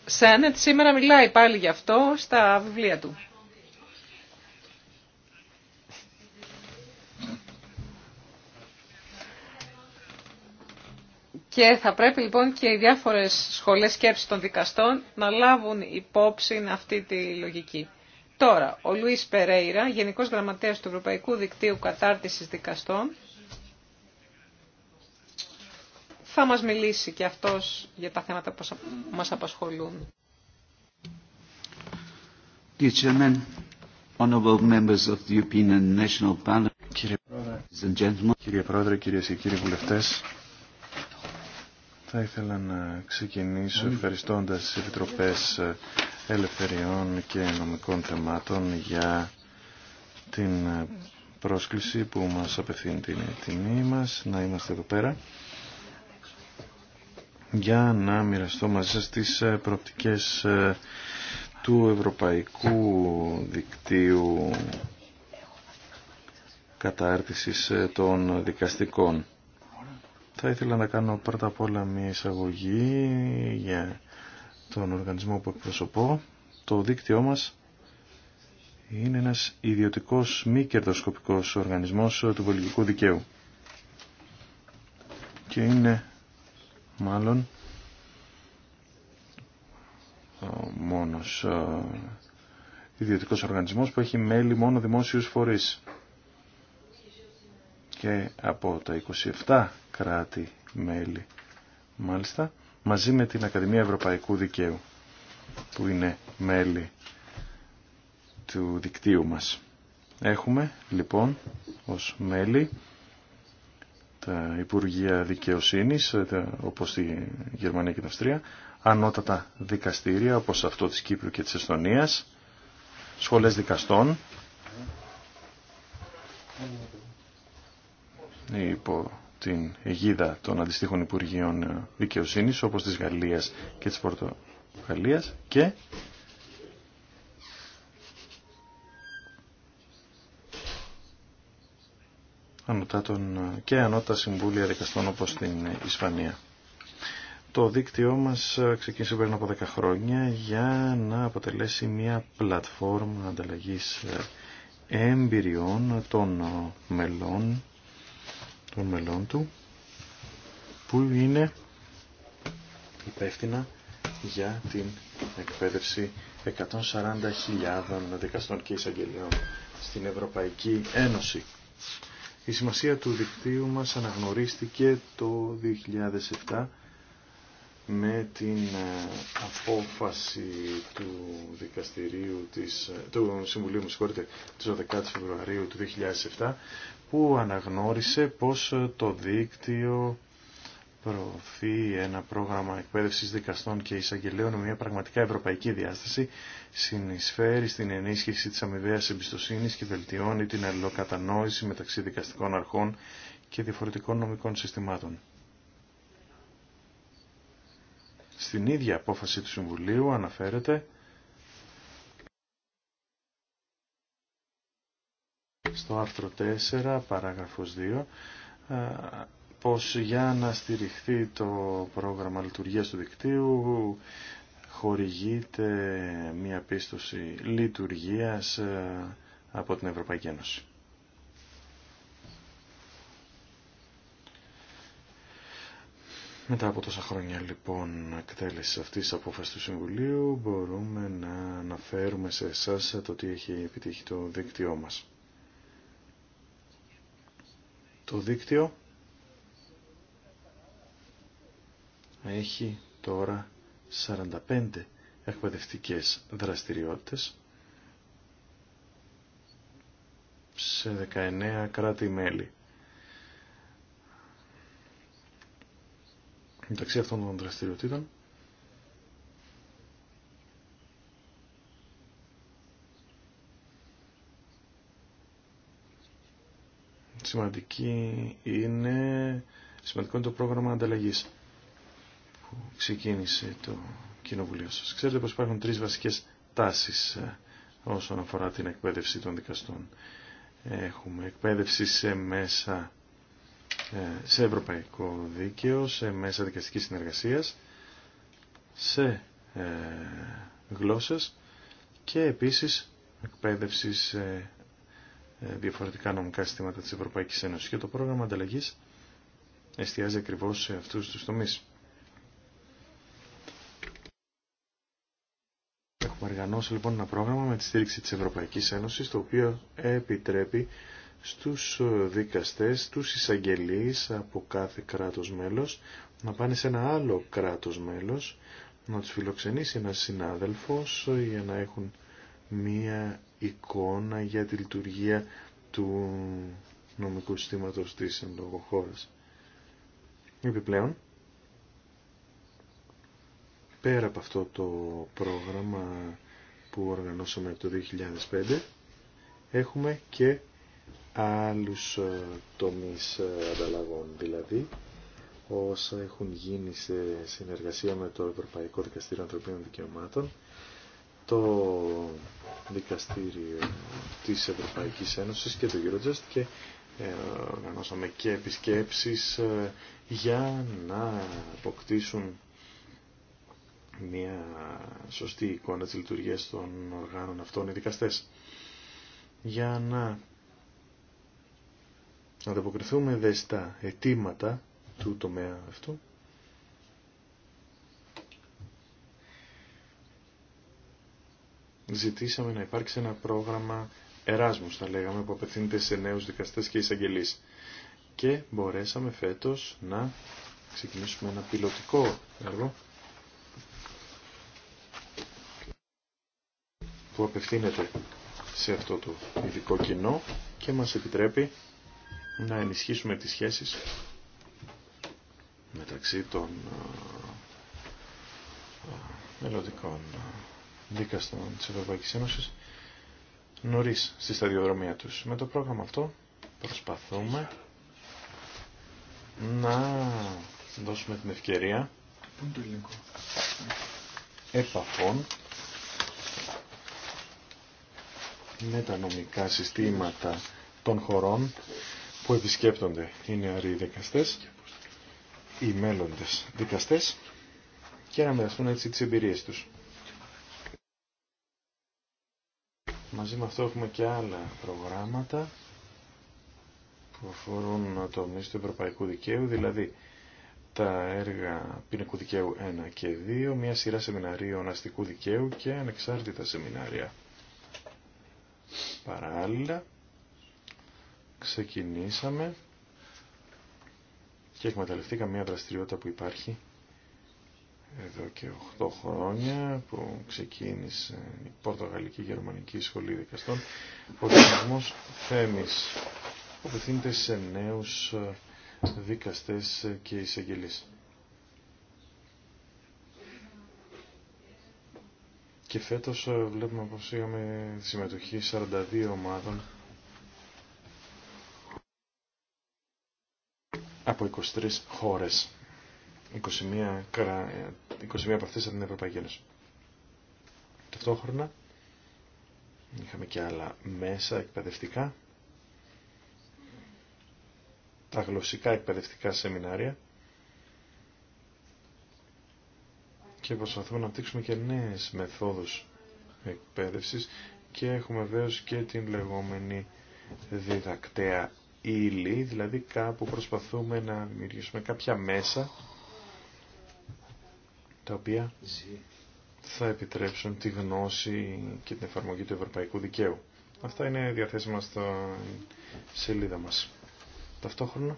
Σένετ σήμερα μιλάει πάλι γι' αυτό στα βιβλία του. Και θα πρέπει λοιπόν και οι διάφορες σχολές σκέψης των δικαστών να λάβουν υπόψη αυτή τη λογική. Τώρα, ο Λουίς Περέιρα, Γενικός Γραμματέας του Ευρωπαϊκού Δικτύου Κατάρτισης Δικαστών, θα μας μιλήσει και αυτός για τα θέματα που μας απασχολούν. Κύριε Πρόεδρε, κυρίες και κύριοι βουλευτές, θα ήθελα να ξεκινήσω ευχαριστώντας τις Επιτροπές Ελευθεριών και Νομικών Θεμάτων για την πρόσκληση που μας απευθύνει την τιμή μας να είμαστε εδώ πέρα για να μοιραστώ μαζί σας τις ε, προοπτικές ε, του Ευρωπαϊκού Δικτύου Κατάρτισης ε, των Δικαστικών. Θα ήθελα να κάνω πρώτα απ' όλα μια εισαγωγή για τον οργανισμό που εκπροσωπώ. Το δίκτυό μας είναι ένας ιδιωτικός μη κερδοσκοπικός οργανισμός του πολιτικού δικαίου και είναι μάλλον ο μόνος ε, ιδιωτικός οργανισμός που έχει μέλη μόνο δημόσιους φορείς. Και από τα 27 κράτη μέλη, μάλιστα, μαζί με την Ακαδημία Ευρωπαϊκού Δικαίου, που είναι μέλη του δικτύου μας. Έχουμε λοιπόν ως μέλη τα Υπουργεία Δικαιοσύνης, ε, όπως τη Γερμανία και την Αυστρία, ανώτατα δικαστήρια, όπως αυτό της Κύπρου και της Εστονίας, σχολές δικαστών, υπό την αιγίδα των αντιστοίχων Υπουργείων Δικαιοσύνης, όπως της Γαλλίας και της Πορτογαλίας, και ανωτάτων και ανώτατα συμβούλια δικαστών όπως στην Ισπανία. Το δίκτυό μας ξεκίνησε πριν από 10 χρόνια για να αποτελέσει μια πλατφόρμα ανταλλαγής ε, εμπειριών των μελών, των μελών του που είναι υπεύθυνα για την εκπαίδευση 140.000 δικαστών και εισαγγελιών στην Ευρωπαϊκή Ένωση. Η σημασία του δικτύου μας αναγνωρίστηκε το 2007 με την ε, απόφαση του δικαστηρίου της, ε, του Συμβουλίου συγχωρείτε, της 12 Φεβρουαρίου του 2007 που αναγνώρισε πως ε, το δίκτυο προωθεί ένα πρόγραμμα εκπαίδευση δικαστών και εισαγγελέων με μια πραγματικά ευρωπαϊκή διάσταση, συνεισφέρει στην ενίσχυση της αμοιβαία εμπιστοσύνη και βελτιώνει την αλληλοκατανόηση μεταξύ δικαστικών αρχών και διαφορετικών νομικών συστημάτων. Στην ίδια απόφαση του Συμβουλίου αναφέρεται στο άρθρο 4, παράγραφος 2, πως για να στηριχθεί το πρόγραμμα λειτουργίας του δικτύου χορηγείται μια πίστοση λειτουργίας ε, από την Ευρωπαϊκή Ένωση. Μετά από τόσα χρόνια λοιπόν εκτέλεση αυτής της απόφασης του Συμβουλίου μπορούμε να αναφέρουμε σε εσάς το τι έχει επιτύχει το δίκτυό μας. Το δίκτυο έχει τώρα 45 εκπαιδευτικές δραστηριότητες σε 19 κράτη-μέλη. Μεταξύ αυτών των δραστηριοτήτων σημαντική είναι, σημαντικό είναι το πρόγραμμα ανταλλαγής ξεκίνησε το κοινοβουλίο σας. Ξέρετε πως υπάρχουν τρεις βασικές τάσεις ε, όσον αφορά την εκπαίδευση των δικαστών. Έχουμε εκπαίδευση σε μέσα ε, σε ευρωπαϊκό δίκαιο, σε μέσα δικαστικής συνεργασίας, σε ε, γλώσσες και επίσης εκπαίδευση σε ε, διαφορετικά νομικά συστήματα της Ευρωπαϊκής Ένωσης. Και το πρόγραμμα ανταλλαγής εστιάζει ακριβώς σε αυτούς τους τομείς. οργανώσει λοιπόν ένα πρόγραμμα με τη στήριξη της Ευρωπαϊκής Ένωσης το οποίο επιτρέπει στους δικαστές, τους εισαγγελείς από κάθε κράτος μέλος να πάνε σε ένα άλλο κράτος μέλος να τους φιλοξενήσει ένας συνάδελφος για να έχουν μία εικόνα για τη λειτουργία του νομικού συστήματος της εν λόγω Επιπλέον, πέρα από αυτό το πρόγραμμα που οργανώσαμε το 2005 έχουμε και άλλους ε, τομείς ε, ανταλλαγών δηλαδή όσα έχουν γίνει σε συνεργασία με το Ευρωπαϊκό Δικαστήριο Ανθρωπίνων Δικαιωμάτων το Δικαστήριο της Ευρωπαϊκής Ένωσης και το Eurojust και ε, οργανώσαμε και επισκέψεις για να αποκτήσουν μια σωστή εικόνα της λειτουργίας των οργάνων αυτών οι δικαστές. Για να ανταποκριθούμε δε στα αιτήματα του τομέα αυτού, ζητήσαμε να υπάρξει ένα πρόγραμμα Εράσμους, θα λέγαμε, που απευθύνεται σε νέους δικαστές και εισαγγελείς. Και μπορέσαμε φέτος να ξεκινήσουμε ένα πιλωτικό έργο που απευθύνεται σε αυτό το ειδικό κοινό και μας επιτρέπει να ενισχύσουμε τις σχέσεις μεταξύ των μελλοντικών δίκαστων της Ευρωπαϊκής Ένωσης νωρίς στη σταδιοδρομία τους. Με το πρόγραμμα αυτό προσπαθούμε να δώσουμε την ευκαιρία επαφών με τα νομικά συστήματα των χωρών που επισκέπτονται οι νεαροί δικαστές, οι μέλλοντες δικαστές και να μοιραστούν έτσι τις εμπειρίες τους. Μαζί με αυτό έχουμε και άλλα προγράμματα που αφορούν το μίσο του Ευρωπαϊκού Δικαίου, δηλαδή τα έργα ποινικού δικαίου 1 και 2, μια σειρά σεμιναρίων αστικού δικαίου και ανεξάρτητα σεμινάρια Παράλληλα, ξεκινήσαμε και εκμεταλλευτήκαμε μια δραστηριότητα που υπάρχει εδώ και 8 χρόνια που ξεκίνησε η Πορτογαλική Γερμανική Σχολή Δικαστών ο οργανισμός Θέμης που απευθύνεται σε νέους δικαστές και εισαγγελίες. Και φέτος ε, βλέπουμε πως είχαμε συμμετοχή 42 ομάδων από 23 χώρες. 21, 21 από αυτές από την Ευρωπαϊκή Ένωση. Ταυτόχρονα είχαμε και άλλα μέσα εκπαιδευτικά, τα γλωσσικά εκπαιδευτικά σεμινάρια, και προσπαθούμε να αναπτύξουμε και νέες μεθόδους εκπαίδευσης και έχουμε βέβαια και την λεγόμενη διδακτέα ύλη, δηλαδή κάπου προσπαθούμε να δημιουργήσουμε κάποια μέσα τα οποία θα επιτρέψουν τη γνώση και την εφαρμογή του ευρωπαϊκού δικαίου. Αυτά είναι διαθέσιμα στο σελίδα μας. Ταυτόχρονα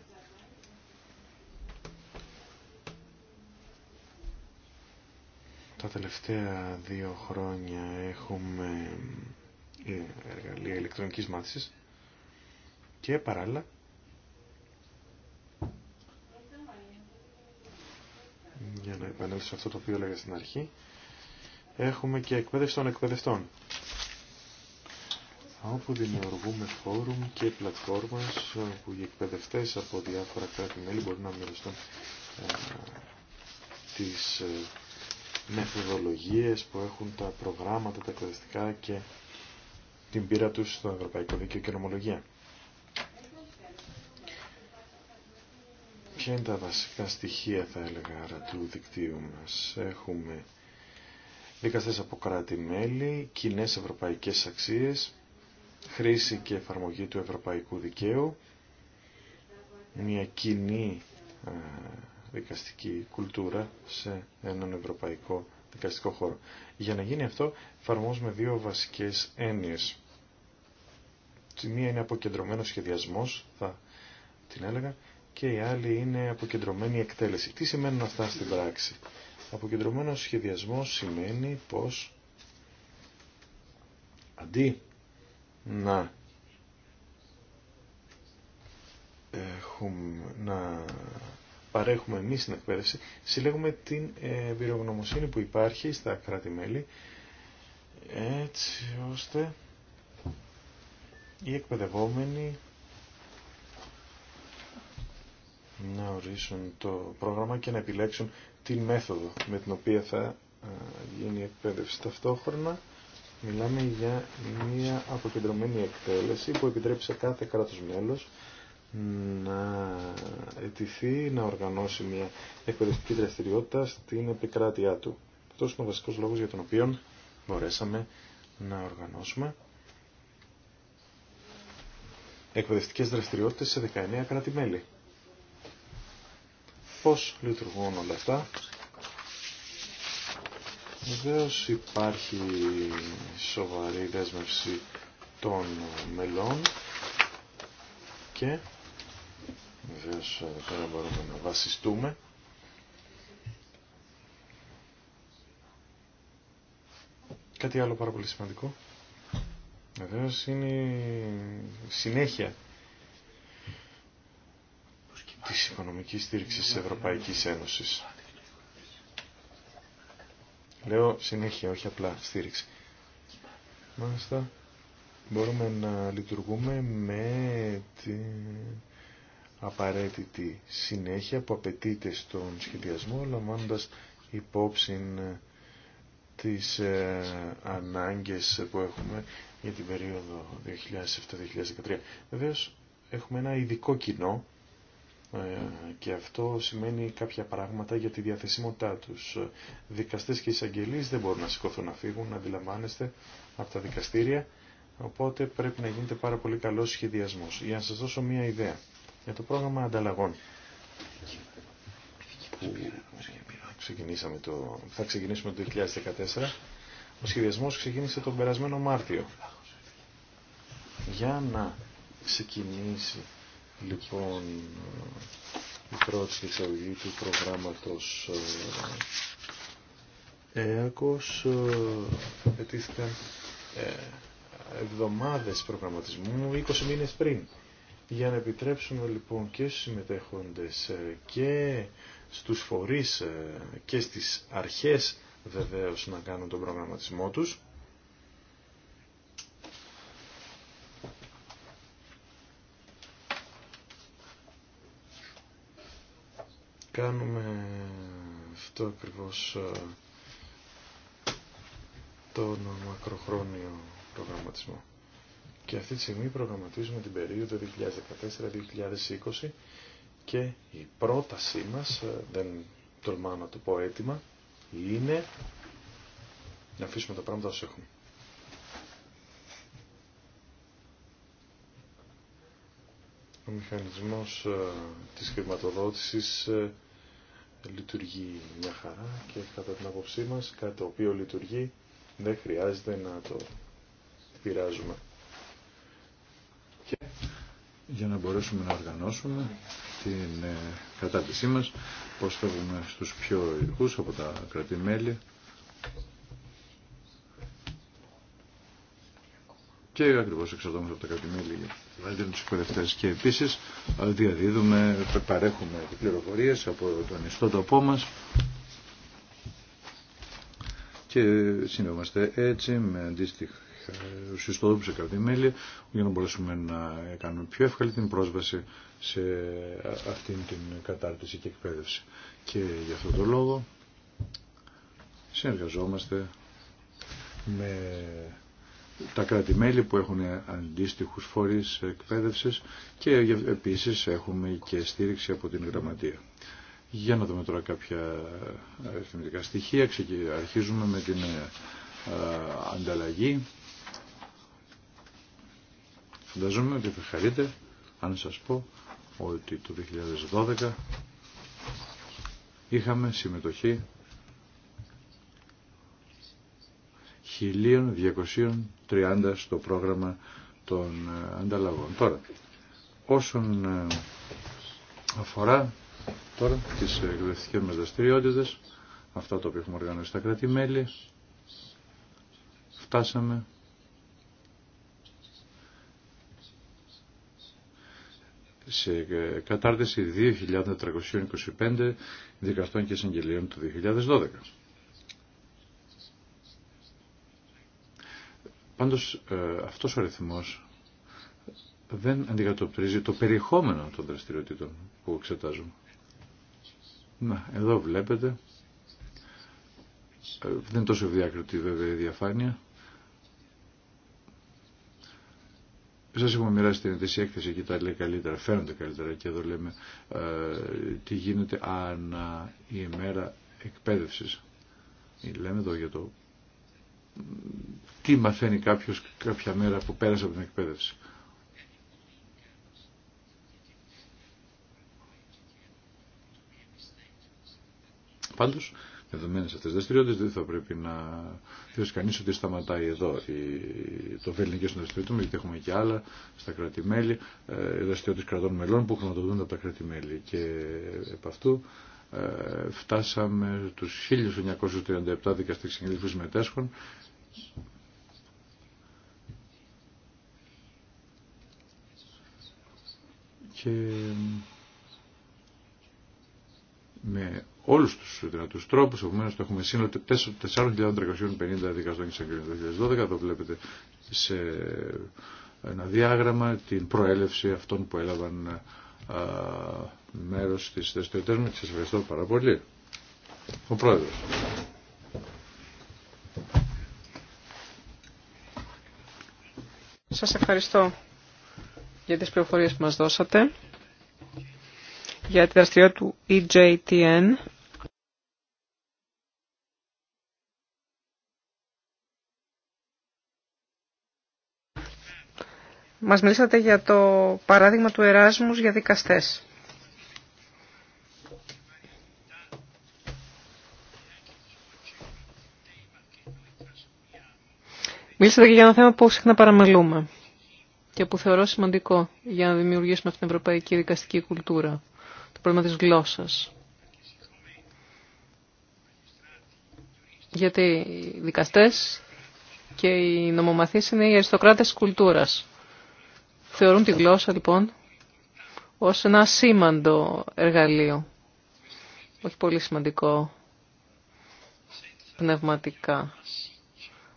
Τα τελευταία δύο χρόνια έχουμε ε, εργαλεία ηλεκτρονικής μάθησης και παράλληλα για να επανέλθω σε αυτό το οποίο έλεγα στην αρχή έχουμε και εκπαίδευση των εκπαιδευτών όπου δημιουργούμε φόρουμ και πλατφόρμες όπου οι εκπαιδευτές από διάφορα κράτη-μέλη μπορούν να μοιραστούν ε, τις ε, μεθοδολογίες που έχουν τα προγράμματα, τα εκπαιδευτικά και την πείρα τους στο Ευρωπαϊκό Δίκαιο και Νομολογία. Ποια είναι τα βασικά στοιχεία, θα έλεγα, του δικτύου μας. Έχουμε δικαστές από κράτη-μέλη, κοινέ ευρωπαϊκές αξίες, χρήση και εφαρμογή του ευρωπαϊκού δικαίου, μια κοινή δικαστική κουλτούρα σε έναν ευρωπαϊκό δικαστικό χώρο. Για να γίνει αυτό εφαρμόζουμε δύο βασικές έννοιες. Τη μία είναι αποκεντρωμένος σχεδιασμός, θα την έλεγα, και η άλλη είναι αποκεντρωμένη εκτέλεση. Τι σημαίνουν αυτά στην πράξη. Αποκεντρωμένος σχεδιασμός σημαίνει πως αντί να έχουμε να παρέχουμε εμείς στην εκπαίδευση, συλλέγουμε την ε, εμπειρογνωμοσύνη που υπάρχει στα κράτη-μέλη, έτσι ώστε οι εκπαιδευόμενοι να ορίσουν το πρόγραμμα και να επιλέξουν την μέθοδο με την οποία θα ε, γίνει η εκπαίδευση. Ταυτόχρονα μιλάμε για μια αποκεντρωμένη εκτέλεση που επιτρέπει σε κάθε κράτος μέλος να ετηθεί να οργανώσει μια εκπαιδευτική δραστηριότητα στην επικράτειά του. Αυτός είναι ο βασικός λόγος για τον οποίο μπορέσαμε να οργανώσουμε εκπαιδευτικές δραστηριότητες σε 19 κράτη-μέλη. Πώς λειτουργούν όλα αυτά. Βεβαίω υπάρχει σοβαρή δέσμευση των μελών και Βεβαίως ε, τώρα μπορούμε να βασιστούμε. Κάτι άλλο πάρα πολύ σημαντικό. Βεβαίω είναι η συνέχεια της οικονομική στηριξη της Ευρωπαϊκής Ένωσης. Λέω συνέχεια, όχι απλά στήριξη. Μάλιστα μπορούμε να λειτουργούμε με την απαραίτητη συνέχεια που απαιτείται στον σχεδιασμό λαμβάνοντας υπόψη ε, τις ε, ανάγκες που έχουμε για την περίοδο 2007-2013. Βεβαίως έχουμε ένα ειδικό κοινό ε, και αυτό σημαίνει κάποια πράγματα για τη διαθεσιμότητά τους. Δικαστές και εισαγγελείς δεν μπορούν να σηκωθούν να φύγουν, να αντιλαμβάνεστε από τα δικαστήρια, οπότε πρέπει να γίνεται πάρα πολύ καλός σχεδιασμός. Για να σας δώσω μία ιδέα για το πρόγραμμα ανταλλαγών που ξεκινήσαμε το, θα ξεκινήσουμε το 2014. Ο σχεδιασμός ξεκίνησε τον περασμένο Μάρτιο. Για να ξεκινήσει λοιπόν η πρώτη εισαγωγή του προγράμματος ε, ΕΑΚΟΣ ε, ε, εβδομάδες προγραμματισμού 20 μήνες πριν. Για να επιτρέψουμε λοιπόν και στους συμμετέχοντες ε, και στους φορείς ε, και στις αρχές βεβαίως να κάνουν τον προγραμματισμό τους. Κάνουμε αυτό ακριβώς ε, τον μακροχρόνιο προγραμματισμό. Και αυτή τη στιγμή προγραμματίζουμε την περίοδο 2014-2020 και η πρότασή μας, ε, δεν τολμάω να το πω έτοιμα, είναι να αφήσουμε τα πράγματα όσο έχουμε. Ο μηχανισμός ε, της χρηματοδότησης ε, λειτουργεί μια χαρά και κατά την άποψή μας κάτι το οποίο λειτουργεί δεν χρειάζεται να το πειράζουμε για να μπορέσουμε να οργανώσουμε την ε, κατάτησή μας, πώς φεύγουμε στους πιο ειδικούς από τα κρατημέλη και ακριβώς εξαρτώμαστε από τα κρατημέλη για τους εκπαιδευτές και επίσης ε, διαδίδουμε, ε, παρέχουμε πληροφορίες από τον τοπό μας και συνδεόμαστε έτσι με αντίστοιχα σε τη μέλη για να μπορέσουμε να κάνουμε πιο εύκολη την πρόσβαση σε αυτήν την κατάρτιση και εκπαίδευση. Και για αυτόν τον λόγο συνεργαζόμαστε με τα κράτη-μέλη που έχουν αντίστοιχους φορείς εκπαίδευσης και επίσης έχουμε και στήριξη από την γραμματεία. Για να δούμε τώρα κάποια αριθμητικά στοιχεία. Αρχίζουμε με την ε, ανταλλαγή Φανταζόμαι ότι θα χαρείτε αν σας πω ότι το 2012 είχαμε συμμετοχή 1230 στο πρόγραμμα των ε, ανταλλαγών. Τώρα, όσον ε, αφορά τώρα τις εκδευτικές μας δραστηριότητες, αυτά τα οποία έχουμε οργανώσει στα κράτη-μέλη, φτάσαμε σε ε, κατάρτιση 2.325 δικαστών και εισαγγελίων του 2012. Πάντως ε, αυτός ο αριθμός δεν αντικατοπτρίζει το περιεχόμενο των δραστηριοτήτων που εξετάζουμε. εδώ βλέπετε, ε, δεν είναι τόσο διάκριτη βέβαια η διαφάνεια, Σα έχουμε μοιράσει την ειδησία έκθεση και τα λέει καλύτερα, φαίνονται καλύτερα και εδώ λέμε ε, τι γίνεται ανά η ημέρα εκπαίδευση. Λέμε εδώ για το τι μαθαίνει κάποιο κάποια μέρα που πέρασε από την εκπαίδευση. Πάντως, δεδομένε αυτέ τι δραστηριότητε, δεν θα πρέπει να θεωρήσει κανεί ότι σταματάει εδώ το βεληνικέ στον γιατί έχουμε και άλλα στα κράτη-μέλη, ε, δραστηριότητε κρατών μελών που χρηματοδοτούνται από τα κράτη-μέλη. Και επ' αυτού ε, φτάσαμε του 1937 δικαστέ που μετέσχων με όλου του δυνατού τρόπου. Επομένω, το έχουμε σύνολο 4.350 δικαστών και το 2012. Εδώ βλέπετε σε ένα διάγραμμα την προέλευση αυτών που έλαβαν μέρο μέρος στις μου και σας ευχαριστώ πάρα πολύ. Ο Πρόεδρος. Σας ευχαριστώ για τις πληροφορίες που μας δώσατε για τη δραστηριότητα του EJTN. Μας μιλήσατε για το παράδειγμα του Εράσμους για δικαστές. Μίλησατε και για ένα θέμα που συχνά παραμελούμε και που θεωρώ σημαντικό για να δημιουργήσουμε αυτή την ευρωπαϊκή δικαστική κουλτούρα πρόβλημα της γλώσσας. Γιατί οι δικαστές και οι νομομαθείς είναι οι αριστοκράτες της κουλτούρας. Θεωρούν τη γλώσσα λοιπόν ως ένα σήμαντο εργαλείο. Όχι πολύ σημαντικό πνευματικά.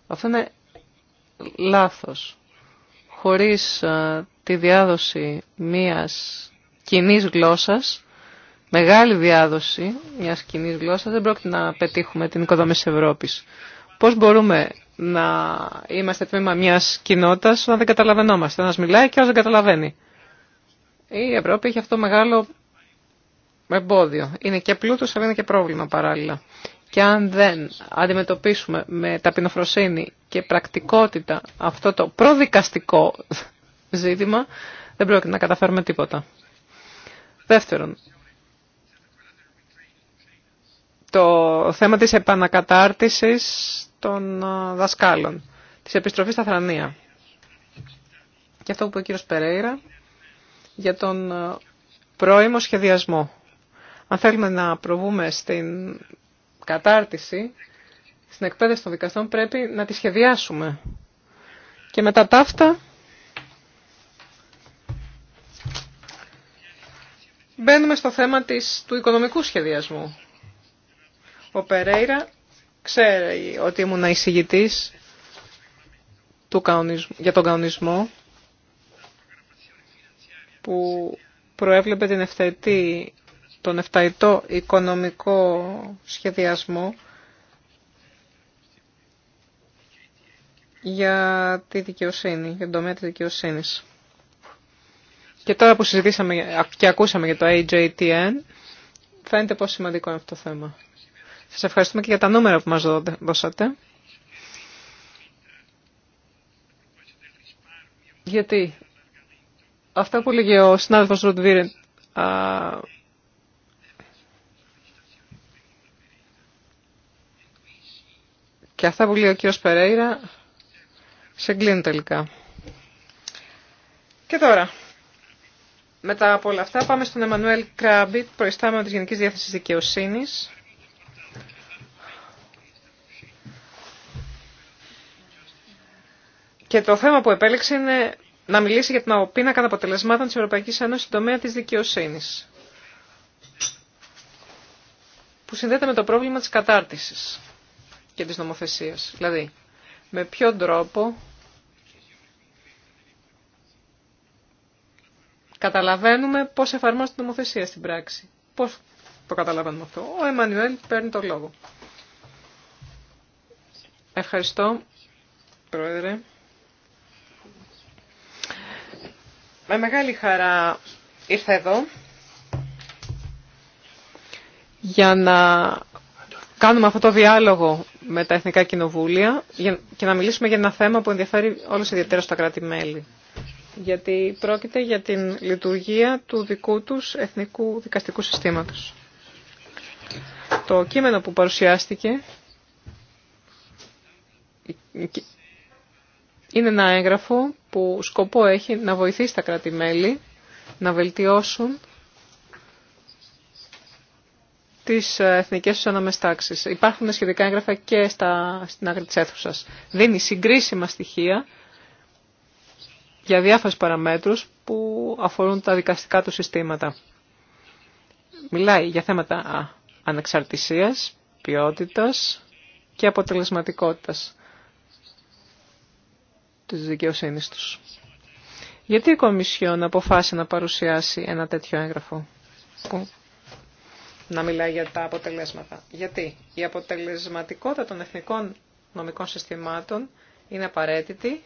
Αυτό είναι λάθος. Χωρίς ε, τη διάδοση μίας κοινής γλώσσας μεγάλη διάδοση μια κοινή γλώσσα δεν πρόκειται να πετύχουμε την οικοδόμηση τη Ευρώπης. Πώς μπορούμε να είμαστε τμήμα μια κοινότητα, όταν δεν καταλαβαίνόμαστε. ένα μιλάει και άλλο δεν καταλαβαίνει. Η Ευρώπη έχει αυτό μεγάλο εμπόδιο. Είναι και πλούτο, αλλά είναι και πρόβλημα παράλληλα. Και αν δεν αντιμετωπίσουμε με ταπεινοφροσύνη και πρακτικότητα αυτό το προδικαστικό ζήτημα, δεν πρόκειται να καταφέρουμε τίποτα. Δεύτερον, το θέμα της επανακατάρτισης των δασκάλων, της επιστροφής στα θρανία. Και αυτό που είπε ο κύριος Περέιρα για τον πρώιμο σχεδιασμό. Αν θέλουμε να προβούμε στην κατάρτιση, στην εκπαίδευση των δικαστών, πρέπει να τη σχεδιάσουμε. Και μετά τα αυτά, μπαίνουμε στο θέμα της, του οικονομικού σχεδιασμού. Ο Περέιρα ξέρει ότι ήμουν εισηγητής του για τον κανονισμό που προέβλεπε την ευθετή, τον εφταετό οικονομικό σχεδιασμό για τη δικαιοσύνη, για το τομέα της δικαιοσύνης. Και τώρα που συζητήσαμε και ακούσαμε για το AJTN, φαίνεται πόσο σημαντικό είναι αυτό το θέμα. Σας ευχαριστούμε και για τα νούμερα που μας δώσατε. Γιατί αυτά που λέγε ο συνάδελφος Ροντβίρεν και αυτά που λέει ο κύριος Περέιρα σε κλείνουν τελικά. Και τώρα, μετά από όλα αυτά, πάμε στον Εμμανουέλ Κράμπιτ, προϊστάμενο της Γενικής Διάθεσης Δικαιοσύνης. Και το θέμα που επέλεξε είναι να μιλήσει για την κατά αποτελεσμάτων της Ευρωπαϊκής Ένωσης στον τομέα της δικαιοσύνης που συνδέεται με το πρόβλημα της κατάρτισης και της νομοθεσίας. Δηλαδή, με ποιον τρόπο καταλαβαίνουμε πώς εφαρμόζεται η νομοθεσία στην πράξη. Πώς το καταλαβαίνουμε αυτό. Ο Εμμανουέλ παίρνει το λόγο. Ευχαριστώ, Πρόεδρε. Με μεγάλη χαρά ήρθα εδώ για να κάνουμε αυτό το διάλογο με τα Εθνικά Κοινοβούλια και να μιλήσουμε για ένα θέμα που ενδιαφέρει όλους ιδιαίτερα στα κράτη-μέλη. Γιατί πρόκειται για την λειτουργία του δικού τους εθνικού δικαστικού συστήματος. Το κείμενο που παρουσιάστηκε είναι ένα έγγραφο που σκοπό έχει να βοηθήσει τα κράτη-μέλη να βελτιώσουν τις ε, εθνικές τους αναμεστάξεις. Υπάρχουν σχετικά έγγραφα και στα, στην άκρη της αίθουσας. Δίνει συγκρίσιμα στοιχεία για διάφορες παραμέτρους που αφορούν τα δικαστικά του συστήματα. Μιλάει για θέματα ανεξαρτησίας, ποιότητας και αποτελεσματικότητας της δικαιοσύνης τους. Γιατί η Κομισιόν αποφάσισε να παρουσιάσει ένα τέτοιο έγγραφο που να μιλάει για τα αποτελέσματα. Γιατί η αποτελεσματικότητα των εθνικών νομικών συστημάτων είναι απαραίτητη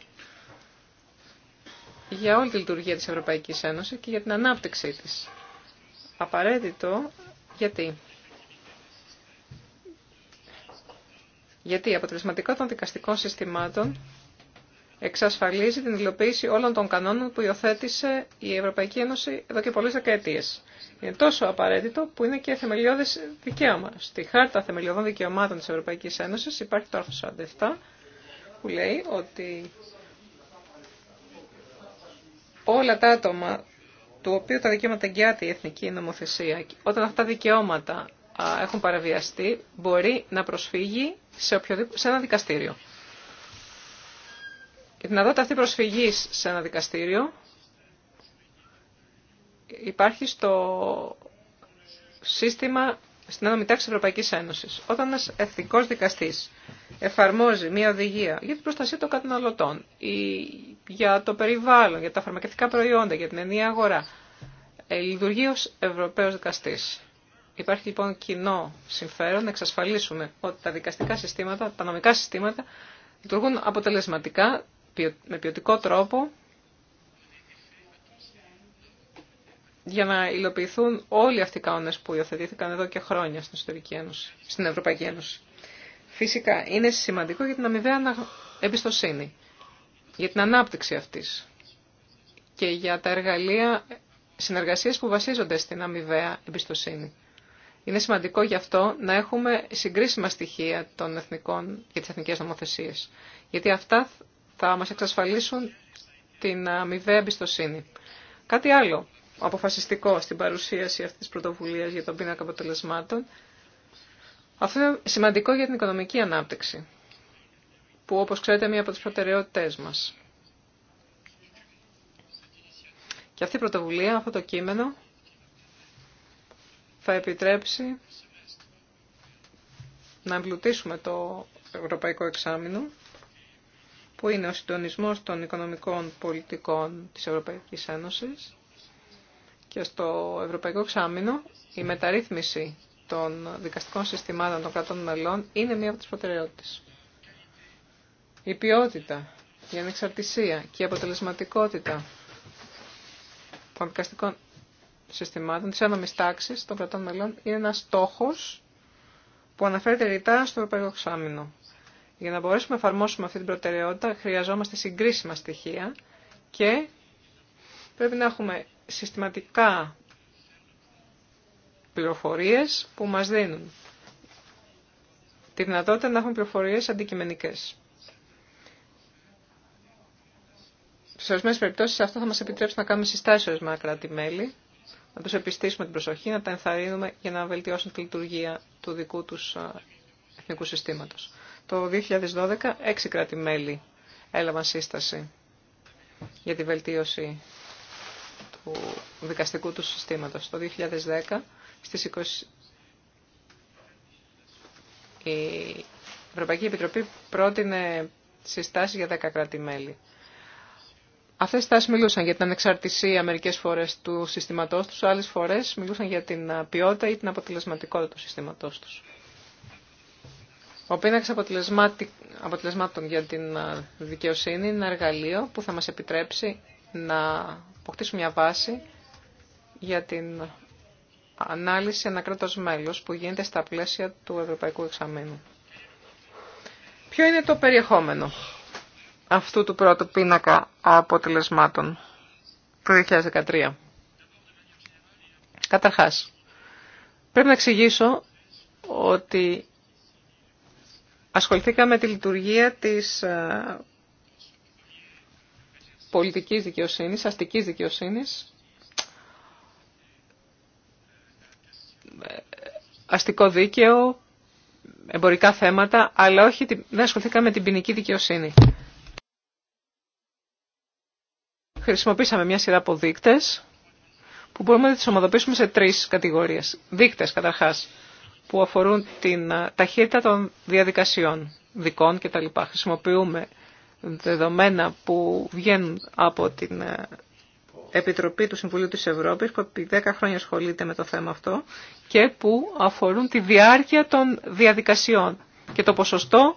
για όλη τη λειτουργία της Ευρωπαϊκής Ένωσης και για την ανάπτυξή της. Απαραίτητο γιατί. Γιατί η αποτελεσματικότητα των δικαστικών συστημάτων εξασφαλίζει την υλοποίηση όλων των κανόνων που υιοθέτησε η Ευρωπαϊκή Ένωση εδώ και πολλές δεκαετίες. Είναι τόσο απαραίτητο που είναι και θεμελιώδες δικαίωμα. Στη Χάρτα Θεμελιωδών Δικαιωμάτων της Ευρωπαϊκής Ένωσης υπάρχει το άρθρο 47 που λέει ότι όλα τα άτομα του οποίου τα δικαιώματα εγγυάται η εθνική νομοθεσία, όταν αυτά τα δικαιώματα έχουν παραβιαστεί, μπορεί να προσφύγει σε, σε ένα δικαστήριο. Η δυνατότητα αυτή προσφυγής σε ένα δικαστήριο υπάρχει στο σύστημα στην ένωμη τάξη Ευρωπαϊκής Ένωσης. Όταν ένα εθνικό δικαστή εφαρμόζει μια οδηγία για την προστασία των καταναλωτών ή για το περιβάλλον, για τα φαρμακευτικά προϊόντα, για την ενιαία αγορά, ε, λειτουργεί ω Ευρωπαίος δικαστή. Υπάρχει λοιπόν κοινό συμφέρον να εξασφαλίσουμε ότι τα δικαστικά συστήματα, τα νομικά συστήματα λειτουργούν αποτελεσματικά με ποιοτικό τρόπο για να υλοποιηθούν όλοι αυτοί οι κανόνες που υιοθετήθηκαν εδώ και χρόνια στην, Ιστορική Ένωση, στην Ευρωπαϊκή Ένωση. Φυσικά, είναι σημαντικό για την αμοιβαία εμπιστοσύνη, για την ανάπτυξη αυτής και για τα εργαλεία συνεργασίες που βασίζονται στην αμοιβαία εμπιστοσύνη. Είναι σημαντικό γι' αυτό να έχουμε συγκρίσιμα στοιχεία των εθνικών και τις εθνικές νομοθεσίες, γιατί αυτά θα μας εξασφαλίσουν την αμοιβαία εμπιστοσύνη. Κάτι άλλο αποφασιστικό στην παρουσίαση αυτής της πρωτοβουλίας για τον πίνακα αποτελεσμάτων. Αυτό είναι σημαντικό για την οικονομική ανάπτυξη, που όπως ξέρετε είναι μία από τις προτεραιότητές μας. Και αυτή η πρωτοβουλία, αυτό το κείμενο, θα επιτρέψει να εμπλουτίσουμε το ευρωπαϊκό εξάμεινο που είναι ο συντονισμός των οικονομικών πολιτικών της Ευρωπαϊκής Ένωσης και στο Ευρωπαϊκό Ξάμεινο η μεταρρύθμιση των δικαστικών συστημάτων των κρατών μελών είναι μία από τις προτεραιότητες. Η ποιότητα, η ανεξαρτησία και η αποτελεσματικότητα των δικαστικών συστημάτων της άνομης τάξης των κρατών μελών είναι ένας στόχος που αναφέρεται ρητά στο Ευρωπαϊκό Ξάμεινο. Για να μπορέσουμε να εφαρμόσουμε αυτή την προτεραιότητα χρειαζόμαστε συγκρίσιμα στοιχεία και πρέπει να έχουμε συστηματικά πληροφορίες που μας δίνουν τη δυνατότητα να έχουμε πληροφορίες αντικειμενικές. Σε ορισμένε περιπτώσει αυτό θα μα επιτρέψει να κάνουμε συστάσει ορισμένα κράτη-μέλη, να του επιστήσουμε την προσοχή, να τα ενθαρρύνουμε για να βελτιώσουν τη λειτουργία του δικού του εθνικού συστήματος. Το 2012 έξι κράτη-μέλη έλαβαν σύσταση για τη βελτίωση του δικαστικού του συστήματος. Το 2010 στις 20... η Ευρωπαϊκή Επιτροπή πρότεινε συστάσεις για 10 κράτη-μέλη. Αυτές οι τάσεις μιλούσαν για την ανεξαρτησία μερικές φορές του συστήματός τους, άλλες φορές μιλούσαν για την ποιότητα ή την αποτελεσματικότητα του συστήματός τους. Ο πίνακα αποτελεσμάτων για την ε, δικαιοσύνη είναι ένα εργαλείο που θα μας επιτρέψει να αποκτήσουμε μια βάση για την ανάλυση ανακράτως μέλος που γίνεται στα πλαίσια του Ευρωπαϊκού Εξαμένου. Ποιο είναι το περιεχόμενο αυτού του πρώτου πίνακα αποτελεσμάτων του 2013. Καταρχάς, πρέπει να εξηγήσω ότι Ασχοληθήκαμε με τη λειτουργία της ε, πολιτικής δικαιοσύνης, αστικής δικαιοσύνης, ε, αστικό δίκαιο, εμπορικά θέματα, αλλά όχι, δεν ασχοληθήκαμε με την ποινική δικαιοσύνη. Χρησιμοποίησαμε μια σειρά από δείκτες που μπορούμε να τις ομοδοποιήσουμε σε τρεις κατηγορίες. Δείκτες καταρχάς που αφορούν την ε, ταχύτητα των διαδικασιών δικών κτλ. Χρησιμοποιούμε δεδομένα που βγαίνουν από την ε, Επιτροπή του Συμβουλίου της Ευρώπης που επί 10 χρόνια ασχολείται με το θέμα αυτό και που αφορούν τη διάρκεια των διαδικασιών και το ποσοστό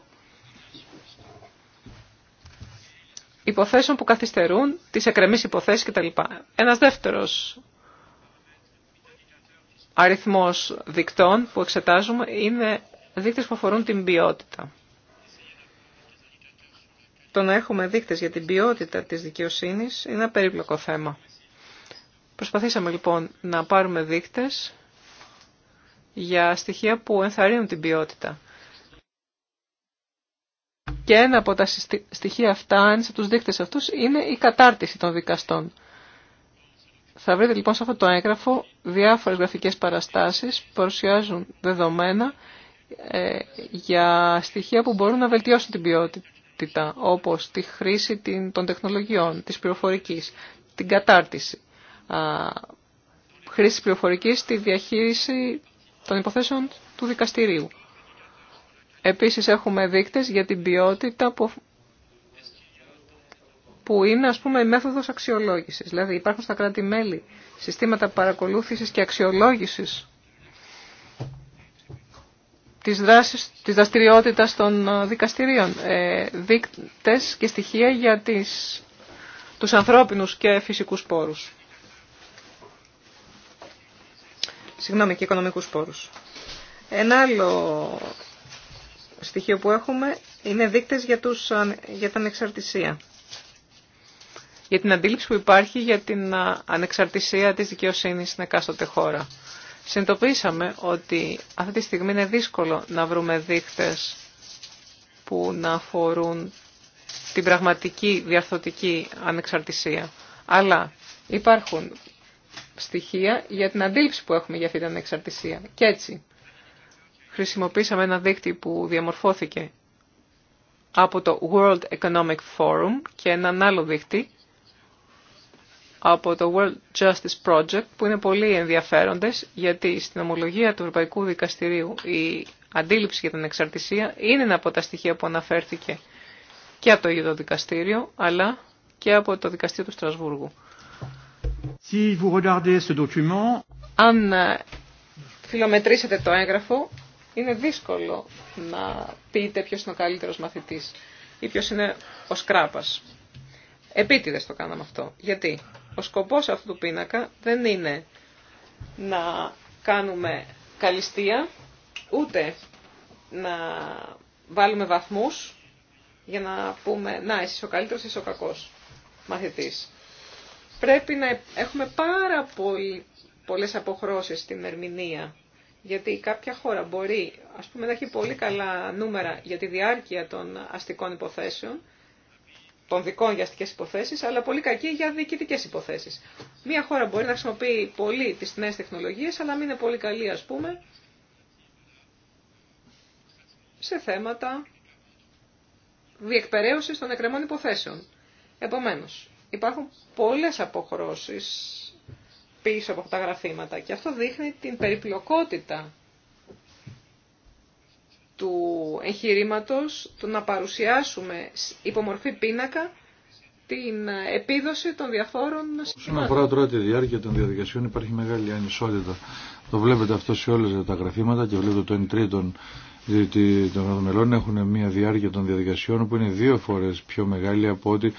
υποθέσεων που καθυστερούν, τις εκκρεμείς υποθέσεις κτλ. Ένας δεύτερος αριθμός δικτών που εξετάζουμε είναι δείκτες που αφορούν την ποιότητα. Το να έχουμε δείκτες για την ποιότητα της δικαιοσύνης είναι ένα περίπλοκο θέμα. Προσπαθήσαμε λοιπόν να πάρουμε δείκτες για στοιχεία που ενθαρρύνουν την ποιότητα. Και ένα από τα στοιχεία αυτά, ένας από τους δείκτες αυτούς, είναι η κατάρτιση των δικαστών. Θα βρείτε λοιπόν σε αυτό το έγγραφο διάφορες γραφικές παραστάσεις που παρουσιάζουν δεδομένα ε, για στοιχεία που μπορούν να βελτιώσουν την ποιότητα, όπως τη χρήση των τεχνολογιών, της πληροφορικής, την κατάρτιση, χρήση της πληροφορικής στη διαχείριση των υποθέσεων του δικαστηρίου. Επίσης έχουμε δείκτες για την ποιότητα που που είναι ας πούμε η μέθοδος αξιολόγησης. Δηλαδή υπάρχουν στα κράτη-μέλη συστήματα παρακολούθησης και αξιολόγησης της, δράσης, της δραστηριότητας των ε, δικαστηρίων, ε, δείκτες και στοιχεία για τις, τους ανθρώπινους και φυσικούς πόρους. Συγγνώμη, και οικονομικούς πόρους. Ένα άλλο στοιχείο που έχουμε είναι δείκτες για, τους, ε, για την εξαρτησία για την αντίληψη που υπάρχει για την ανεξαρτησία της δικαιοσύνης στην εκάστοτε χώρα. Συνειδητοποίησαμε ότι αυτή τη στιγμή είναι δύσκολο να βρούμε δείχτες που να αφορούν την πραγματική διαρθωτική ανεξαρτησία. Αλλά υπάρχουν στοιχεία για την αντίληψη που έχουμε για αυτή την ανεξαρτησία. Και έτσι χρησιμοποίησαμε ένα δείχτη που διαμορφώθηκε από το World Economic Forum και έναν άλλο δείχτη από το World Justice Project που είναι πολύ ενδιαφέροντες γιατί στην ομολογία του Ευρωπαϊκού Δικαστηρίου η αντίληψη για την εξαρτησία είναι ένα από τα στοιχεία που αναφέρθηκε και από το ίδιο δικαστήριο αλλά και από το δικαστήριο του Στρασβούργου. Si vous Αν ε, φιλομετρήσετε το έγγραφο, είναι δύσκολο να πείτε ποιος είναι ο καλύτερος μαθητής ή ποιος είναι ο σκράπας. Επίτηδες το κάναμε αυτό. Γιατί ο σκοπός αυτού του πίνακα δεν είναι να κάνουμε καλυστία, ούτε να βάλουμε βαθμούς για να πούμε «Να, εσύ είσαι ο καλύτερος, είσαι ο κακός μαθητής». Πρέπει να έχουμε πάρα πολύ, πολλές αποχρώσεις στην ερμηνεία, γιατί κάποια χώρα μπορεί, ας πούμε, να έχει πολύ καλά νούμερα για τη διάρκεια των αστικών υποθέσεων πονδικών για αστικές υποθέσεις, αλλά πολύ κακή για διοικητικέ υποθέσεις. Μία χώρα μπορεί να χρησιμοποιεί πολύ τις νέες τεχνολογίες, αλλά μην είναι πολύ καλή, ας πούμε, σε θέματα διεκπαιρέωσης των εκκρεμών υποθέσεων. Επομένως, υπάρχουν πολλές αποχρώσεις πίσω από τα γραφήματα και αυτό δείχνει την περιπλοκότητα του εγχειρήματο το να παρουσιάσουμε υπομορφή πίνακα την ε, επίδοση των διαφόρων συστημάτων. Όσον αφορά τώρα τη διάρκεια των διαδικασιών υπάρχει μεγάλη ανισότητα. Το βλέπετε αυτό σε όλες τα γραφήματα και βλέπετε το εν τρίτον των μελών έχουν μια διάρκεια των διαδικασιών που είναι δύο φορές πιο μεγάλη από ότι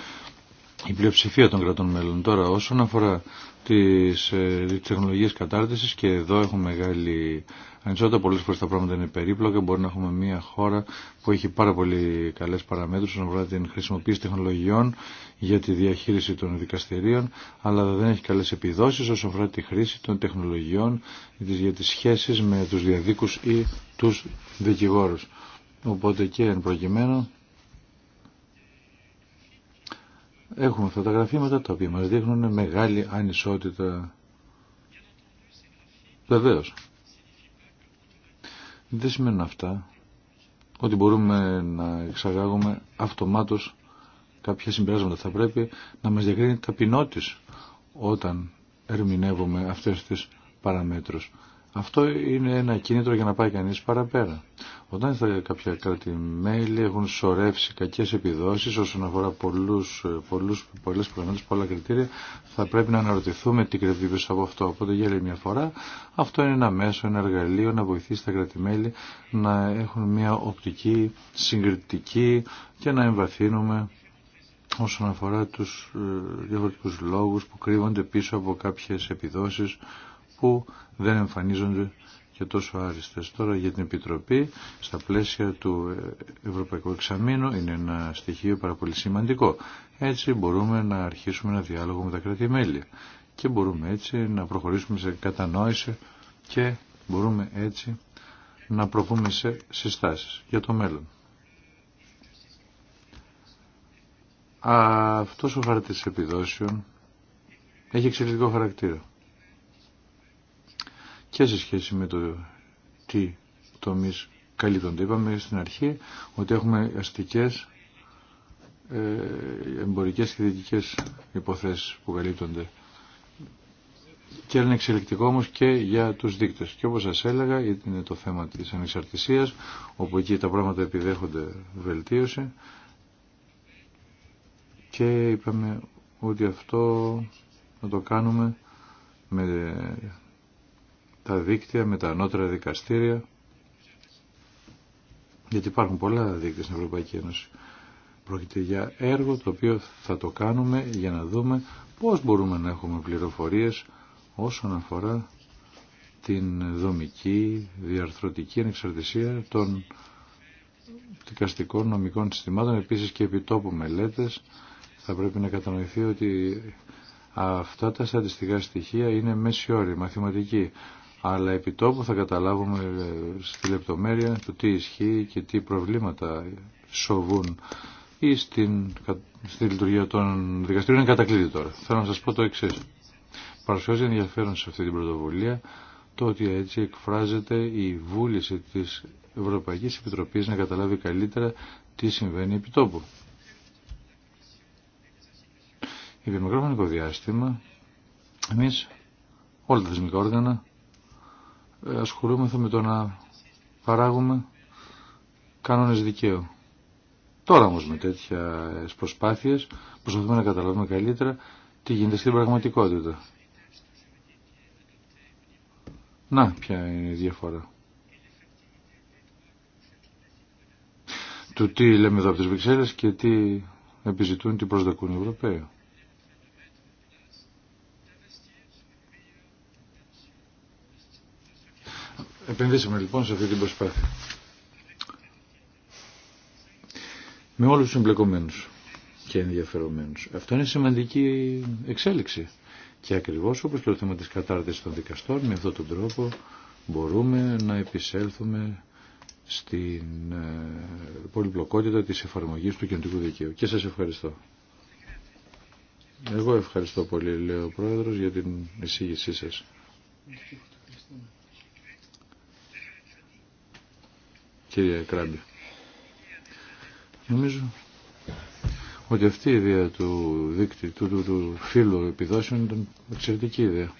η πλειοψηφία των κρατών μέλων. Τώρα όσον αφορά τις ε, τεχνολογίες κατάρτισης και εδώ έχουμε μεγάλη ανισότητα. Πολλές φορές τα πράγματα είναι περίπλοκα. Μπορεί να έχουμε μια χώρα που έχει πάρα πολύ καλές παραμέτρους όσον αφορά την χρησιμοποίηση τεχνολογιών για τη διαχείριση των δικαστηρίων, αλλά δεν έχει καλές επιδόσεις όσον αφορά τη χρήση των τεχνολογιών για τις σχέσεις με τους διαδίκους ή τους δικηγόρους. Οπότε και εν προκειμένου Έχουμε αυτά τα γραφήματα τα οποία μας δείχνουν μεγάλη ανισότητα. Βεβαίω. Δεν σημαίνουν αυτά ότι μπορούμε να εξαγάγουμε αυτομάτως κάποια συμπεράσματα. Θα πρέπει να μας διακρίνει ταπεινότης όταν ερμηνεύουμε αυτές τις παραμέτρους. Αυτό είναι ένα κίνητρο για να πάει κανείς παραπέρα. Όταν θα κάποια κράτη-μέλη έχουν σωρεύσει κακές επιδόσεις όσον αφορά πολλούς, πολλούς, πολλές προγραμμές, πολλά κριτήρια, θα πρέπει να αναρωτηθούμε τι κρύβει από αυτό. Οπότε για άλλη μια φορά αυτό είναι ένα μέσο, ένα εργαλείο να βοηθήσει τα κρατημέλη να έχουν μια οπτική συγκριτική και να εμβαθύνουμε όσον αφορά τους ε, διαφορετικούς λόγους που κρύβονται πίσω από κάποιες επιδόσεις που δεν εμφανίζονται και τόσο άριστες. Τώρα για την Επιτροπή, στα πλαίσια του Ευρωπαϊκού Εξαμήνου, είναι ένα στοιχείο πάρα πολύ σημαντικό. Έτσι μπορούμε να αρχίσουμε ένα διάλογο με τα κράτη-μέλη και μπορούμε έτσι να προχωρήσουμε σε κατανόηση και μπορούμε έτσι να προβούμε σε συστάσεις για το μέλλον. Αυτός ο χάρτης επιδόσεων έχει εξαιρετικό χαρακτήρα και σε σχέση με το τι τομείς καλύπτονται. Είπαμε στην αρχή ότι έχουμε αστικές, ε, εμπορικές και δυτικές υποθέσεις που καλύπτονται. Και είναι εξελικτικό όμως και για τους δείκτες. Και όπως σας έλεγα είναι το θέμα της ανεξαρτησίας, όπου εκεί τα πράγματα επιδέχονται βελτίωση. Και είπαμε ότι αυτό να το κάνουμε με τα δίκτυα με τα ανώτερα δικαστήρια, γιατί υπάρχουν πολλά δίκτυα στην Ευρωπαϊκή Ένωση. Πρόκειται για έργο το οποίο θα το κάνουμε για να δούμε πώς μπορούμε να έχουμε πληροφορίες όσον αφορά την δομική, διαρθρωτική ανεξαρτησία των δικαστικών νομικών συστημάτων, επίσης και επιτόπου μελέτες. Θα πρέπει να κατανοηθεί ότι αυτά τα στατιστικά στοιχεία είναι μέση όρη, μαθηματική αλλά επί τόπου θα καταλάβουμε ε, στη λεπτομέρεια το τι ισχύει και τι προβλήματα σοβούν ή στην, στη λειτουργία των δικαστηρίων είναι κατακλείδη τώρα. Θέλω να σας πω το εξή. Παρουσιάζει ενδιαφέρον σε αυτή την πρωτοβουλία το ότι έτσι εκφράζεται η βούληση της Ευρωπαϊκής Επιτροπής να καταλάβει καλύτερα τι συμβαίνει επί τόπου. Επί μικρόφωνικο διάστημα εμείς όλα τα θεσμικά όργανα ε, ασχολούμεθα με το να παράγουμε κανόνες δικαίου. Τώρα όμως με τέτοια προσπάθειες προσπαθούμε να καταλάβουμε καλύτερα τι γίνεται στην πραγματικότητα. Να, ποια είναι η διαφορά. Του τι λέμε εδώ από τις Βρυξέλλες και τι επιζητούν, τι προσδοκούν οι Ευρωπαίοι. Επενδύσαμε λοιπόν σε αυτή την προσπάθεια. Με όλους τους εμπλεκομένους και ενδιαφερομένους. Αυτό είναι σημαντική εξέλιξη. Και ακριβώς όπως και το θέμα της κατάρτισης των δικαστών, με αυτόν τον τρόπο μπορούμε να επισέλθουμε στην ε, πολυπλοκότητα της εφαρμογής του κοινωνικού δικαίου. Και σας ευχαριστώ. Εγώ ευχαριστώ πολύ, λέει ο Πρόεδρος, για την εισήγησή σας. κύριε Κράμπη. Νομίζω ότι αυτή η ιδέα του δίκτυ, του, του, του φύλου επιδόσεων ήταν εξαιρετική ιδέα.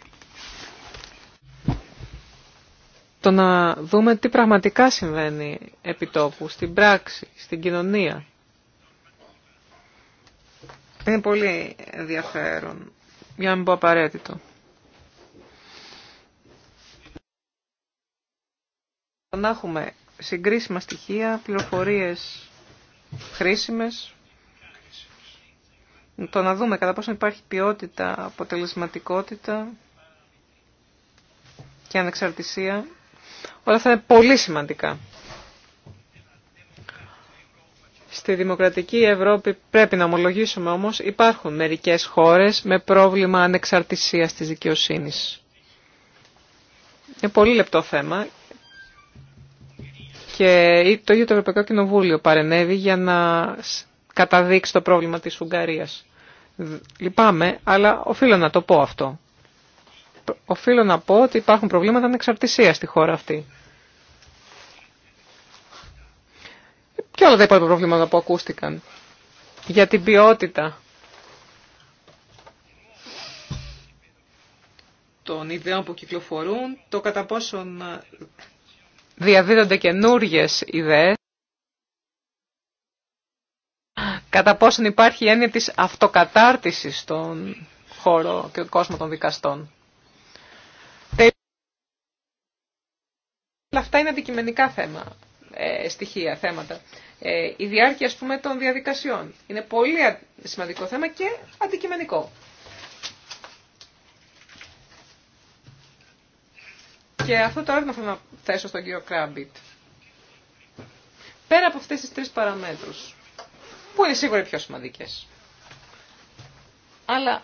Το να δούμε τι πραγματικά συμβαίνει επί τόπου, στην πράξη, στην κοινωνία. Είναι πολύ ενδιαφέρον, για να μην πω απαραίτητο. Να έχουμε συγκρίσιμα στοιχεία, πληροφορίες χρήσιμες, το να δούμε κατά πόσο υπάρχει ποιότητα, αποτελεσματικότητα και ανεξαρτησία. Όλα αυτά είναι πολύ σημαντικά. Στη δημοκρατική Ευρώπη πρέπει να ομολογήσουμε όμως υπάρχουν μερικές χώρες με πρόβλημα ανεξαρτησίας της δικαιοσύνης. Είναι πολύ λεπτό θέμα και το ίδιο το Ευρωπαϊκό Κοινοβούλιο παρενέβη για να καταδείξει το πρόβλημα της Ουγγαρίας. Λυπάμαι, αλλά οφείλω να το πω αυτό. Οφείλω να πω ότι υπάρχουν προβλήματα ανεξαρτησία στη χώρα αυτή. Και όλα τα υπόλοιπα προβλήματα που ακούστηκαν. Για την ποιότητα των ιδεών που κυκλοφορούν, το κατά πόσον διαδίδονται καινούριε ιδέες, κατά πόσον υπάρχει η έννοια της αυτοκατάρτισης στον χώρο και τον κόσμο των δικαστών. Όλα αυτά είναι αντικειμενικά θέμα, ε, στοιχεία, θέματα. Ε, η διάρκεια, ας πούμε, των διαδικασιών είναι πολύ σημαντικό θέμα και αντικειμενικό. Και αυτό το ερώτημα θέλω να θέσω στον κύριο Κράμπιτ. Πέρα από αυτές τις τρεις παραμέτρους, που είναι σίγουρα οι πιο σημαντικές. Αλλά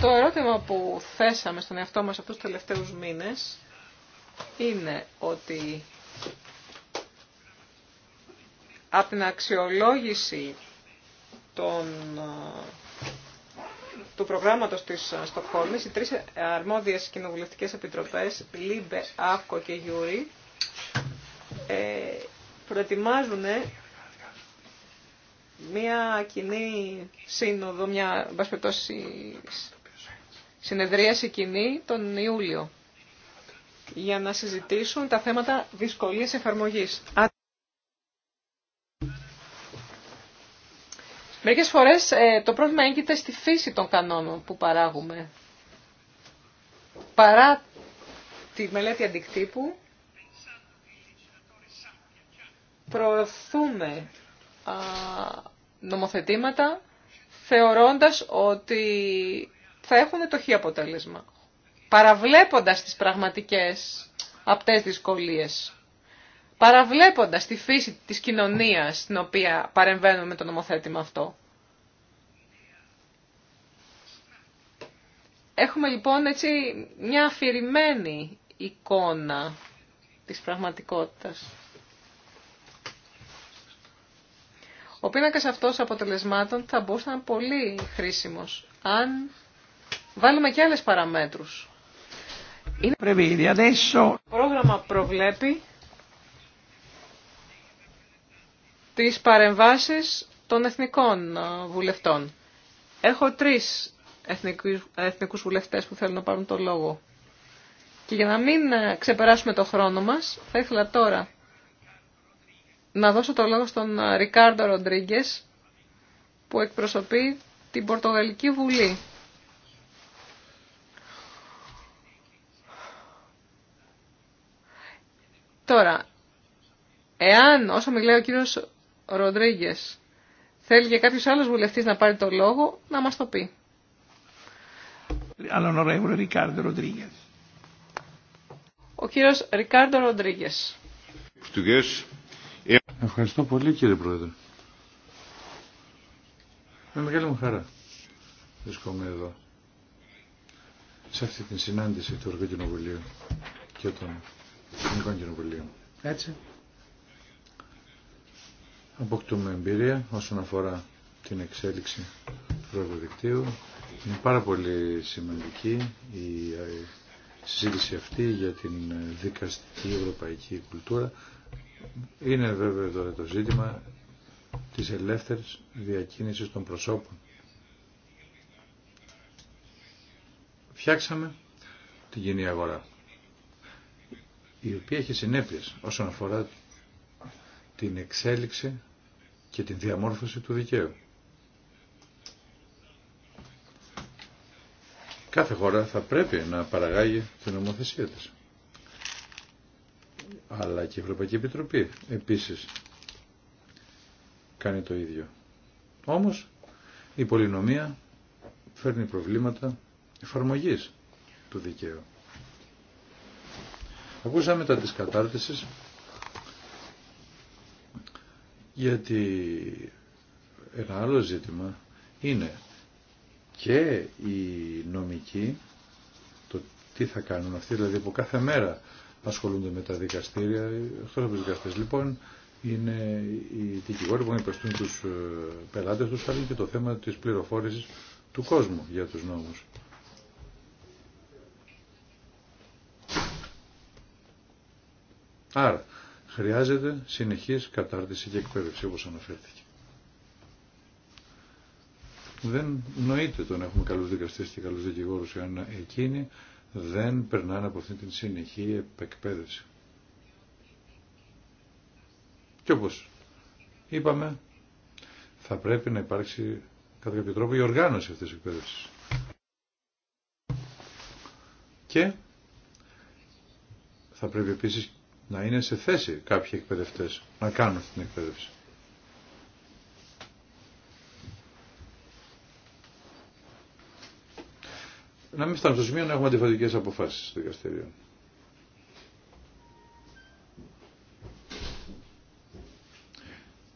το ερώτημα που θέσαμε στον εαυτό μας αυτούς τους τελευταίους μήνες είναι ότι από την αξιολόγηση των του προγράμματο τη ε, Στοκχόλμης, οι τρει αρμόδιες κοινοβουλευτικέ επιτροπέ, ΛΥΜΠΕ, ΑΦΚΟ και ΓΙΟΥΡΙ, ε, προετοιμάζουν μια κοινή σύνοδο, μια συνεδρίαση κοινή τον Ιούλιο για να συζητήσουν τα θέματα δυσκολίες εφαρμογής. Μερικές φορές ε, το πρόβλημα έγκυται στη φύση των κανόνων που παράγουμε. Παρά τη μελέτη αντικτύπου, προωθούμε νομοθετήματα θεωρώντας ότι θα έχουν το χι αποτέλεσμα, παραβλέποντας τις πραγματικές απτές δυσκολίες παραβλέποντας τη φύση της κοινωνίας στην οποία παρεμβαίνουμε με το νομοθέτημα αυτό. Έχουμε λοιπόν έτσι μια αφηρημένη εικόνα της πραγματικότητας. Ο πίνακας αυτός αποτελεσμάτων θα μπορούσε να είναι πολύ χρήσιμος αν βάλουμε και άλλες παραμέτρους. Είναι... Πρέπει, Το πρόγραμμα προβλέπει τις παρεμβάσεις των εθνικών ε, βουλευτών. Έχω τρεις εθνικούς, εθνικούς βουλευτές που θέλουν να πάρουν το λόγο. Και για να μην ε, ξεπεράσουμε το χρόνο μας, θα ήθελα τώρα να δώσω το λόγο στον ε, Ρικάρντο Ροντρίγκε που εκπροσωπεί την Πορτογαλική Βουλή. Τώρα, εάν όσο μιλάει ο κύριος Ροντρίγκε θέλει και κάποιο άλλο βουλευτή να πάρει το λόγο, να μα το πει. Ρικάρντο Ο κύριος Ρικάρντο Ροντρίγκε. Ευχαριστώ πολύ κύριε Πρόεδρε. Με μεγάλη μου χαρά βρισκόμαι εδώ σε αυτή τη συνάντηση του Ευρωκοινοβουλίου και των Εθνικών Κοινοβουλίων. Έτσι αποκτούμε εμπειρία όσον αφορά την εξέλιξη του δικτύου. Είναι πάρα πολύ σημαντική η ε, συζήτηση αυτή για την ε, δικαστική ευρωπαϊκή κουλτούρα. Είναι βέβαια εδώ το ζήτημα της ελεύθερης διακίνησης των προσώπων. Φτιάξαμε την κοινή αγορά, η οποία έχει συνέπειες όσον αφορά την εξέλιξη και την διαμόρφωση του δικαίου. Κάθε χώρα θα πρέπει να παραγάγει την νομοθεσία της. Αλλά και η Ευρωπαϊκή Επιτροπή επίσης κάνει το ίδιο. Όμως η πολυνομία φέρνει προβλήματα εφαρμογής του δικαίου. Ακούσαμε τα της κατάρτισης γιατί ένα άλλο ζήτημα είναι και οι νομικοί, το τι θα κάνουν αυτοί, δηλαδή που κάθε μέρα ασχολούνται με τα δικαστήρια, εκτός δικαστές λοιπόν, είναι οι δικηγόροι που υπεστούν τους ε, πελάτες τους, αλλά και το θέμα της πληροφόρησης του κόσμου για τους νόμους. Άρα, χρειάζεται συνεχής κατάρτιση και εκπαίδευση όπως αναφέρθηκε. Δεν νοείται το να έχουμε καλούς δικαστές και καλούς δικηγόρους αν εκείνοι δεν περνάνε από αυτήν την συνεχή εκπαίδευση. Και όπως είπαμε, θα πρέπει να υπάρξει κατά κάποιο τρόπο η οργάνωση αυτής της εκπαίδευσης. Και θα πρέπει επίσης να είναι σε θέση κάποιοι εκπαιδευτές να κάνουν αυτή την εκπαίδευση. Να μην φτάνουμε στο σημείο να έχουμε αντιφατικές αποφάσεις στο δικαστήριο.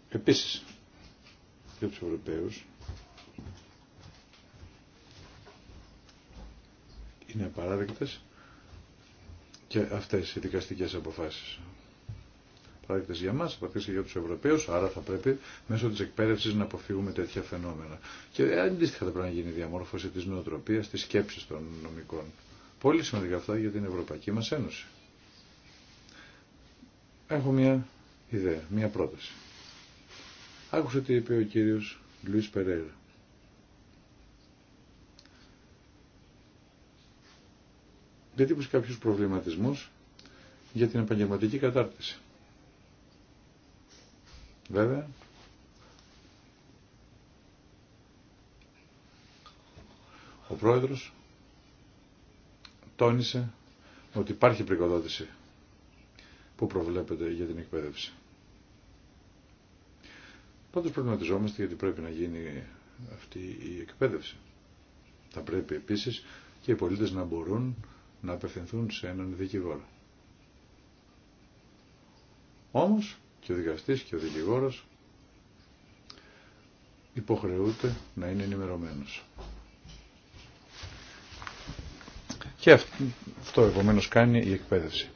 Επίσης, για τους Ευρωπαίους, είναι απαράδεκτες και αυτές οι δικαστικές αποφάσεις. Πράγματι για μας, παράκτες για τους Ευρωπαίους, άρα θα πρέπει μέσω της εκπαίδευσης να αποφύγουμε τέτοια φαινόμενα. Και αντίστοιχα θα πρέπει να γίνει η διαμόρφωση της νοοτροπίας, της σκέψης των νομικών. Πολύ σημαντικά αυτά για την Ευρωπαϊκή μας Ένωση. Έχω μια ιδέα, μια πρόταση. Άκουσα τι είπε ο κύριος Λουίς Περέιρα. τύπωσε κάποιους προβληματισμούς για την επαγγελματική κατάρτιση. Βέβαια, ο πρόεδρος τόνισε ότι υπάρχει πρικοδότηση που προβλέπεται για την εκπαίδευση. Πάντως προβληματιζόμαστε γιατί πρέπει να γίνει αυτή η εκπαίδευση. Θα πρέπει επίσης και οι πολίτες να μπορούν να απευθυνθούν σε έναν δικηγόρο. Όμως και ο δικαστής και ο δικηγόρος υποχρεούνται να είναι ενημερωμένος. Και αυτό επομένω κάνει η εκπαίδευση.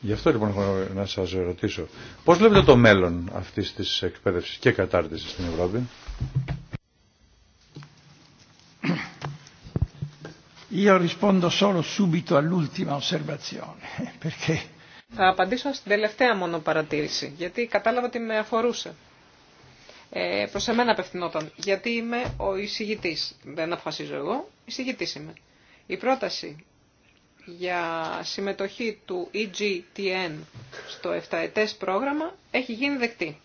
Γι' αυτό λοιπόν έχω να σας ρωτήσω, πώς βλέπετε το μέλλον αυτής της εκπαίδευσης και κατάρτισης στην Ευρώπη. Θα απαντήσω στην τελευταία μόνο παρατήρηση, γιατί κατάλαβα ότι με αφορούσε. Ε, προς εμένα απευθυνόταν, γιατί είμαι ο εισηγητής. Δεν αποφασίζω εγώ, εισηγητής είμαι. Η πρόταση για συμμετοχή του EGTN στο 7 πρόγραμμα έχει γίνει δεκτή.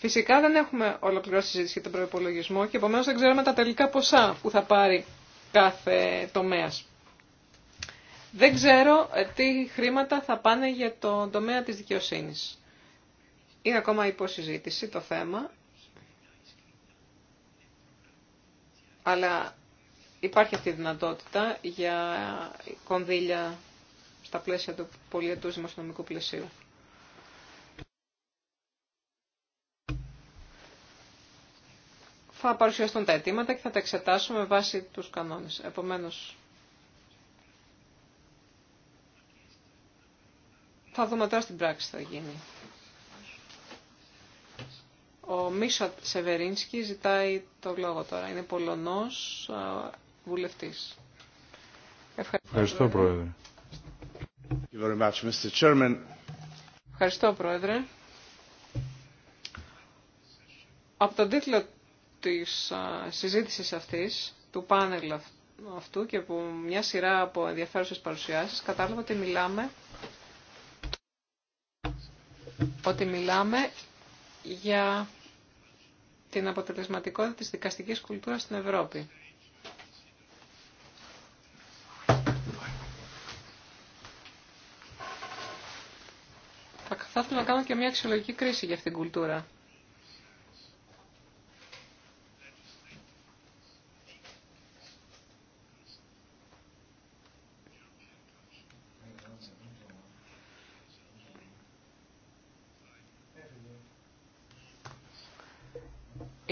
Φυσικά δεν έχουμε ολοκληρώσει συζήτηση για τον προπολογισμό και επομένω δεν ξέρουμε τα τελικά ποσά που θα πάρει κάθε τομέα. Δεν ξέρω ε, τι χρήματα θα πάνε για τον τομέα της δικαιοσύνης. Είναι ακόμα υπό συζήτηση το θέμα, αλλά υπάρχει αυτή η δυνατότητα για κονδύλια στα πλαίσια του πολιετούς δημοσιονομικού πλαισίου. θα παρουσιαστούν τα αιτήματα και θα τα εξετάσουμε με βάση τους κανόνες. Επομένως, θα δούμε τώρα στην πράξη θα γίνει. Ο Μίσα Σεβερίνσκι ζητάει το λόγο τώρα. Είναι Πολωνός βουλευτής. Ευχαριστώ, Ευχαριστώ Πρόεδρε. Ευχαριστώ, Πρόεδρε. Από τον τίτλο της συζήτησης αυτής, του πάνελ αυτού και από μια σειρά από ενδιαφέρουσες παρουσιάσεις, κατάλαβα ότι μιλάμε, ότι μιλάμε για την αποτελεσματικότητα της δικαστικής κουλτούρας στην Ευρώπη. Θα ήθελα να κάνω και μια αξιολογική κρίση για αυτήν την κουλτούρα.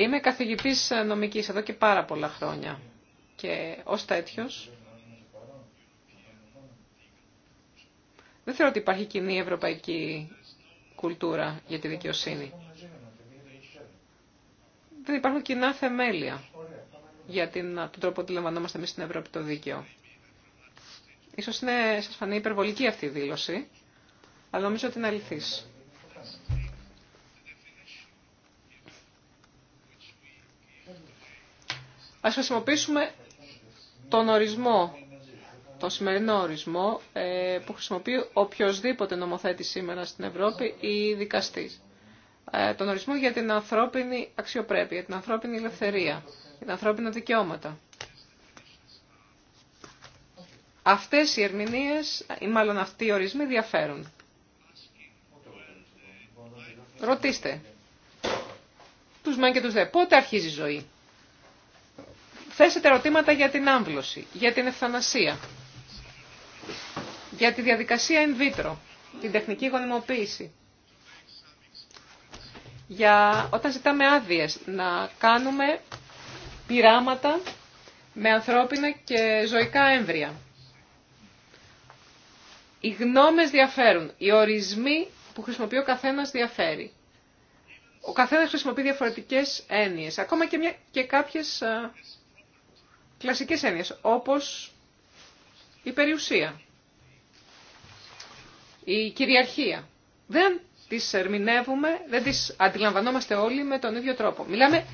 Είμαι καθηγητής νομικής εδώ και πάρα πολλά χρόνια και ως τέτοιος δεν θέλω ότι υπάρχει κοινή ευρωπαϊκή κουλτούρα για τη δικαιοσύνη. Δεν υπάρχουν κοινά θεμέλια για την, τον τρόπο που λαμβανόμαστε εμείς στην Ευρώπη το δίκαιο. Ίσως είναι, σας φανεί υπερβολική αυτή η δήλωση, αλλά νομίζω ότι είναι αληθής. Ας χρησιμοποιήσουμε τον ορισμό, τον σημερινό ορισμό ε, που χρησιμοποιεί οποιοδήποτε νομοθέτη σήμερα στην Ευρώπη ή δικαστής. Ε, τον ορισμό για την ανθρώπινη αξιοπρέπεια, την ανθρώπινη ελευθερία, την ανθρώπινα δικαιώματα. Αυτές οι ερμηνείες, ή μάλλον αυτοί οι ορισμοί διαφέρουν. Ρωτήστε. Τους μεν και τους δε. Πότε αρχίζει η ζωή θέσετε ερωτήματα για την άμβλωση, για την ευθανασία, για τη διαδικασία in vitro, την τεχνική γονιμοποίηση. Για όταν ζητάμε άδειες να κάνουμε πειράματα με ανθρώπινα και ζωικά έμβρια. Οι γνώμες διαφέρουν, οι ορισμοί που χρησιμοποιεί ο καθένας διαφέρει. Ο καθένας χρησιμοποιεί διαφορετικές έννοιες, ακόμα και, μια, και κάποιες κλασικές έννοιες, όπως η περιουσία, η κυριαρχία. Δεν τις ερμηνεύουμε, δεν τις αντιλαμβανόμαστε όλοι με τον ίδιο τρόπο. Μιλάμε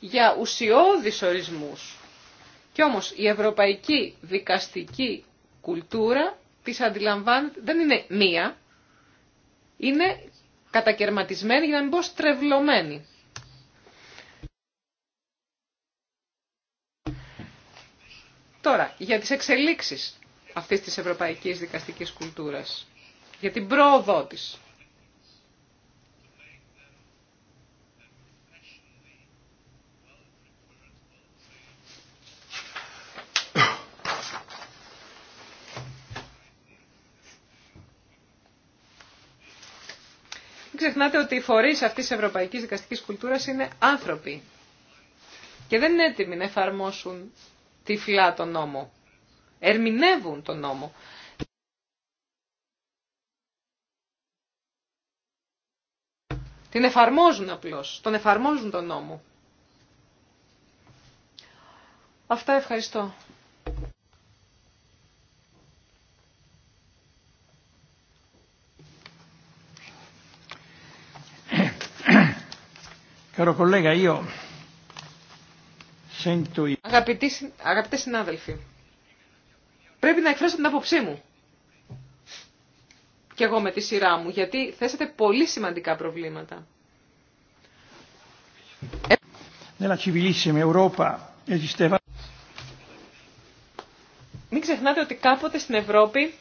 για ουσιώδεις ορισμούς. Κι όμως η ευρωπαϊκή δικαστική κουλτούρα τις αντιλαμβάνεται, δεν είναι μία, είναι κατακαιρματισμένη για να μην πω στρεβλωμένη. Τώρα, για τις εξελίξεις αυτής της ευρωπαϊκής δικαστικής κουλτούρας, για την πρόοδό της. Μην ξεχνάτε ότι οι φορείς αυτής της ευρωπαϊκής δικαστικής κουλτούρας είναι άνθρωποι και δεν είναι έτοιμοι να εφαρμόσουν τυφλά τον νόμο. Ερμηνεύουν τον νόμο. Την εφαρμόζουν απλώς. Τον εφαρμόζουν τον νόμο. Αυτά ευχαριστώ. Caro collega, io Αγαπητοί, αγαπητοί συνάδελφοι, πρέπει να εκφράσω την άποψή μου και εγώ με τη σειρά μου, γιατί θέσατε πολύ σημαντικά προβλήματα. Μην ξεχνάτε ότι κάποτε στην Ευρώπη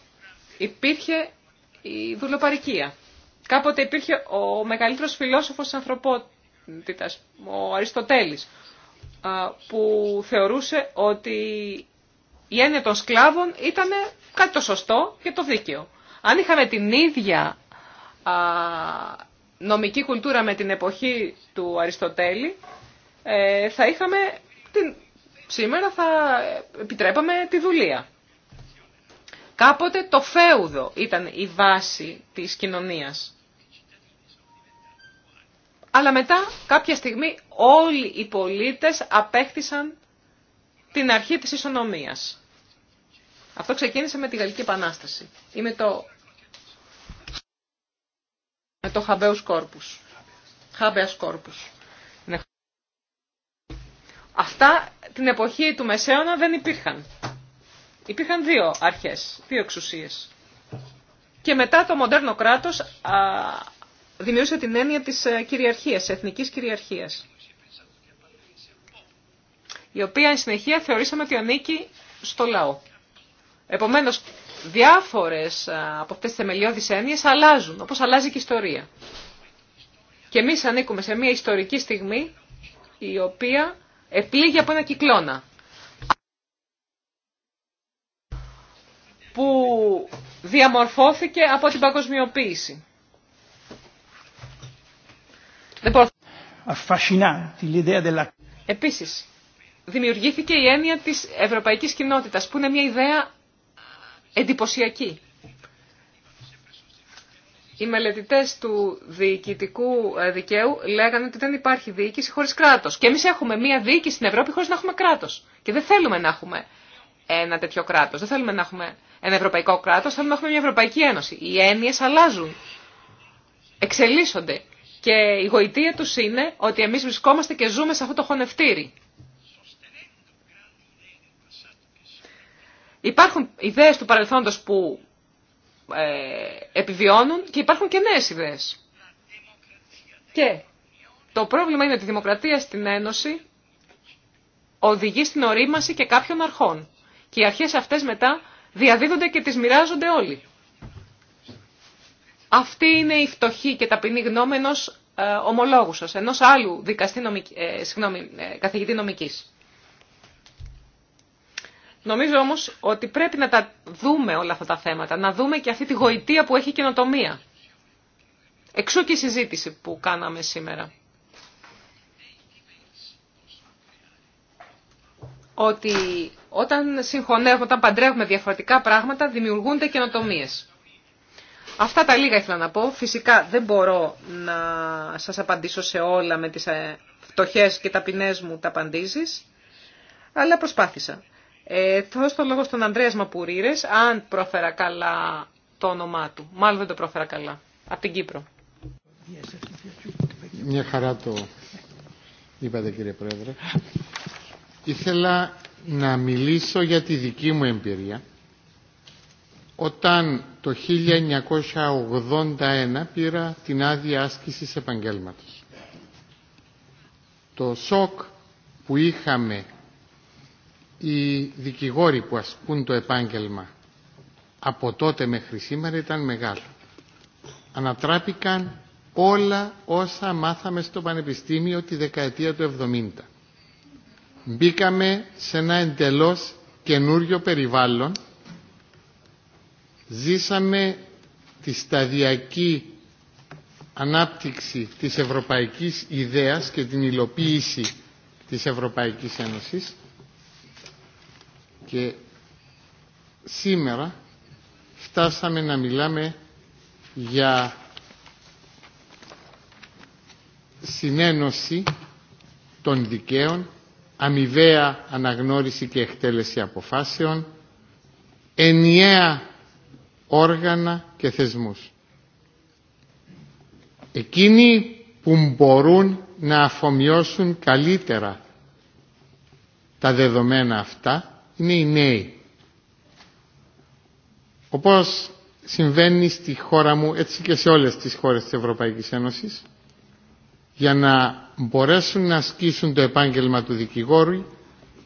υπήρχε η δουλοπαρικία. Κάποτε υπήρχε ο μεγαλύτερος φιλόσοφος της ανθρωπότητας, ο Αριστοτέλης, που θεωρούσε ότι η έννοια των σκλάβων ήταν κάτι το σωστό και το δίκαιο. Αν είχαμε την ίδια νομική κουλτούρα με την εποχή του Αριστοτέλη, ε, θα είχαμε την... σήμερα θα επιτρέπαμε τη δουλεία. Κάποτε το φέουδο ήταν η βάση της κοινωνίας. Αλλά μετά κάποια στιγμή όλοι οι πολίτες απέκτησαν την αρχή της ισονομίας. Αυτό ξεκίνησε με τη Γαλλική Επανάσταση ή με το, με το χαμπέους κόρπους. κόρπους. Ναι. Αυτά την εποχή του Μεσαίωνα δεν υπήρχαν. Υπήρχαν δύο αρχές, δύο εξουσίες. Και μετά το μοντέρνο κράτος δημιούργησε την έννοια της ε, κυριαρχίας, εθνικής κυριαρχίας, η οποία εν συνεχεία θεωρήσαμε ότι ανήκει στο λαό. Επομένως, διάφορες ε, από αυτές τις θεμελιώδεις έννοιες αλλάζουν, όπως αλλάζει και η ιστορία. Και εμείς ανήκουμε σε μια ιστορική στιγμή η οποία επλήγει από ένα κυκλώνα. που διαμορφώθηκε από την παγκοσμιοποίηση. Επίσης, δημιουργήθηκε η έννοια της ευρωπαϊκής κοινότητας, που είναι μια ιδέα εντυπωσιακή. Οι μελετητές του διοικητικού ε, δικαίου λέγανε ότι δεν υπάρχει διοίκηση χωρίς κράτος. Και εμείς έχουμε μια διοίκηση στην Ευρώπη χωρίς να έχουμε κράτος. Και δεν θέλουμε να έχουμε ένα τέτοιο κράτος. Δεν θέλουμε να έχουμε ένα ευρωπαϊκό κράτος, θέλουμε να έχουμε μια Ευρωπαϊκή Ένωση. Οι έννοιες αλλάζουν, εξελίσσονται. Και η γοητεία τους είναι ότι εμείς βρισκόμαστε και ζούμε σε αυτό το χωνευτήρι. Υπάρχουν ιδέες του παρελθόντος που ε, επιβιώνουν και υπάρχουν και νέες ιδέες. Και το πρόβλημα είναι ότι η δημοκρατία στην Ένωση οδηγεί στην ορίμαση και κάποιων αρχών. Και οι αρχές αυτές μετά διαδίδονται και τις μοιράζονται όλοι. Αυτή είναι η φτωχή και ταπεινή γνώμη ενός ε, ομολόγου σα, ενό άλλου δικαστή νομική, ε, ε, καθηγητή νομικής. Νομίζω όμω ότι πρέπει να τα δούμε όλα αυτά τα θέματα, να δούμε και αυτή τη γοητεία που έχει η καινοτομία. Εξού και η συζήτηση που κάναμε σήμερα. Ότι όταν συγχωνεύουμε, όταν παντρεύουμε διαφορετικά πράγματα, δημιουργούνται καινοτομίες. Αυτά τα λίγα ήθελα να πω. Φυσικά δεν μπορώ να σας απαντήσω σε όλα με τις ε, φτωχές και ταπεινές μου τα απαντήσεις, αλλά προσπάθησα. Ε, θα δώσω το λόγο στον Ανδρέας Μαπουρίρες, αν πρόφερα καλά το όνομά του. Μάλλον δεν το πρόφερα καλά. Από την Κύπρο. Μια χαρά το είπατε κύριε Πρόεδρε. Ήθελα να μιλήσω για τη δική μου εμπειρία όταν το 1981 πήρα την άδεια άσκηση επαγγέλματος. Το σοκ που είχαμε οι δικηγόροι που ασκούν το επάγγελμα από τότε μέχρι σήμερα ήταν μεγάλο. Ανατράπηκαν όλα όσα μάθαμε στο Πανεπιστήμιο τη δεκαετία του 70. Μπήκαμε σε ένα εντελώς καινούριο περιβάλλον ζήσαμε τη σταδιακή ανάπτυξη της ευρωπαϊκής ιδέας και την υλοποίηση της Ευρωπαϊκής Ένωσης και σήμερα φτάσαμε να μιλάμε για συνένωση των δικαίων, αμοιβαία αναγνώριση και εκτέλεση αποφάσεων, ενιαία όργανα και θεσμούς. Εκείνοι που μπορούν να αφομοιώσουν καλύτερα τα δεδομένα αυτά είναι οι νέοι. Όπως συμβαίνει στη χώρα μου, έτσι και σε όλες τις χώρες της Ευρωπαϊκής Ένωσης, για να μπορέσουν να ασκήσουν το επάγγελμα του δικηγόρου,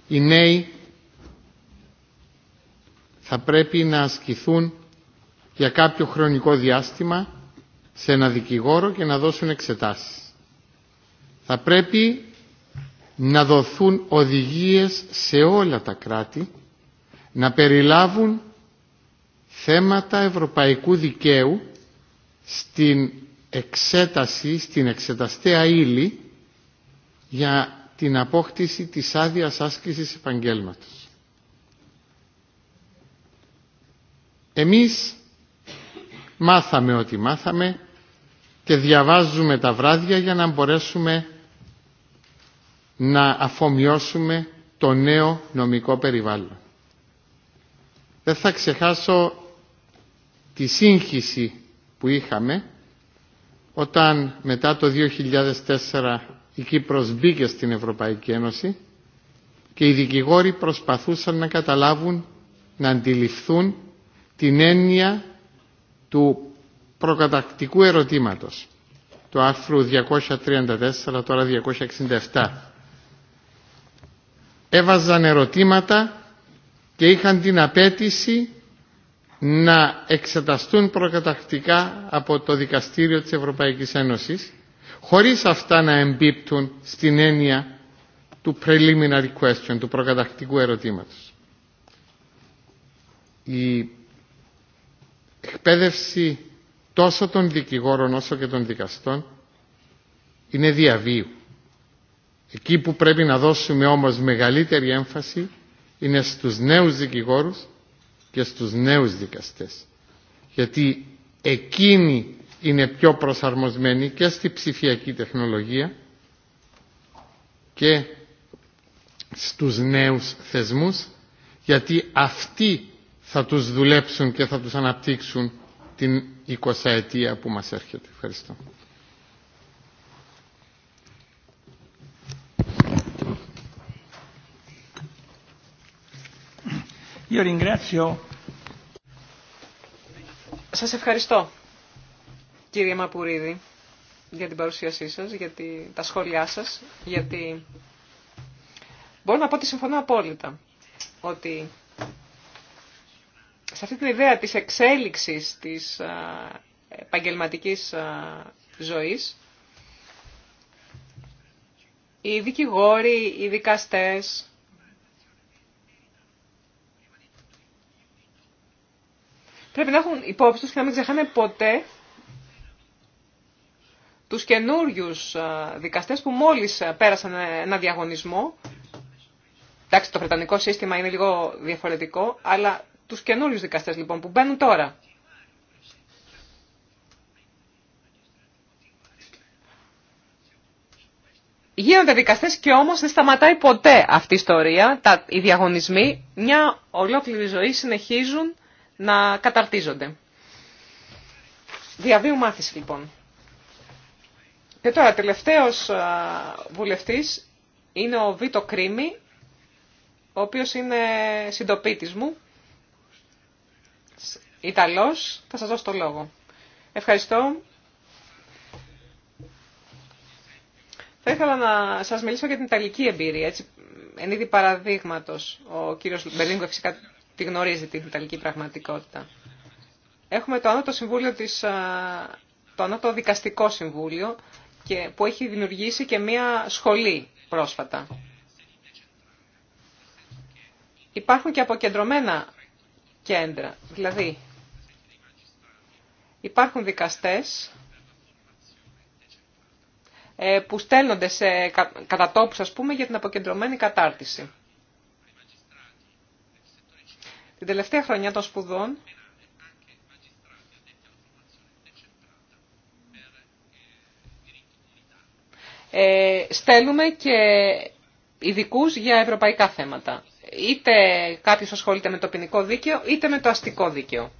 οι νέοι θα πρέπει να ασκηθούν για κάποιο χρονικό διάστημα σε ένα δικηγόρο και να δώσουν εξετάσεις. Θα πρέπει να δοθούν οδηγίες σε όλα τα κράτη να περιλάβουν θέματα ευρωπαϊκού δικαίου στην εξέταση, στην εξεταστέα ύλη για την απόκτηση της άδειας άσκησης επαγγέλματος. Εμείς μάθαμε ό,τι μάθαμε και διαβάζουμε τα βράδια για να μπορέσουμε να αφομοιώσουμε το νέο νομικό περιβάλλον. Δεν θα ξεχάσω τη σύγχυση που είχαμε όταν μετά το 2004 η Κύπρος μπήκε στην Ευρωπαϊκή Ένωση και οι δικηγόροι προσπαθούσαν να καταλάβουν, να αντιληφθούν την έννοια του προκατακτικού ερωτήματος του άρθρου 234 τώρα 267 έβαζαν ερωτήματα και είχαν την απέτηση να εξεταστούν προκατακτικά από το Δικαστήριο της Ευρωπαϊκής Ένωσης χωρίς αυτά να εμπίπτουν στην έννοια του preliminary question, του προκατακτικού ερωτήματος εκπαίδευση τόσο των δικηγόρων όσο και των δικαστών είναι διαβίου. Εκεί που πρέπει να δώσουμε όμως μεγαλύτερη έμφαση είναι στους νέους δικηγόρους και στους νέους δικαστές. Γιατί εκείνοι είναι πιο προσαρμοσμένοι και στη ψηφιακή τεχνολογία και στους νέους θεσμούς γιατί αυτοί θα τους δουλέψουν και θα τους αναπτύξουν την 20 ετία που μας έρχεται. Ευχαριστώ. Σας ευχαριστώ, κύριε Μαπουρίδη, για την παρουσίασή σας, για τα σχόλιά σας, γιατί μπορώ να πω ότι συμφωνώ απόλυτα ότι σε αυτή την ιδέα της εξέλιξης της επαγγελματικής ζωής, οι δικηγόροι, οι δικαστές, πρέπει να έχουν υπόψη τους και να μην ξεχάνε ποτέ τους καινούριου δικαστές που μόλις πέρασαν ένα διαγωνισμό. Εντάξει, το βρετανικό σύστημα είναι λίγο διαφορετικό, αλλά του καινούριους δικαστέ, λοιπόν που μπαίνουν τώρα. Γίνονται δικαστέ και όμω δεν σταματάει ποτέ αυτή η ιστορία, τα, οι διαγωνισμοί, μια ολόκληρη ζωή συνεχίζουν να καταρτίζονται. Διαβίου μάθηση λοιπόν. Και τώρα τελευταίος βουλευτής είναι ο Βίτο Κρίμη, ο οποίος είναι συντοπίτης μου Ιταλός, θα σας δώσω το λόγο. Ευχαριστώ. Θα ήθελα να σας μιλήσω για την Ιταλική εμπειρία, έτσι, εν είδη παραδείγματος. Ο κύριος Μπερλίνγκο φυσικά τη γνωρίζει την Ιταλική πραγματικότητα. Έχουμε το Ανώτο, Συμβούλιο της, το Ανώτο Δικαστικό Συμβούλιο και, που έχει δημιουργήσει και μία σχολή πρόσφατα. Υπάρχουν και αποκεντρωμένα κέντρα. Δηλαδή, υπάρχουν δικαστές ε, που στέλνονται σε κατατόπους, πούμε, για την αποκεντρωμένη κατάρτιση. Την τελευταία χρονιά των σπουδών ε, στέλνουμε και ειδικού για ευρωπαϊκά θέματα είτε κάποιο ασχολείται με το ποινικό δίκαιο, είτε με το αστικό δίκαιο.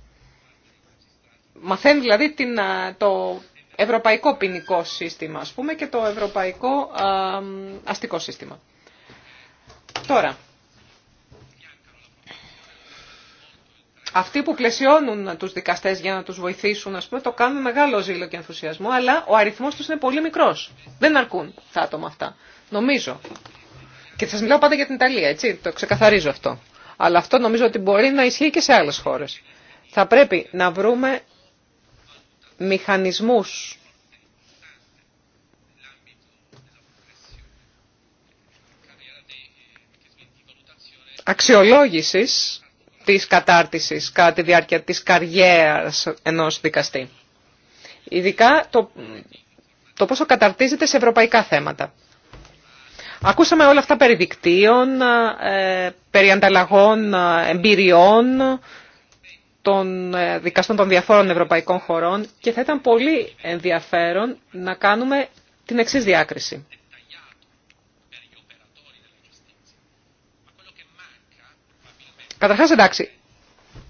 Μαθαίνει δηλαδή την, το ευρωπαϊκό ποινικό σύστημα, ας πούμε, και το ευρωπαϊκό αστικό σύστημα. Τώρα, αυτοί που πλαισιώνουν τους δικαστές για να τους βοηθήσουν, ας πούμε, το κάνουν μεγάλο ζήλο και ενθουσιασμό, αλλά ο αριθμός τους είναι πολύ μικρός. Δεν αρκούν τα άτομα αυτά. Νομίζω και σα μιλάω πάντα για την Ιταλία, έτσι, το ξεκαθαρίζω αυτό. Αλλά αυτό νομίζω ότι μπορεί να ισχύει και σε άλλες χώρες. Θα πρέπει να βρούμε μηχανισμού. αξιολόγησης της κατάρτισης κατά τη διάρκεια της καριέρας ενός δικαστή. Ειδικά το, το πόσο καταρτίζεται σε ευρωπαϊκά θέματα. Ακούσαμε όλα αυτά περί δικτύων, ε, περί ανταλλαγών ε, εμπειριών των ε, δικαστών των διαφόρων ευρωπαϊκών χωρών και θα ήταν πολύ ενδιαφέρον να κάνουμε την εξή διάκριση. Καταρχάς, εντάξει,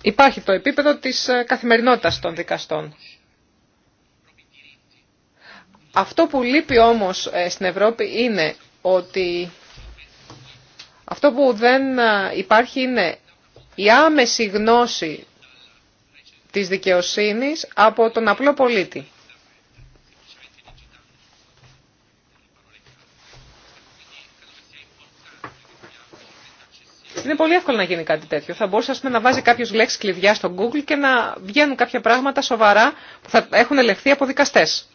υπάρχει το επίπεδο της καθημερινότητας των δικαστών. Αυτό που λείπει όμως στην Ευρώπη είναι ότι αυτό που δεν ε, υπάρχει είναι η άμεση γνώση της δικαιοσύνης από τον απλό πολίτη. Είναι πολύ εύκολο να γίνει κάτι τέτοιο. Θα μπορούσε να βάζει κάποιο λέξη κλειδιά στο Google και να βγαίνουν κάποια πράγματα σοβαρά που θα έχουν ελεγχθεί από δικαστές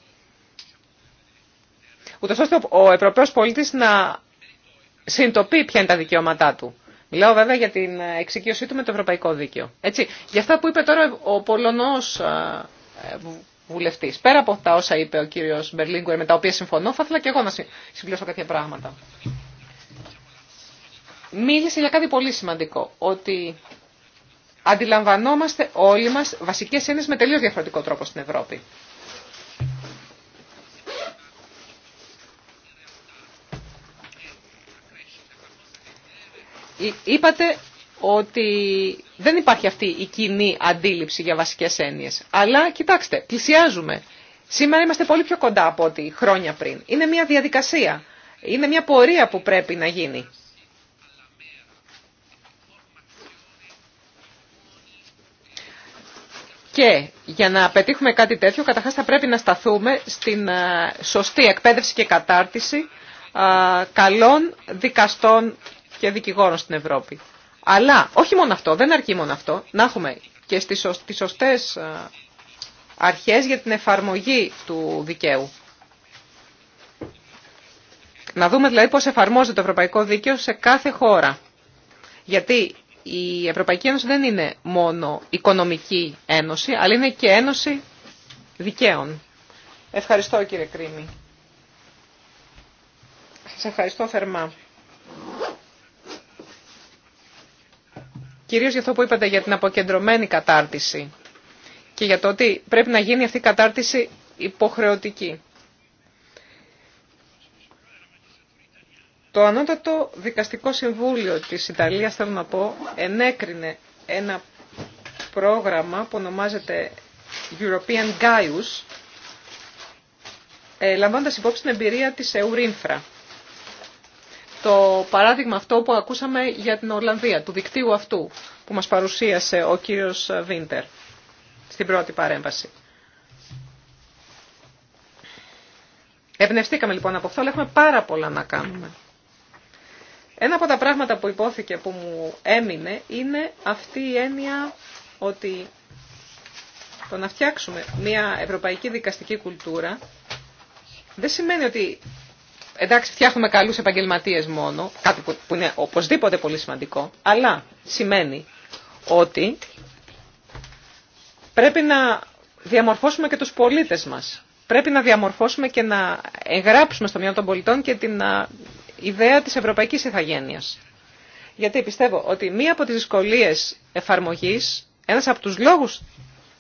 ούτω ώστε ο Ευρωπαίος πολίτης να συνειδητοποιεί ποια είναι τα δικαιώματά του. Μιλάω βέβαια για την εξοικείωσή του με το ευρωπαϊκό δίκαιο. Έτσι, για αυτά που είπε τώρα ο Πολωνός ε, βουλευτής, πέρα από τα όσα είπε ο κύριος Μπερλίνγκουερ με τα οποία συμφωνώ, θα ήθελα και εγώ να συμπληρώσω κάποια πράγματα. Μίλησε για κάτι πολύ σημαντικό, ότι αντιλαμβανόμαστε όλοι μας βασικές έννοιες με τελείως διαφορετικό τρόπο στην Ευρώπη. είπατε ότι δεν υπάρχει αυτή η κοινή αντίληψη για βασικές έννοιες. Αλλά κοιτάξτε, πλησιάζουμε. Σήμερα είμαστε πολύ πιο κοντά από ό,τι χρόνια πριν. Είναι μια διαδικασία. Είναι μια πορεία που πρέπει να γίνει. Και για να πετύχουμε κάτι τέτοιο, καταρχάς θα πρέπει να σταθούμε στην ε, σωστή εκπαίδευση και κατάρτιση ε, καλών δικαστών και δικηγόρων στην Ευρώπη. Αλλά όχι μόνο αυτό, δεν αρκεί μόνο αυτό, να έχουμε και στις τις σωστές ε, αρχές για την εφαρμογή του δικαίου. Να δούμε δηλαδή πώς εφαρμόζεται το ευρωπαϊκό δίκαιο σε κάθε χώρα. Γιατί η Ευρωπαϊκή Ένωση δεν είναι μόνο οικονομική ένωση, αλλά είναι και ένωση δικαίων. Ευχαριστώ κύριε Κρίμη. Σας ευχαριστώ θερμά. Κυρίως για αυτό που είπατε για την αποκεντρωμένη κατάρτιση και για το ότι πρέπει να γίνει αυτή η κατάρτιση υποχρεωτική. Το Ανώτατο Δικαστικό Συμβούλιο της Ιταλίας, θέλω να πω, ενέκρινε ένα πρόγραμμα που ονομάζεται European Gaius, ε, λαμβάνοντας υπόψη την εμπειρία της Εουρίνφρα το παράδειγμα αυτό που ακούσαμε για την Ορλανδία, του δικτύου αυτού που μας παρουσίασε ο κύριος Βίντερ στην πρώτη παρέμβαση. Ευνευστήκαμε λοιπόν από αυτό, αλλά έχουμε πάρα πολλά να κάνουμε. Ένα από τα πράγματα που υπόθηκε που μου έμεινε είναι αυτή η έννοια ότι το να φτιάξουμε μια ευρωπαϊκή δικαστική κουλτούρα δεν σημαίνει ότι εντάξει φτιάχνουμε καλούς επαγγελματίες μόνο, κάτι που είναι οπωσδήποτε πολύ σημαντικό, αλλά σημαίνει ότι πρέπει να διαμορφώσουμε και τους πολίτες μας. Πρέπει να διαμορφώσουμε και να εγγράψουμε στο μυαλό των πολιτών και την ιδέα της ευρωπαϊκής ηθαγένεια. Γιατί πιστεύω ότι μία από τις δυσκολίε εφαρμογή, ένα από του λόγου,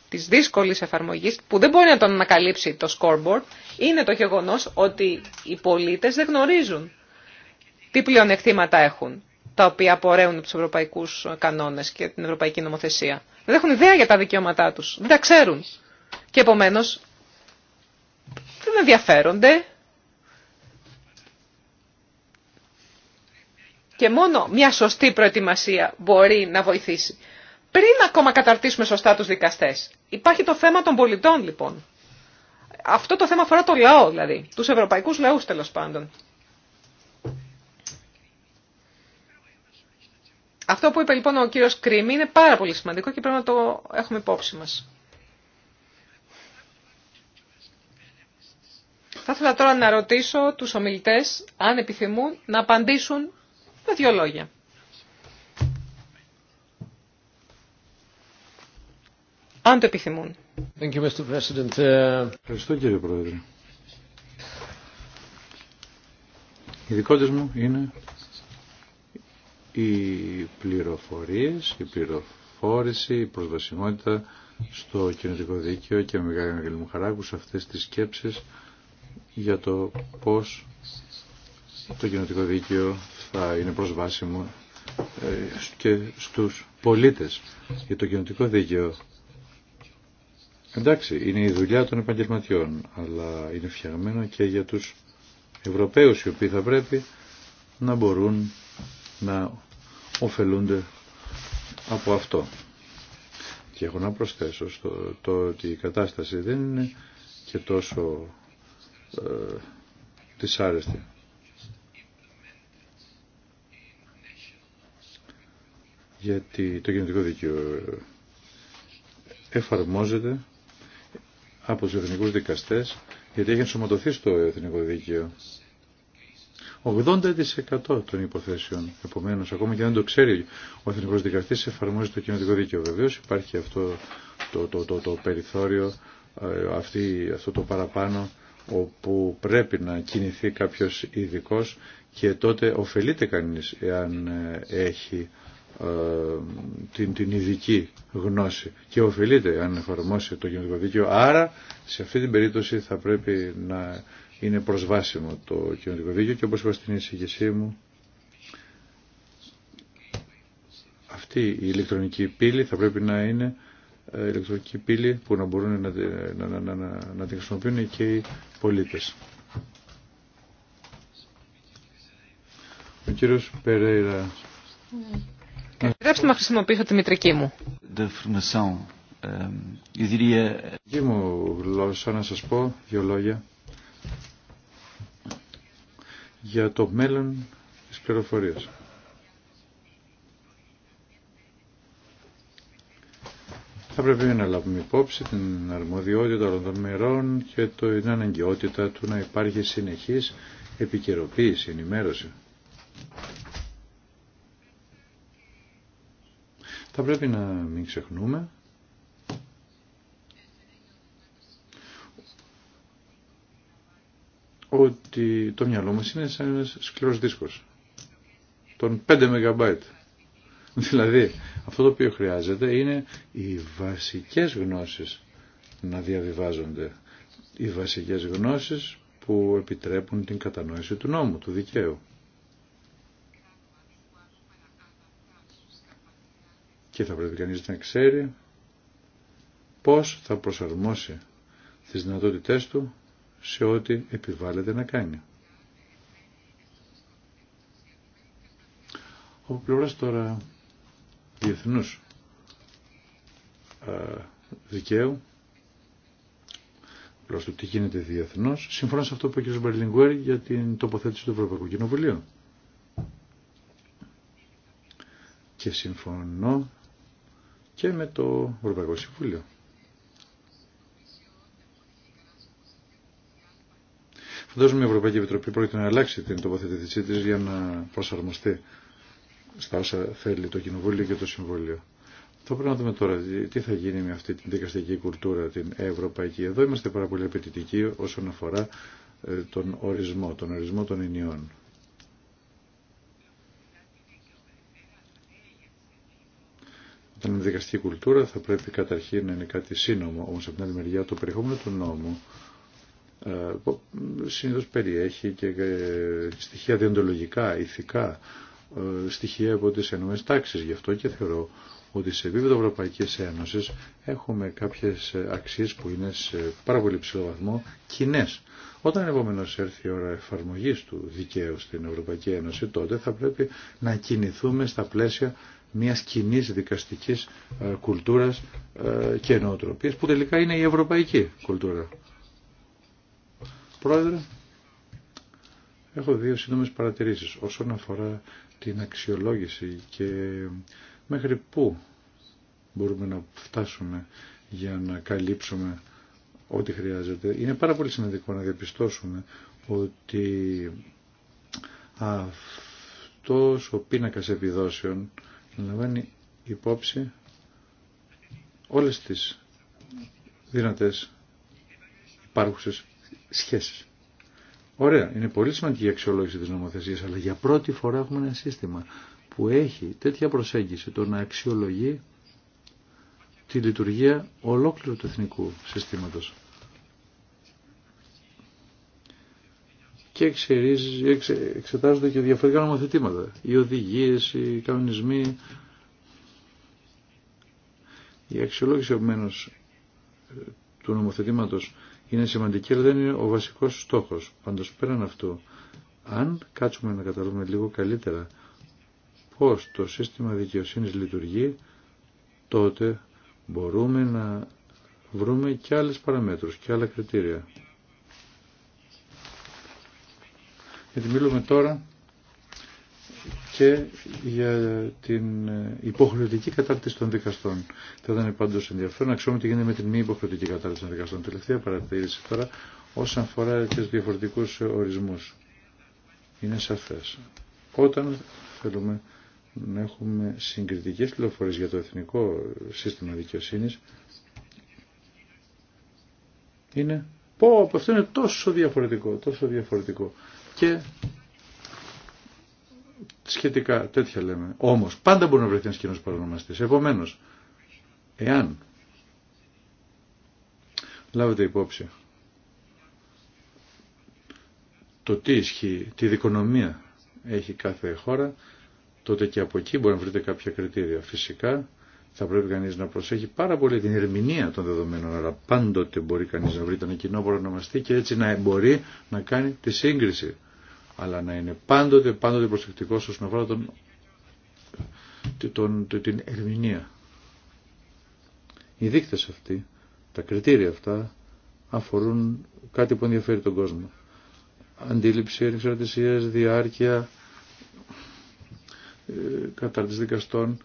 της δύσκολης εφαρμογής που δεν μπορεί να τον ανακαλύψει το scoreboard είναι το γεγονός ότι οι πολίτες δεν γνωρίζουν τι πλεονεκτήματα έχουν τα οποία απορρέουν τους ευρωπαϊκούς κανόνες και την ευρωπαϊκή νομοθεσία. Δεν έχουν ιδέα για τα δικαιώματά τους, δεν τα ξέρουν. Και επομένως δεν ενδιαφέρονται. Και μόνο μια σωστή προετοιμασία μπορεί να βοηθήσει πριν ακόμα καταρτήσουμε σωστά τους δικαστές. Υπάρχει το θέμα των πολιτών λοιπόν. Αυτό το θέμα αφορά το λαό δηλαδή, τους ευρωπαϊκούς λαούς τέλος πάντων. Αυτό που είπε λοιπόν ο κύριος Κρίμη είναι πάρα πολύ σημαντικό και πρέπει να το έχουμε υπόψη μας. Θα ήθελα τώρα να ρωτήσω τους ομιλητές αν επιθυμούν να απαντήσουν με δύο λόγια. αν το επιθυμούν. Ε, Ευχαριστώ κύριε Πρόεδρε. Οι δικότες μου είναι οι πληροφορίες, η πληροφόρηση, η προσβασιμότητα στο κοινωνικό δίκαιο και μεγάλη μεγάλη μου χαρά σε αυτές τις σκέψεις για το πώς το κοινωτικό δίκαιο θα είναι προσβάσιμο ε, και στους πολίτες. Για το κοινωτικό δίκαιο Εντάξει, είναι η δουλειά των επαγγελματιών, αλλά είναι φτιαγμένο και για τους Ευρωπαίους οι οποίοι θα πρέπει να μπορούν να ωφελούνται από αυτό. Και έχω να προσθέσω στο το ότι η κατάσταση δεν είναι και τόσο ε, δυσάρεστη. Γιατί το κοινωτικό δίκαιο εφαρμόζεται από τους εθνικούς δικαστές γιατί έχει ενσωματωθεί στο εθνικό δίκαιο. 80% των υποθέσεων. Επομένω, ακόμα και αν το ξέρει ο εθνικό δικαστή, εφαρμόζει το κοινωτικό δίκαιο. Βεβαίω υπάρχει αυτό το, το, το, το περιθώριο, ε, αυτή, αυτό το παραπάνω, όπου πρέπει να κινηθεί κάποιος ειδικό και τότε ωφελείται κανείς, εάν ε, έχει ε, την, την ειδική γνώση και ωφελείται αν εφαρμόσει το κοινωτικό δίκαιο. Άρα σε αυτή την περίπτωση θα πρέπει να είναι προσβάσιμο το κοινωτικό δίκαιο και όπως είπα στην εισηγησή μου αυτή η ηλεκτρονική πύλη θα πρέπει να είναι ε, ηλεκτρονική πύλη που να μπορούν να, να, να, να, να την χρησιμοποιούν και οι πολίτες. Ο κύριος Περέιρα. Ναι. Επιτρέψτε να χρησιμοποιήσω τη μητρική μου. Η ehm, μου γλώσσα να σας πω δύο λόγια για το μέλλον της πληροφορίας. Θα πρέπει να λάβουμε υπόψη την αρμοδιότητα όλων των μερών και την αναγκαιότητα του να υπάρχει συνεχής επικαιροποίηση, ενημέρωση. Θα πρέπει να μην ξεχνούμε ότι το μυαλό μας είναι σαν ένας σκληρός δίσκος των 5 MB. Δηλαδή, αυτό το οποίο χρειάζεται είναι οι βασικές γνώσεις να διαβιβάζονται. Οι βασικές γνώσεις που επιτρέπουν την κατανόηση του νόμου, του δικαίου. και θα πρέπει κανείς να ξέρει πώς θα προσαρμόσει τις δυνατότητές του σε ό,τι επιβάλλεται να κάνει. Από πλευράς τώρα διεθνούς ε, δικαίου, πλώς του τι γίνεται διεθνώς, σύμφωνα σε αυτό που είπε ο κ. Μπαρλιγκουέρ για την τοποθέτηση του Ευρωπαϊκού Κοινοβουλίου. Και συμφωνώ και με το Ευρωπαϊκό Συμβούλιο. Φαντάζομαι η Ευρωπαϊκή Επιτροπή πρόκειται να αλλάξει την τοποθετησή της για να προσαρμοστεί στα όσα θέλει το Κοινοβούλιο και το Συμβούλιο. Θα πρέπει να δούμε τώρα τι θα γίνει με αυτή την δικαστική κουλτούρα την ευρωπαϊκή. Εδώ είμαστε πάρα πολύ απαιτητικοί όσον αφορά ε, τον ορισμό, τον ορισμό των ενιών. είναι δικαστική κουλτούρα θα πρέπει καταρχήν να είναι κάτι σύνομο, όμως από την άλλη μεριά το περιεχόμενο του νόμου ε, συνήθως περιέχει και ε, στοιχεία διοντολογικά, ηθικά, ε, στοιχεία από τις ενωμένες τάξεις. Γι' αυτό και θεωρώ ότι σε επίπεδο Ευρωπαϊκής Ένωσης έχουμε κάποιες αξίες που είναι σε πάρα πολύ ψηλό βαθμό κοινέ. Όταν επομένω έρθει η ώρα εφαρμογής του δικαίου στην Ευρωπαϊκή Ένωση, τότε θα πρέπει να κινηθούμε στα πλαίσια μιας κοινή δικαστικής ε, κουλτούρας ε, και νοοτροπίας που τελικά είναι η ευρωπαϊκή κουλτούρα. Πρόεδρε, έχω δύο σύντομες παρατηρήσεις όσον αφορά την αξιολόγηση και μέχρι πού μπορούμε να φτάσουμε για να καλύψουμε ό,τι χρειάζεται. Είναι πάρα πολύ σημαντικό να διαπιστώσουμε ότι αυτός ο πίνακας επιδόσεων λαμβάνει υπόψη όλες τις δυνατές υπάρχουσες σχέσεις. Ωραία, είναι πολύ σημαντική η αξιολόγηση της νομοθεσίας, αλλά για πρώτη φορά έχουμε ένα σύστημα που έχει τέτοια προσέγγιση το να αξιολογεί τη λειτουργία ολόκληρου του εθνικού συστήματος. και εξετάζονται και διαφορετικά νομοθετήματα. Οι οδηγίες, οι κανονισμοί, η αξιολόγηση επομένω του νομοθετήματος είναι σημαντική, αλλά δεν είναι ο βασικός στόχος. Πάντως πέραν αυτού, αν κάτσουμε να καταλάβουμε λίγο καλύτερα πώς το σύστημα δικαιοσύνης λειτουργεί, τότε μπορούμε να βρούμε και άλλες παραμέτρους και άλλα κριτήρια. γιατί μιλούμε τώρα και για την υποχρεωτική κατάρτιση των δικαστών. Θα ήταν πάντω ενδιαφέρον να ξέρουμε τι γίνεται με την μη υποχρεωτική κατάρτιση των δικαστών. Τελευταία παρατήρηση τώρα όσον αφορά του διαφορετικού ορισμού. Είναι σαφέ. Όταν θέλουμε να έχουμε συγκριτικές πληροφορίες για το εθνικό σύστημα δικαιοσύνης είναι πω αυτό είναι τόσο διαφορετικό τόσο διαφορετικό και σχετικά τέτοια λέμε. Όμως πάντα μπορεί να βρεθεί ένας κοινός παρονομαστής. Επομένως, εάν λάβετε υπόψη το τι ισχύει, τη δικονομία έχει κάθε χώρα, τότε και από εκεί μπορεί να βρείτε κάποια κριτήρια. Φυσικά θα πρέπει κανείς να προσέχει πάρα πολύ την ερμηνεία των δεδομένων, αλλά πάντοτε μπορεί κανείς να βρει τον κοινό παρονομαστή και έτσι να μπορεί να κάνει τη σύγκριση αλλά να είναι πάντοτε, πάντοτε προσεκτικός όσον αφορά τον, τον, την ερμηνεία. Οι δείκτες αυτοί, τα κριτήρια αυτά, αφορούν κάτι που ενδιαφέρει τον κόσμο. Αντίληψη, ενεξαρτησίες, διάρκεια, ε, κατάρτιση δικαστών,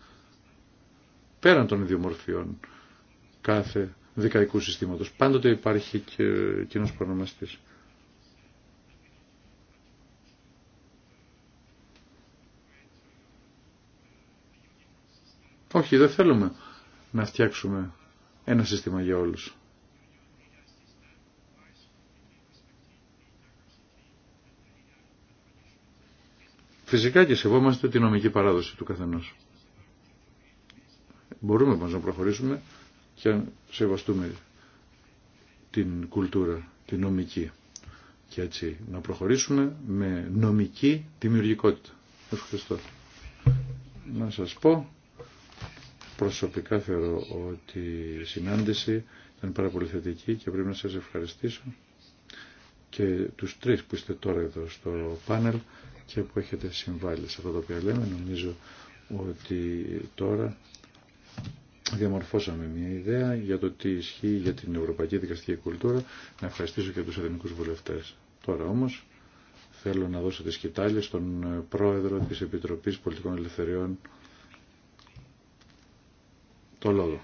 πέραν των ιδιομορφιών κάθε δικαϊκού συστήματος. Πάντοτε υπάρχει και κοινός προνομαστής. Όχι, δεν θέλουμε να φτιάξουμε ένα σύστημα για όλους. Φυσικά και σεβόμαστε τη νομική παράδοση του καθενός. Μπορούμε όμως να προχωρήσουμε και να σεβαστούμε την κουλτούρα, την νομική. Και έτσι να προχωρήσουμε με νομική δημιουργικότητα. Ευχαριστώ. Να σας πω προσωπικά θεωρώ ότι η συνάντηση ήταν πάρα πολύ θετική και πρέπει να σας ευχαριστήσω και τους τρεις που είστε τώρα εδώ στο πάνελ και που έχετε συμβάλει σε αυτό το οποίο λέμε. Νομίζω ότι τώρα διαμορφώσαμε μια ιδέα για το τι ισχύει για την ευρωπαϊκή δικαστική κουλτούρα. Να ευχαριστήσω και τους ελληνικούς βουλευτές. Τώρα όμως θέλω να δώσω τη σκητάλη στον πρόεδρο της Επιτροπής Πολιτικών Ελευθεριών το λόγο.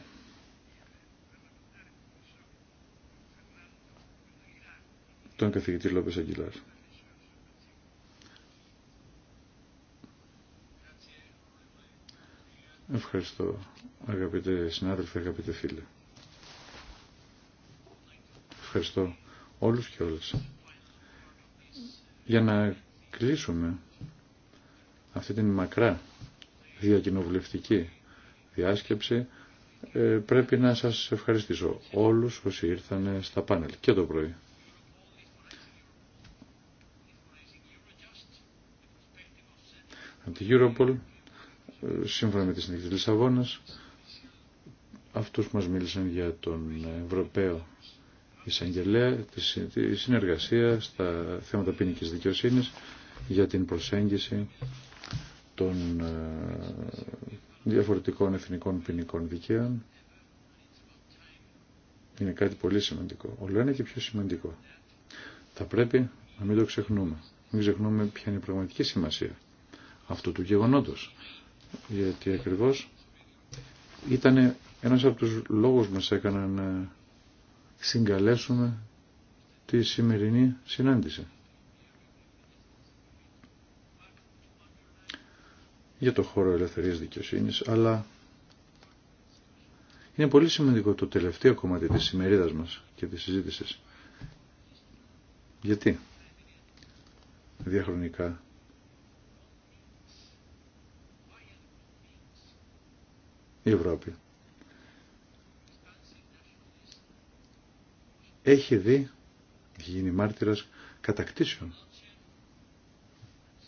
Τον καθηγητή Λόπες Αγγιλάρ. Ευχαριστώ αγαπητέ συνάδελφοι, αγαπητέ φίλε. Ευχαριστώ όλους και όλες. Για να κλείσουμε αυτή την μακρά διακοινοβουλευτική διάσκεψη ε, πρέπει να σας ευχαριστήσω όλους όσοι ήρθαν ε, στα πάνελ και το πρωί. Από Europol, ε, σύμφωνα με τη συνέχεια της Λισαβόνας, αυτούς που μας μίλησαν για τον Ευρωπαίο Εισαγγελέα, τη συνεργασία στα θέματα ποινικής δικαιοσύνης, για την προσέγγιση των διαφορετικών εθνικών ποινικών δικαίων είναι κάτι πολύ σημαντικό. Όλο ένα και πιο σημαντικό. Θα πρέπει να μην το ξεχνούμε. Μην ξεχνούμε ποια είναι η πραγματική σημασία αυτού του γεγονότος. Γιατί ακριβώς ήταν ένας από τους λόγους μας έκαναν να συγκαλέσουμε τη σημερινή συνάντηση. για το χώρο ελευθερίας δικαιοσύνης, αλλά είναι πολύ σημαντικό το τελευταίο κομμάτι της ημερίδας μας και της συζήτησης. Γιατί διαχρονικά η Ευρώπη έχει δει, γίνει μάρτυρας κατακτήσεων,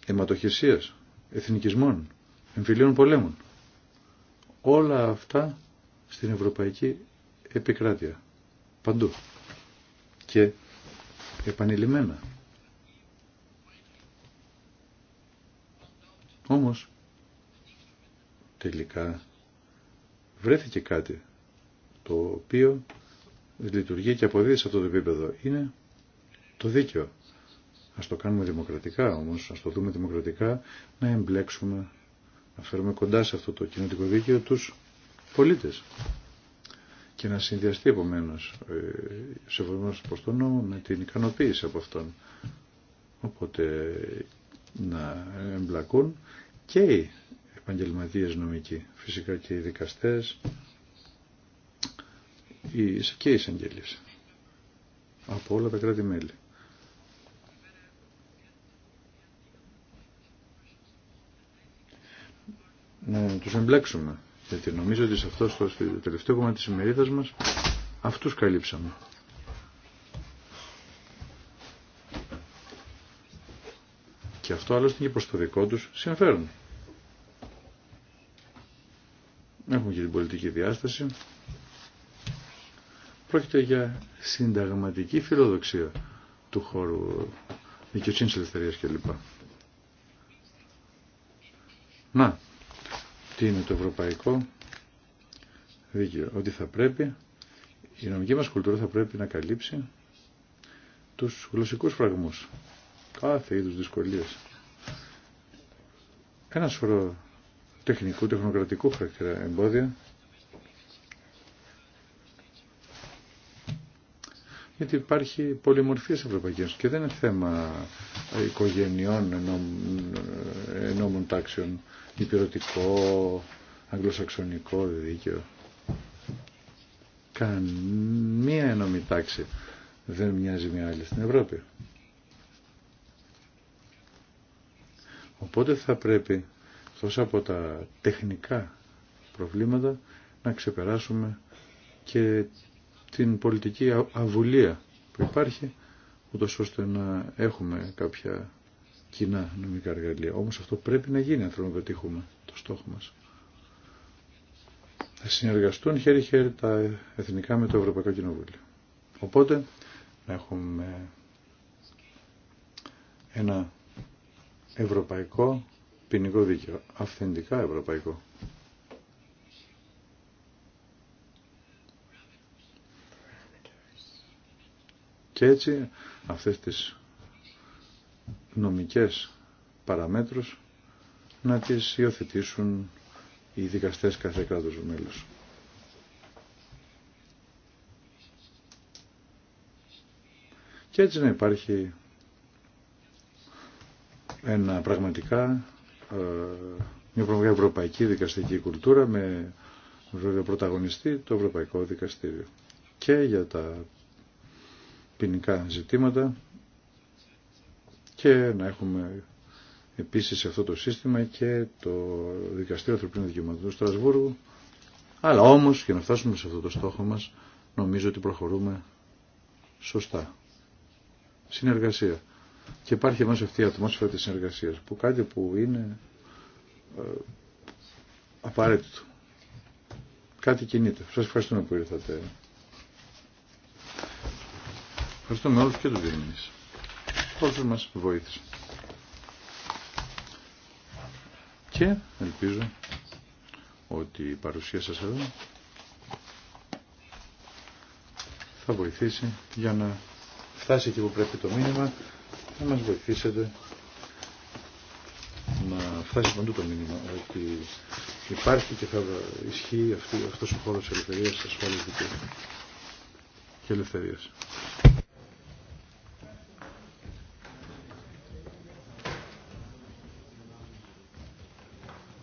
αιματοχυσίας, εθνικισμών εμφυλίων πολέμων. Όλα αυτά στην ευρωπαϊκή επικράτεια. Παντού. Και επανειλημμένα. Όμως, τελικά, βρέθηκε κάτι το οποίο λειτουργεί και αποδίδει σε αυτό το επίπεδο. Είναι το δίκαιο. Ας το κάνουμε δημοκρατικά όμως, ας το δούμε δημοκρατικά, να εμπλέξουμε να φέρουμε κοντά σε αυτό το κοινωτικό δίκαιο τους πολίτες και να συνδυαστεί επομένω ε, σε βορμός προς τον νόμο με την ικανοποίηση από αυτόν. Οπότε να εμπλακούν και οι επαγγελματίες νομικοί, φυσικά και οι δικαστές και οι εισαγγελίες από όλα τα κράτη-μέλη. να τους εμπλέξουμε. Γιατί νομίζω ότι σε αυτό το τελευταίο κομμάτι της ημερίδας μας αυτούς καλύψαμε. Και αυτό άλλωστε και προς το δικό τους συμφέρον. Έχουμε και την πολιτική διάσταση. Πρόκειται για συνταγματική φιλοδοξία του χώρου δικαιοσύνης ελευθερίας κλπ. Να, τι είναι το ευρωπαϊκό δίκαιο. Ότι θα πρέπει, η νομική μας κουλτούρα θα πρέπει να καλύψει τους γλωσσικούς φραγμούς. Κάθε είδους δυσκολίες. Ένα σωρό τεχνικού, τεχνοκρατικού χαρακτήρα εμπόδια. Γιατί υπάρχει πολυμορφία σε Ευρωπαϊκή και δεν είναι θέμα οικογενειών ενόμων τάξεων, υπηρετικό, αγγλοσαξονικό δίκαιο. Καμία ενόμη τάξη δεν μοιάζει με άλλη στην Ευρώπη. Οπότε θα πρέπει τόσο από τα τεχνικά προβλήματα να ξεπεράσουμε και την πολιτική αβουλία που υπάρχει ούτως ώστε να έχουμε κάποια κοινά νομικά εργαλεία. Όμως αυτό πρέπει να γίνει αν θέλουμε να πετύχουμε το στόχο μας. Θα συνεργαστούν χέρι-χέρι τα εθνικά με το Ευρωπαϊκό Κοινοβούλιο. Οπότε να έχουμε ένα ευρωπαϊκό ποινικό δίκαιο, αυθεντικά ευρωπαϊκό. Και έτσι αυτές τις νομικές παραμέτρους να τις υιοθετήσουν οι δικαστές κάθε κράτος μέλους. Και έτσι να υπάρχει ένα πραγματικά ε, μια πραγματικά ευρωπαϊκή δικαστική κουλτούρα με βέβαια πρωταγωνιστή το Ευρωπαϊκό Δικαστήριο. Και για τα ποινικά ζητήματα και να έχουμε επίσης σε αυτό το σύστημα και το Δικαστήριο Ανθρωπίνων Δικαιωμάτων του Στρασβούργου. Αλλά όμως για να φτάσουμε σε αυτό το στόχο μας νομίζω ότι προχωρούμε σωστά. Συνεργασία. Και υπάρχει εμάς αυτή η ατμόσφαιρα της συνεργασίας που κάτι που είναι ε, απαραίτητο. Κάτι κινείται. Σας ευχαριστούμε που ήρθατε. Ευχαριστούμε όλους και τους διερμηνείς. Όσους μας βοήθησαν. Και ελπίζω ότι η παρουσία σας εδώ θα βοηθήσει για να φτάσει εκεί που πρέπει το μήνυμα, να μας βοηθήσετε να φτάσει παντού το μήνυμα ότι υπάρχει και θα ισχύει αυτός ο χώρος ελευθερίας, ασφάλειας και ελευθερίας.